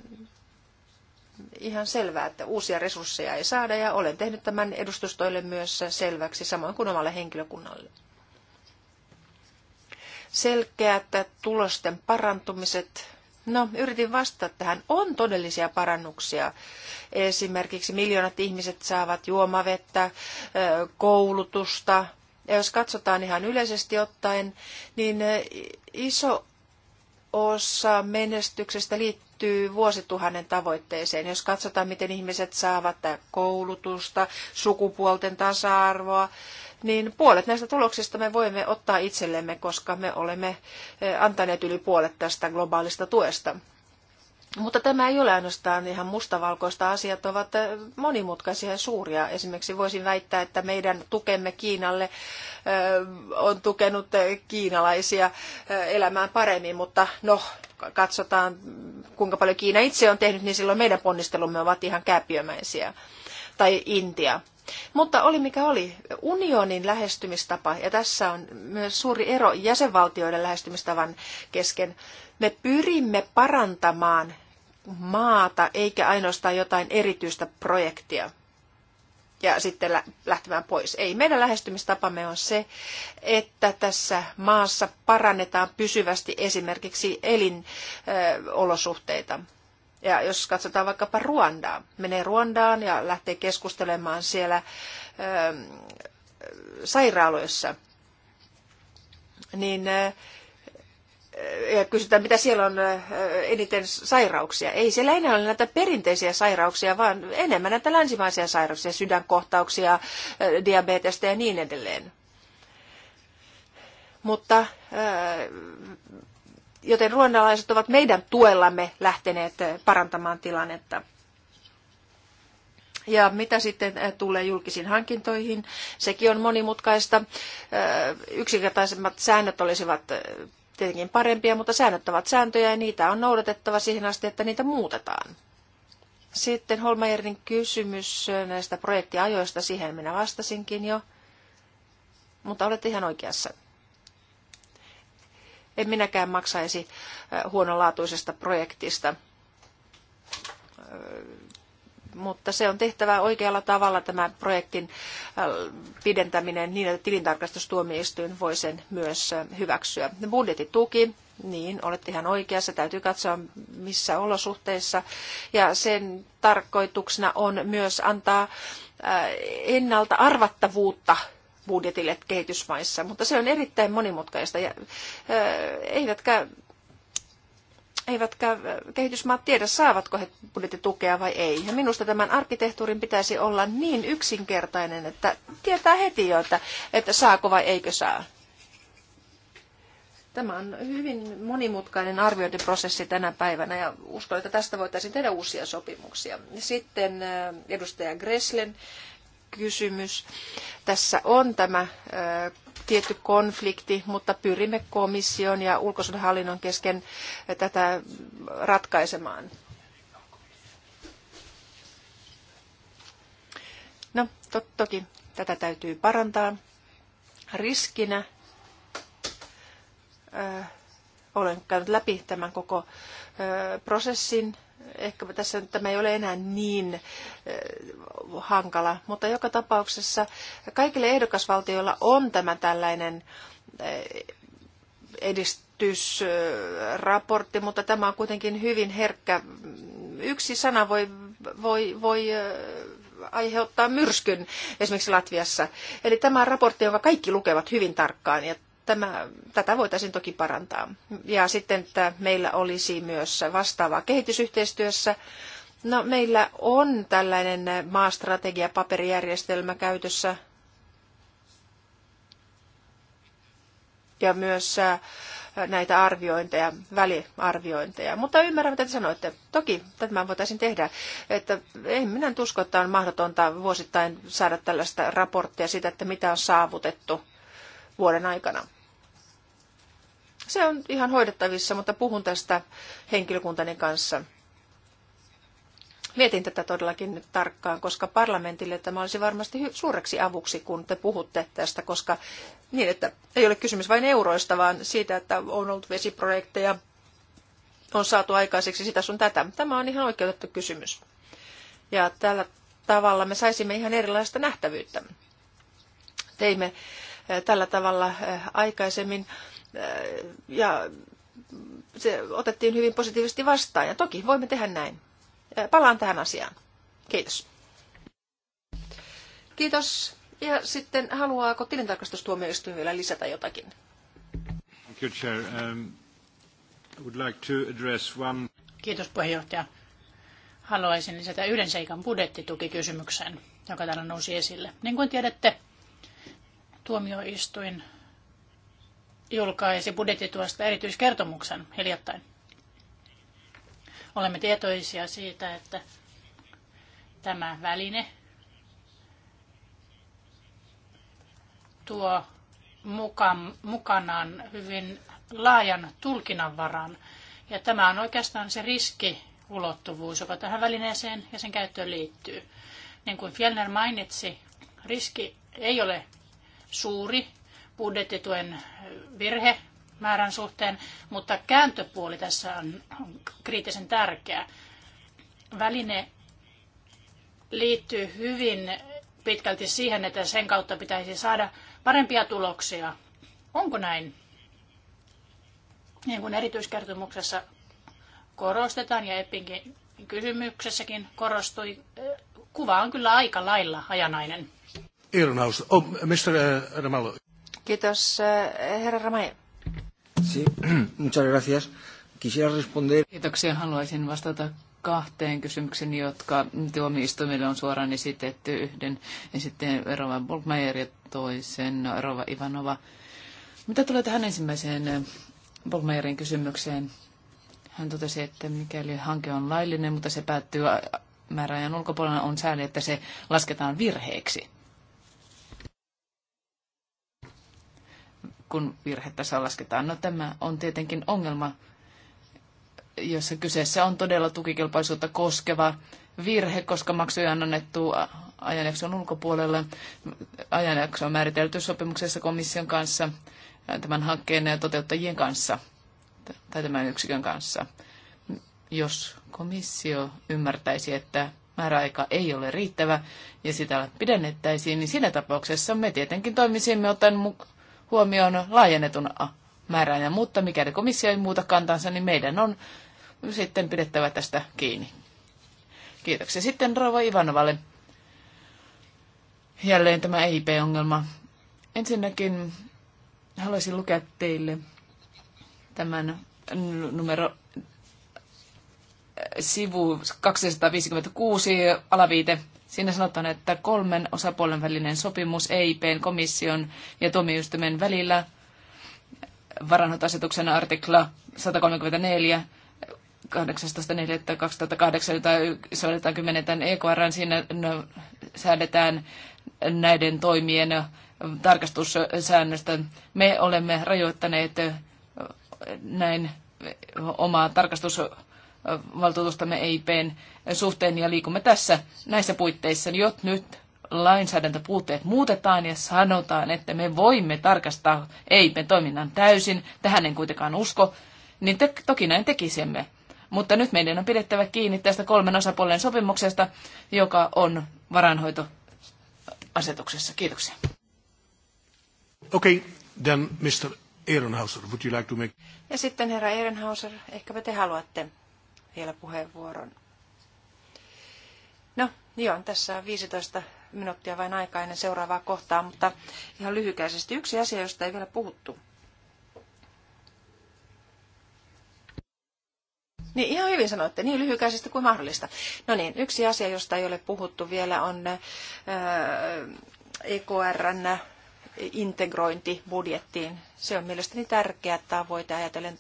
ihan selvää, että uusia resursseja ei saada ja olen tehnyt tämän edustustoille myös selväksi, samoin kuin omalle henkilökunnalle. Selkeät tulosten parantumiset. No, yritin vastata tähän. On todellisia parannuksia. Esimerkiksi miljoonat ihmiset saavat juomavettä, koulutusta, ja jos katsotaan ihan yleisesti ottaen, niin e, iso osa menestyksestä liittyy vuosituhannen tavoitteeseen. Jos katsotaan, miten ihmiset saavat koulutusta, sukupuolten tasa-arvoa, niin puolet näistä tuloksista me voimme ottaa itsellemme, koska me olemme e, antaneet yli puolet tästä globaalista tuesta. Mutta tämä ei ole ainoastaan ihan mustavalkoista. Asiat ovat monimutkaisia ja suuria. Esimerkiksi voisin väittää, että meidän tukemme Kiinalle on tukenut kiinalaisia elämään paremmin, mutta no, katsotaan kuinka paljon Kiina itse on tehnyt, niin silloin meidän ponnistelumme ovat ihan käpiömäisiä. Tai Intia. Mutta oli mikä oli, unionin lähestymistapa, ja tässä on myös suuri ero jäsenvaltioiden lähestymistavan kesken, me pyrimme parantamaan maata eikä ainoastaan jotain erityistä projektia ja sitten lähtemään pois. Ei, meidän lähestymistapamme on se, että tässä maassa parannetaan pysyvästi esimerkiksi elinolosuhteita. Ja jos katsotaan vaikkapa Ruandaa, menee Ruandaan ja lähtee keskustelemaan siellä ö, sairaaloissa, niin ja kysytään, mitä siellä on eniten sairauksia. Ei siellä enää ole näitä perinteisiä sairauksia, vaan enemmän näitä länsimaisia sairauksia, sydänkohtauksia, diabetesta ja niin edelleen. Mutta joten ruonalaiset ovat meidän tuellamme lähteneet parantamaan tilannetta. Ja mitä sitten tulee julkisiin hankintoihin, sekin on monimutkaista. Yksinkertaisemmat säännöt olisivat tietenkin parempia, mutta säännöt ovat sääntöjä ja niitä on noudatettava siihen asti, että niitä muutetaan. Sitten Holmajerin kysymys näistä projektiajoista, siihen minä vastasinkin jo, mutta olette ihan oikeassa. En minäkään maksaisi äh, huonolaatuisesta projektista äh, mutta se on tehtävä oikealla tavalla tämä projektin äh, pidentäminen niin, että tilintarkastustuomioistuin voi sen myös äh, hyväksyä. Budjetituki, niin, olette ihan oikeassa. Täytyy katsoa, missä olosuhteissa. Ja sen tarkoituksena on myös antaa äh, ennalta arvattavuutta budjetille kehitysmaissa, mutta se on erittäin monimutkaista. Ja, eivätkä eivätkä kehitysmaat tiedä, saavatko he budjettitukea vai ei. Ja minusta tämän arkkitehtuurin pitäisi olla niin yksinkertainen, että tietää heti jo, että, että saako vai eikö saa. Tämä on hyvin monimutkainen arviointiprosessi tänä päivänä ja uskon, että tästä voitaisiin tehdä uusia sopimuksia. Sitten äh, edustaja Greslen kysymys. Tässä on tämä äh, tietty konflikti, mutta pyrimme komission ja ulkosuhdehallinnon kesken tätä ratkaisemaan. No, to- toki tätä täytyy parantaa. Riskinä äh, olen käynyt läpi tämän koko äh, prosessin ehkä tässä nyt tämä ei ole enää niin hankala, mutta joka tapauksessa kaikille ehdokasvaltioilla on tämä tällainen edistysraportti, mutta tämä on kuitenkin hyvin herkkä. Yksi sana voi, voi, voi aiheuttaa myrskyn esimerkiksi Latviassa. Eli tämä on raportti, jonka kaikki lukevat hyvin tarkkaan ja tämä, tätä voitaisiin toki parantaa. Ja sitten, että meillä olisi myös vastaavaa kehitysyhteistyössä. No, meillä on tällainen maastrategiapaperijärjestelmä käytössä. Ja myös äh, näitä arviointeja, väliarviointeja. Mutta ymmärrän, mitä te sanoitte. Toki tämä voitaisiin tehdä. Että en minä nyt usko, että on mahdotonta vuosittain saada tällaista raporttia siitä, että mitä on saavutettu vuoden aikana. Se on ihan hoidettavissa, mutta puhun tästä henkilökuntani kanssa. Mietin tätä todellakin nyt tarkkaan, koska parlamentille tämä olisi varmasti suureksi avuksi, kun te puhutte tästä, koska niin, että ei ole kysymys vain euroista, vaan siitä, että on ollut vesiprojekteja, on saatu aikaiseksi sitä sun tätä. Tämä on ihan oikeutettu kysymys. Ja tällä tavalla me saisimme ihan erilaista nähtävyyttä. Teimme eh, tällä tavalla eh, aikaisemmin Äh, ja se otettiin hyvin positiivisesti vastaan ja toki voimme tehdä näin. Äh, palaan tähän asiaan. Kiitos. Kiitos. Ja sitten haluaako tilintarkastustuomioistuin vielä lisätä jotakin?
Kiitos puheenjohtaja. Haluaisin lisätä yhden seikan budjettitukikysymykseen, joka täällä nousi esille. Niin kuin tiedätte, tuomioistuin julkaisi budjettituosta erityiskertomuksen hiljattain. Olemme tietoisia siitä, että tämä väline tuo mukanaan hyvin laajan tulkinnanvaran. Ja tämä on oikeastaan se riskiulottuvuus, joka tähän välineeseen ja sen käyttöön liittyy. Niin kuin Fjellner mainitsi, riski ei ole suuri budjettituen virhe määrän suhteen, mutta kääntöpuoli tässä on kriittisen tärkeä. Väline liittyy hyvin pitkälti siihen, että sen kautta pitäisi saada parempia tuloksia. Onko näin? Niin kuin erityiskertomuksessa korostetaan ja Eppinkin kysymyksessäkin korostui, kuva on kyllä
aika lailla hajanainen.
Irnaus, oh, Mr. Eh, Ramallo.
Kiitos. Eh, herra Ramay.
Sí, [CLEARS THROAT] muchas gracias. Quisiera responder...
Kiitoksia. Haluaisin vastata kahteen kysymykseen, jotka tuomioistuimille on suoraan esitetty. Yhden esitteen Rova Bulkmeier ja toisen Rova Ivanova. Mitä tulee tähän ensimmäiseen eh, Bulkmeierin kysymykseen? Hän totesi, että mikäli hanke on laillinen, mutta se päättyy määräajan ulkopuolella, on sääli, että se lasketaan virheeksi. kun virhetasoa lasketaan. No tämä on tietenkin ongelma, jossa kyseessä on todella tukikelpoisuutta koskeva virhe, koska maksuja on annettu ajanjakson ulkopuolelle. Ajanjakso on määritelty sopimuksessa komission kanssa, tämän hankkeen ja toteuttajien kanssa tai tämän yksikön kanssa. Jos komissio ymmärtäisi, että määräaika ei ole riittävä ja sitä pidennettäisiin, niin siinä tapauksessa me tietenkin toimisimme ottaen huomioon laajennetun ja mutta mikäli komissio ei muuta kantansa, niin meidän on sitten pidettävä tästä kiinni. Kiitoksia. Sitten Rova Ivanovalle. Jälleen tämä EIP-ongelma. Ensinnäkin haluaisin lukea teille tämän numero sivu 256 alaviite Siinä sanotaan, että kolmen osapuolen välinen sopimus EIPn, komission ja tuomioistuimen välillä varanhoitoasetuksen artikla 134 18.4.2008, jota sovelletaan 10 tämän EKR, siinä no, säädetään näiden toimien tarkastussäännöstä. Me olemme rajoittaneet näin omaa tarkastus valtuutustamme EIPn suhteen ja liikumme tässä näissä puitteissa, jot nyt lainsäädäntöpuutteet muutetaan ja sanotaan, että me voimme tarkastaa EIPn toiminnan täysin, tähän en kuitenkaan usko, niin te, toki näin tekisimme. Mutta nyt meidän on pidettävä kiinni tästä kolmen osapuolen sopimuksesta, joka on
varainhoitoasetuksessa. Kiitoksia. Okay, then Mr. Ehrenhauser, would you like to make...
Ja sitten herra Ehrenhauser, ehkäpä te haluatte vielä puheenvuoron. No, joo, tässä on 15 minuuttia vain aikaa ennen seuraavaa kohtaa, mutta ihan lyhykäisesti yksi asia, josta ei vielä puhuttu. Niin ihan hyvin sanoitte, niin lyhykäisesti kuin mahdollista. No niin, yksi asia, josta ei ole puhuttu vielä, on ää, EKRn integrointi budjettiin. Se on mielestäni tärkeä tavoite ajatellen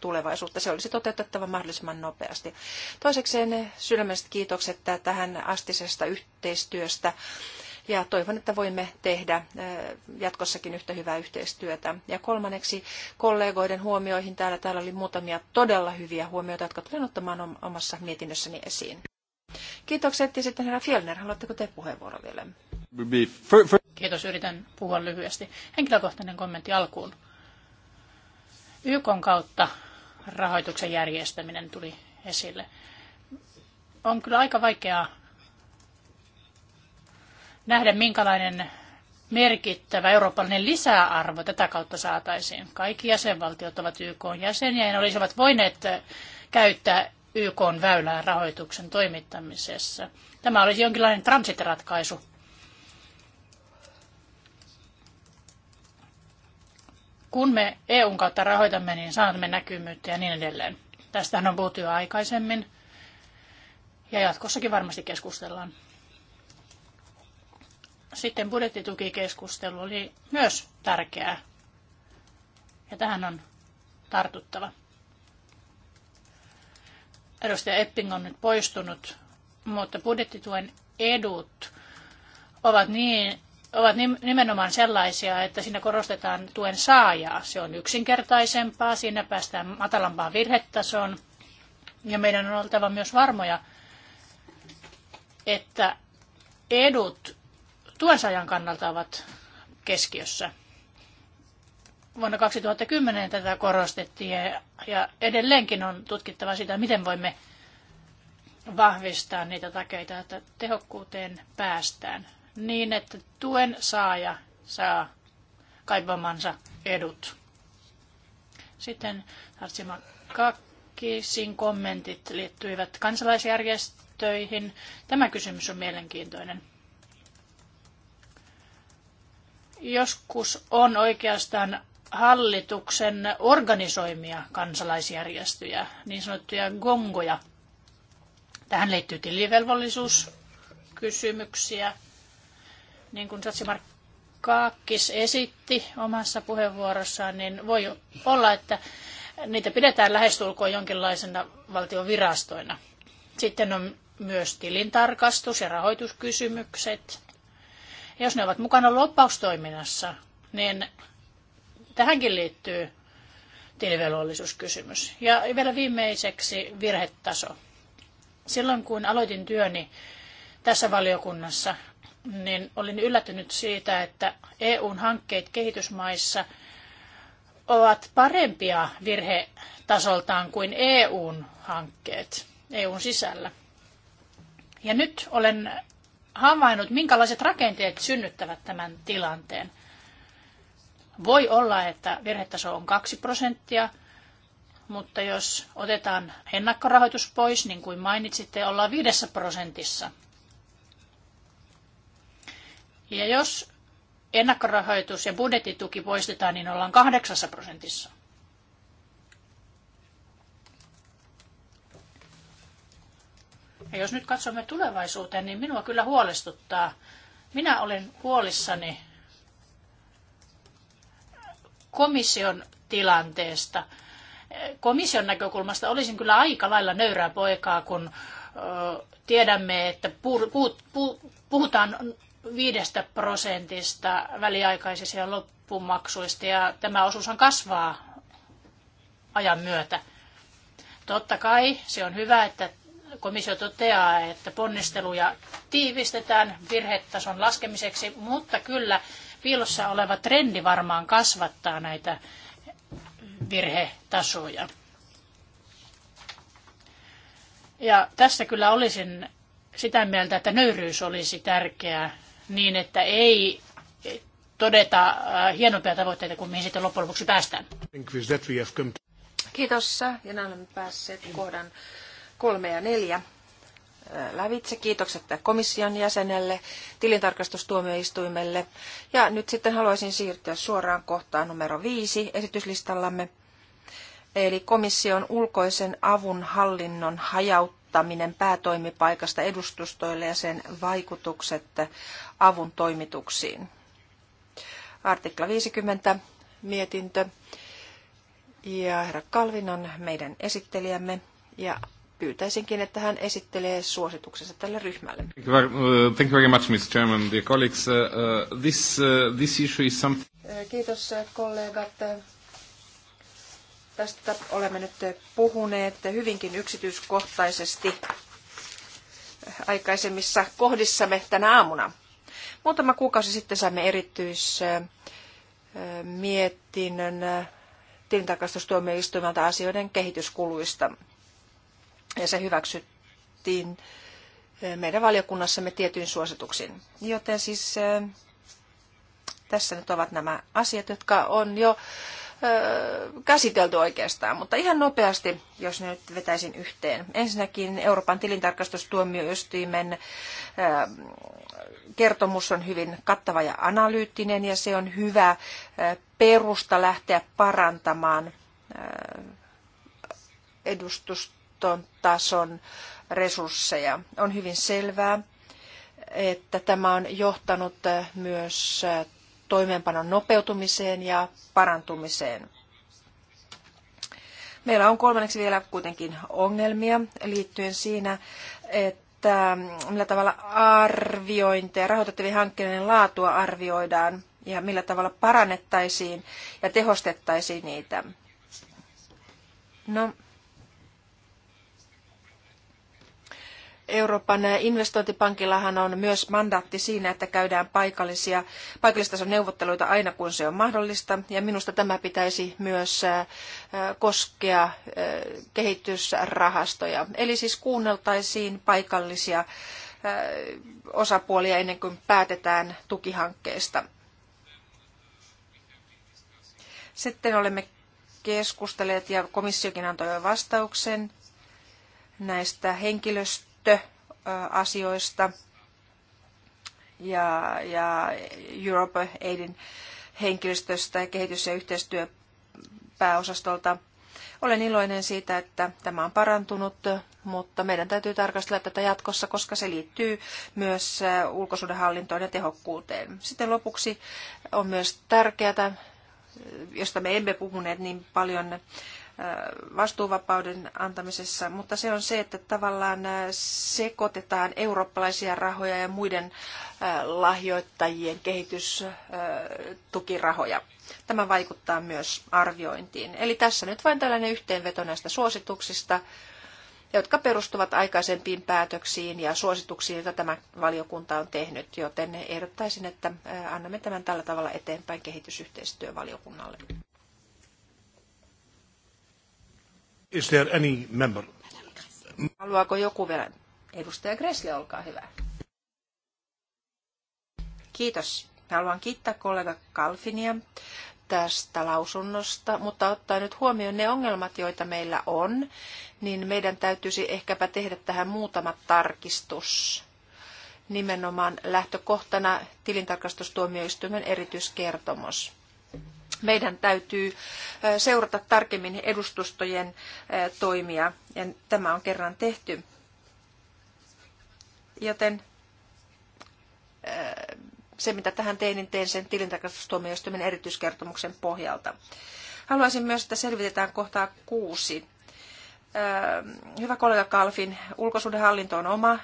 tulevaisuutta. Se olisi toteutettava mahdollisimman nopeasti. Toisekseen sydämelliset kiitokset tähän astisesta yhteistyöstä ja toivon, että voimme tehdä jatkossakin yhtä hyvää yhteistyötä. Ja kolmanneksi kollegoiden huomioihin täällä, täällä oli muutamia todella hyviä huomioita, jotka tulen ottamaan omassa mietinnössäni esiin. Kiitokset ja sitten herra Fjellner, haluatteko te puheenvuoro vielä? Kiitos, yritän puhua lyhyesti. Henkilökohtainen kommentti
alkuun. YK kautta rahoituksen järjestäminen tuli esille. On kyllä aika vaikeaa nähdä, minkälainen merkittävä eurooppalainen lisäarvo tätä kautta saataisiin. Kaikki jäsenvaltiot ovat YK jäseniä ja ne olisivat voineet käyttää YK väylää rahoituksen toimittamisessa. Tämä olisi jonkinlainen transitiratkaisu kun me EUn kautta rahoitamme, niin saamme näkymyyttä ja niin edelleen. Tästähän on puhuttu jo aikaisemmin ja jatkossakin varmasti keskustellaan. Sitten budjettitukikeskustelu oli myös tärkeää ja tähän on tartuttava. Edustaja Epping on nyt poistunut, mutta budjettituen edut ovat niin ovat nimenomaan sellaisia, että siinä korostetaan tuen saajaa. Se on yksinkertaisempaa, siinä päästään matalampaan virhetasoon ja meidän on oltava myös varmoja, että edut tuen saajan kannalta ovat keskiössä. Vuonna 2010 tätä korostettiin ja edelleenkin on tutkittava sitä, miten voimme vahvistaa niitä takeita, että tehokkuuteen päästään niin, että tuen saaja saa kaipamansa edut. Sitten Hartsima Kakkisin kommentit liittyivät kansalaisjärjestöihin. Tämä kysymys on mielenkiintoinen. Joskus on oikeastaan hallituksen organisoimia kansalaisjärjestöjä, niin sanottuja gongoja. Tähän liittyy tilivelvollisuuskysymyksiä niin kuin Satsimar Kaakkis esitti omassa puheenvuorossaan, niin voi olla, että niitä pidetään lähestulkoon jonkinlaisena valtion virastoina. Sitten on myös tilintarkastus ja rahoituskysymykset. Jos ne ovat mukana loppaustoiminnassa, niin tähänkin liittyy tilivelvollisuuskysymys. Ja vielä viimeiseksi virhetaso. Silloin kun aloitin työni tässä valiokunnassa, niin olin yllätynyt siitä, että EUn hankkeet kehitysmaissa ovat parempia virhetasoltaan kuin EUn hankkeet EUn sisällä. Ja nyt olen havainnut, minkälaiset rakenteet synnyttävät tämän tilanteen. Voi olla, että virhetaso on 2 prosenttia, mutta jos otetaan ennakkorahoitus pois, niin kuin mainitsitte, ollaan 5 prosentissa – ja jos ennakkorahoitus ja budjettituki poistetaan, niin ollaan kahdeksassa prosentissa. Ja jos nyt katsomme tulevaisuuteen, niin minua kyllä huolestuttaa. Minä olen huolissani komission tilanteesta. Komission näkökulmasta olisin kyllä aika lailla nöyrää poikaa, kun tiedämme, että puhutaan viidestä prosentista väliaikaisista ja loppumaksuista ja tämä osuushan kasvaa ajan myötä. Totta kai se on hyvä, että komissio toteaa, että ponnisteluja tiivistetään virhetason laskemiseksi, mutta kyllä piilossa oleva trendi varmaan kasvattaa näitä virhetasoja. Ja tässä kyllä olisin sitä mieltä, että nöyryys olisi tärkeää niin, että ei todeta äh, hienompia tavoitteita kuin mihin sitten loppujen lopuksi
päästään. Kiitos. Ja näin olemme päässeet kohdan kolme ja neljä äh, lävitse. Kiitokset komission jäsenelle, tilintarkastustuomioistuimelle. Ja nyt sitten haluaisin siirtyä suoraan kohtaan numero viisi esityslistallamme, eli komission ulkoisen avun hallinnon hajaut muuttaminen päätoimipaikasta edustustoille ja sen vaikutukset avun toimituksiin. Artikla 50 mietintö. Ja herra Kalvin on meidän esittelijämme ja pyytäisinkin, että hän esittelee suosituksensa tälle ryhmälle. Thank
you very uh, much, Mr. Chairman, dear colleagues. Uh, uh, this, this issue is something...
Kiitos kollegat. Tästä olemme nyt puhuneet hyvinkin yksityiskohtaisesti aikaisemmissa kohdissamme tänä aamuna. Muutama kuukausi sitten saimme erityismietinnön tilintarkastustuomioistuimelta asioiden kehityskuluista. Ja se hyväksyttiin meidän valiokunnassamme tietyin suosituksin. Joten siis tässä nyt ovat nämä asiat, jotka on jo käsitelty oikeastaan, mutta ihan nopeasti, jos nyt vetäisin yhteen. Ensinnäkin Euroopan tilintarkastustuomioistuimen kertomus on hyvin kattava ja analyyttinen ja se on hyvä perusta lähteä parantamaan edustuston tason resursseja. On hyvin selvää, että tämä on johtanut myös toimeenpanon nopeutumiseen ja parantumiseen. Meillä on kolmanneksi vielä kuitenkin ongelmia liittyen siinä, että millä tavalla arviointeja, rahoitettavien hankkeiden laatua arvioidaan ja millä tavalla parannettaisiin ja tehostettaisiin niitä. No, Euroopan investointipankillahan on myös mandaatti siinä, että käydään paikallisia, paikallistason neuvotteluita aina kun se on mahdollista. Ja minusta tämä pitäisi myös koskea kehitysrahastoja. Eli siis kuunneltaisiin paikallisia osapuolia ennen kuin päätetään tukihankkeesta. Sitten olemme keskustelleet ja komissiokin antoi jo vastauksen näistä henkilöstö käyttöasioista ja, ja Europe Aidin henkilöstöstä ja kehitys- ja yhteistyöpääosastolta. Olen iloinen siitä, että tämä on parantunut, mutta meidän täytyy tarkastella tätä jatkossa, koska se liittyy myös ulkosuudenhallintoon ja tehokkuuteen. Sitten lopuksi on myös tärkeää, josta me emme puhuneet niin paljon, vastuuvapauden antamisessa, mutta se on se, että tavallaan sekoitetaan eurooppalaisia rahoja ja muiden lahjoittajien kehitystukirahoja. Tämä vaikuttaa myös arviointiin. Eli tässä nyt vain tällainen yhteenveto näistä suosituksista, jotka perustuvat aikaisempiin päätöksiin ja suosituksiin, joita tämä valiokunta on tehnyt, joten ehdottaisin, että annamme tämän tällä tavalla eteenpäin kehitysyhteistyövaliokunnalle.
Is there any member?
Haluaako joku vielä? Edustaja Gressle, olkaa hyvä. Kiitos. Haluan kiittää kollega Kalfinia tästä lausunnosta, mutta ottaen nyt huomioon ne ongelmat, joita meillä on, niin meidän täytyisi ehkäpä tehdä tähän muutama tarkistus. Nimenomaan lähtökohtana tilintarkastustuomioistuimen erityiskertomus meidän täytyy seurata tarkemmin edustustojen toimia, ja tämä on kerran tehty. Joten se, mitä tähän tein, niin tein sen tilintarkastustuomioistuimen erityiskertomuksen pohjalta. Haluaisin myös, että selvitetään kohtaa kuusi. Hyvä kollega Kalfin, ulkosuudenhallinto on oma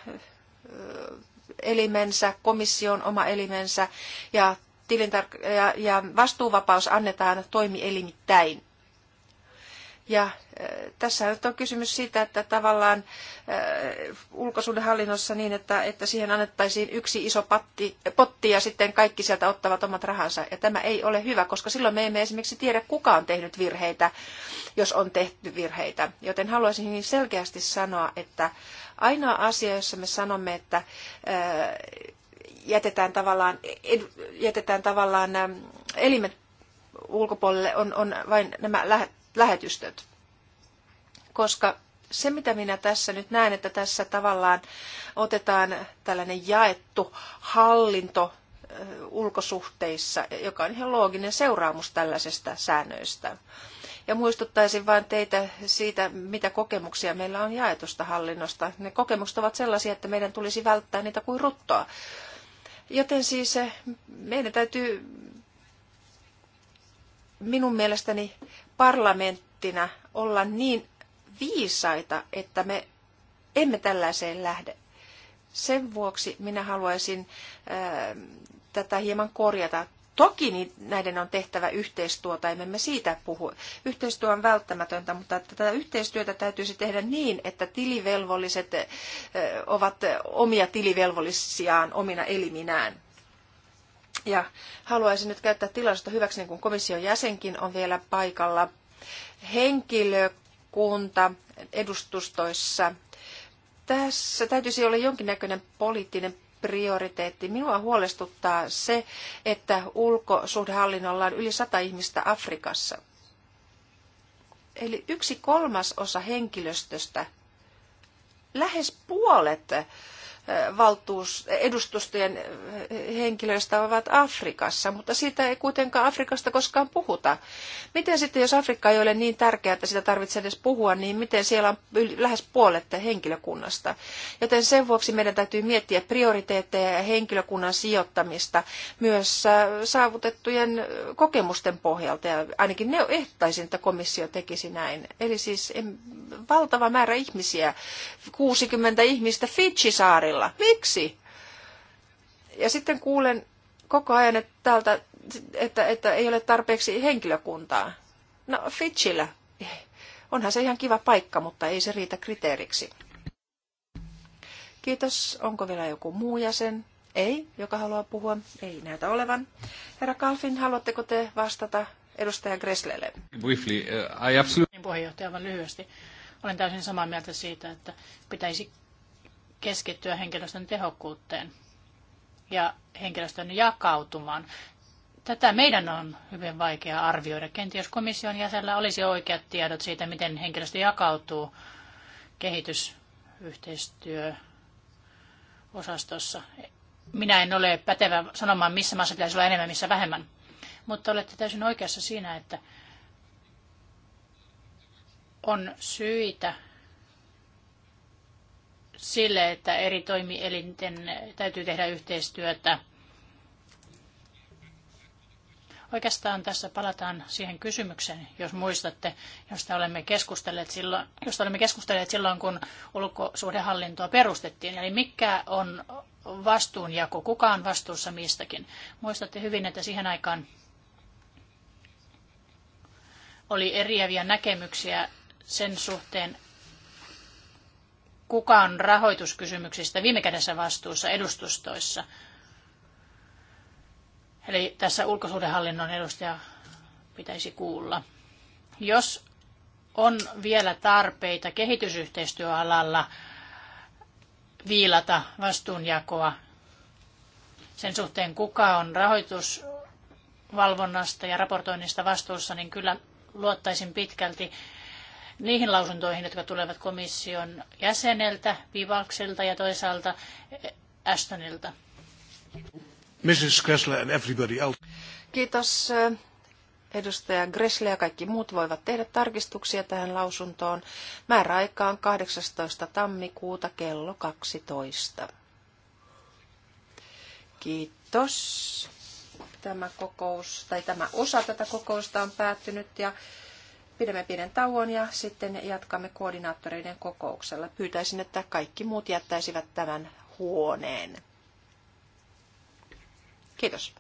elimensä, komission oma elimensä ja tilintark- ja, ja vastuuvapaus annetaan toimielimittäin. Ja äh, tässä nyt on kysymys siitä, että tavallaan äh, ulkosuudenhallinnossa niin, että, että siihen annettaisiin yksi iso patti, potti ja sitten kaikki sieltä ottavat omat rahansa. Ja tämä ei ole hyvä, koska silloin me emme esimerkiksi tiedä, kuka on tehnyt virheitä, jos on tehty virheitä. Joten haluaisin niin selkeästi sanoa, että ainoa asia, jossa me sanomme, että äh, jätetään tavallaan, ed, jätetään tavallaan elimet ulkopuolelle, on, on vain nämä lähetystöt. Koska se, mitä minä tässä nyt näen, että tässä tavallaan otetaan tällainen jaettu hallinto ulkosuhteissa, joka on ihan looginen seuraamus tällaisesta säännöistä. Ja muistuttaisin vain teitä siitä, mitä kokemuksia meillä on jaetusta hallinnosta. Ne kokemukset ovat sellaisia, että meidän tulisi välttää niitä kuin ruttoa. Joten siis eh, meidän täytyy minun mielestäni parlamenttina olla niin viisaita, että me emme tällaiseen lähde. Sen vuoksi minä haluaisin eh, tätä hieman korjata Toki niin näiden on tehtävä yhteistyötä, emme me siitä puhu. Yhteistyö on välttämätöntä, mutta tätä yhteistyötä täytyisi tehdä niin, että tilivelvolliset ovat omia tilivelvollisiaan omina eliminään. Ja haluaisin nyt käyttää tilaisuutta hyväkseni, niin kun komission jäsenkin on vielä paikalla. Henkilökunta edustustoissa. Tässä täytyisi olla jonkinnäköinen poliittinen prioriteetti. Minua huolestuttaa se, että ulkosuhdehallinnolla on yli sata ihmistä Afrikassa. Eli yksi kolmas osa henkilöstöstä, lähes puolet valtuus, edustustojen henkilöistä ovat Afrikassa, mutta siitä ei kuitenkaan Afrikasta koskaan puhuta. Miten sitten, jos Afrikka ei ole niin tärkeää, että sitä tarvitsee edes puhua, niin miten siellä on lähes puolet henkilökunnasta? Joten sen vuoksi meidän täytyy miettiä prioriteetteja ja henkilökunnan sijoittamista myös äh, saavutettujen kokemusten pohjalta, ja ainakin ne ehtaisin, että komissio tekisi näin. Eli siis valtava määrä ihmisiä, 60 ihmistä Fidji-saarilla, saarilla. Miksi? Ja sitten kuulen koko ajan että täältä, että, että ei ole tarpeeksi henkilökuntaa. No Fitchillä. Onhan se ihan kiva paikka, mutta ei se riitä kriteeriksi. Kiitos. Onko vielä joku muu jäsen? Ei, joka haluaa puhua. Ei näytä olevan. Herra Kalfin, haluatteko te vastata edustaja Gresslelle?
Briefly, uh, I absolutely... Niin,
puheenjohtaja, aivan lyhyesti. Olen täysin samaa mieltä siitä,
että pitäisi keskittyä henkilöstön tehokkuuteen ja henkilöstön jakautumaan. Tätä meidän on hyvin vaikea arvioida. Kenties komission jäsenellä olisi oikeat tiedot siitä, miten henkilöstö jakautuu kehitysyhteistyöosastossa. Minä en ole pätevä sanomaan, missä maassa pitäisi olla enemmän, missä vähemmän. Mutta olette täysin oikeassa siinä, että on syitä sille, että eri toimielinten täytyy tehdä yhteistyötä. Oikeastaan tässä palataan siihen kysymykseen, jos muistatte, josta olemme keskustelleet silloin, josta olemme keskustelleet silloin kun ulkosuhdehallintoa perustettiin. Eli mikä on vastuunjako, kuka on vastuussa mistäkin. Muistatte hyvin, että siihen aikaan oli eriäviä näkemyksiä sen suhteen, kuka on rahoituskysymyksistä viime kädessä vastuussa edustustoissa. Eli tässä ulkosuhdehallinnon edustaja pitäisi kuulla. Jos on vielä tarpeita kehitysyhteistyöalalla viilata vastuunjakoa sen suhteen, kuka on rahoitusvalvonnasta ja raportoinnista vastuussa, niin kyllä luottaisin pitkälti niihin lausuntoihin, jotka tulevat komission jäseneltä, Pivalkselta ja toisaalta eh, Ashtonilta.
Mrs. Gressler and everybody else.
Kiitos eh, edustaja Gressle ja kaikki muut voivat tehdä tarkistuksia tähän lausuntoon. Määräaika on 18. tammikuuta kello 12. Kiitos. Tämä kokous tai tämä osa tätä kokousta on päättynyt ja pidämme pienen tauon ja sitten jatkamme koordinaattoreiden kokouksella. Pyytäisin, että kaikki muut jättäisivät tämän huoneen. Kiitos.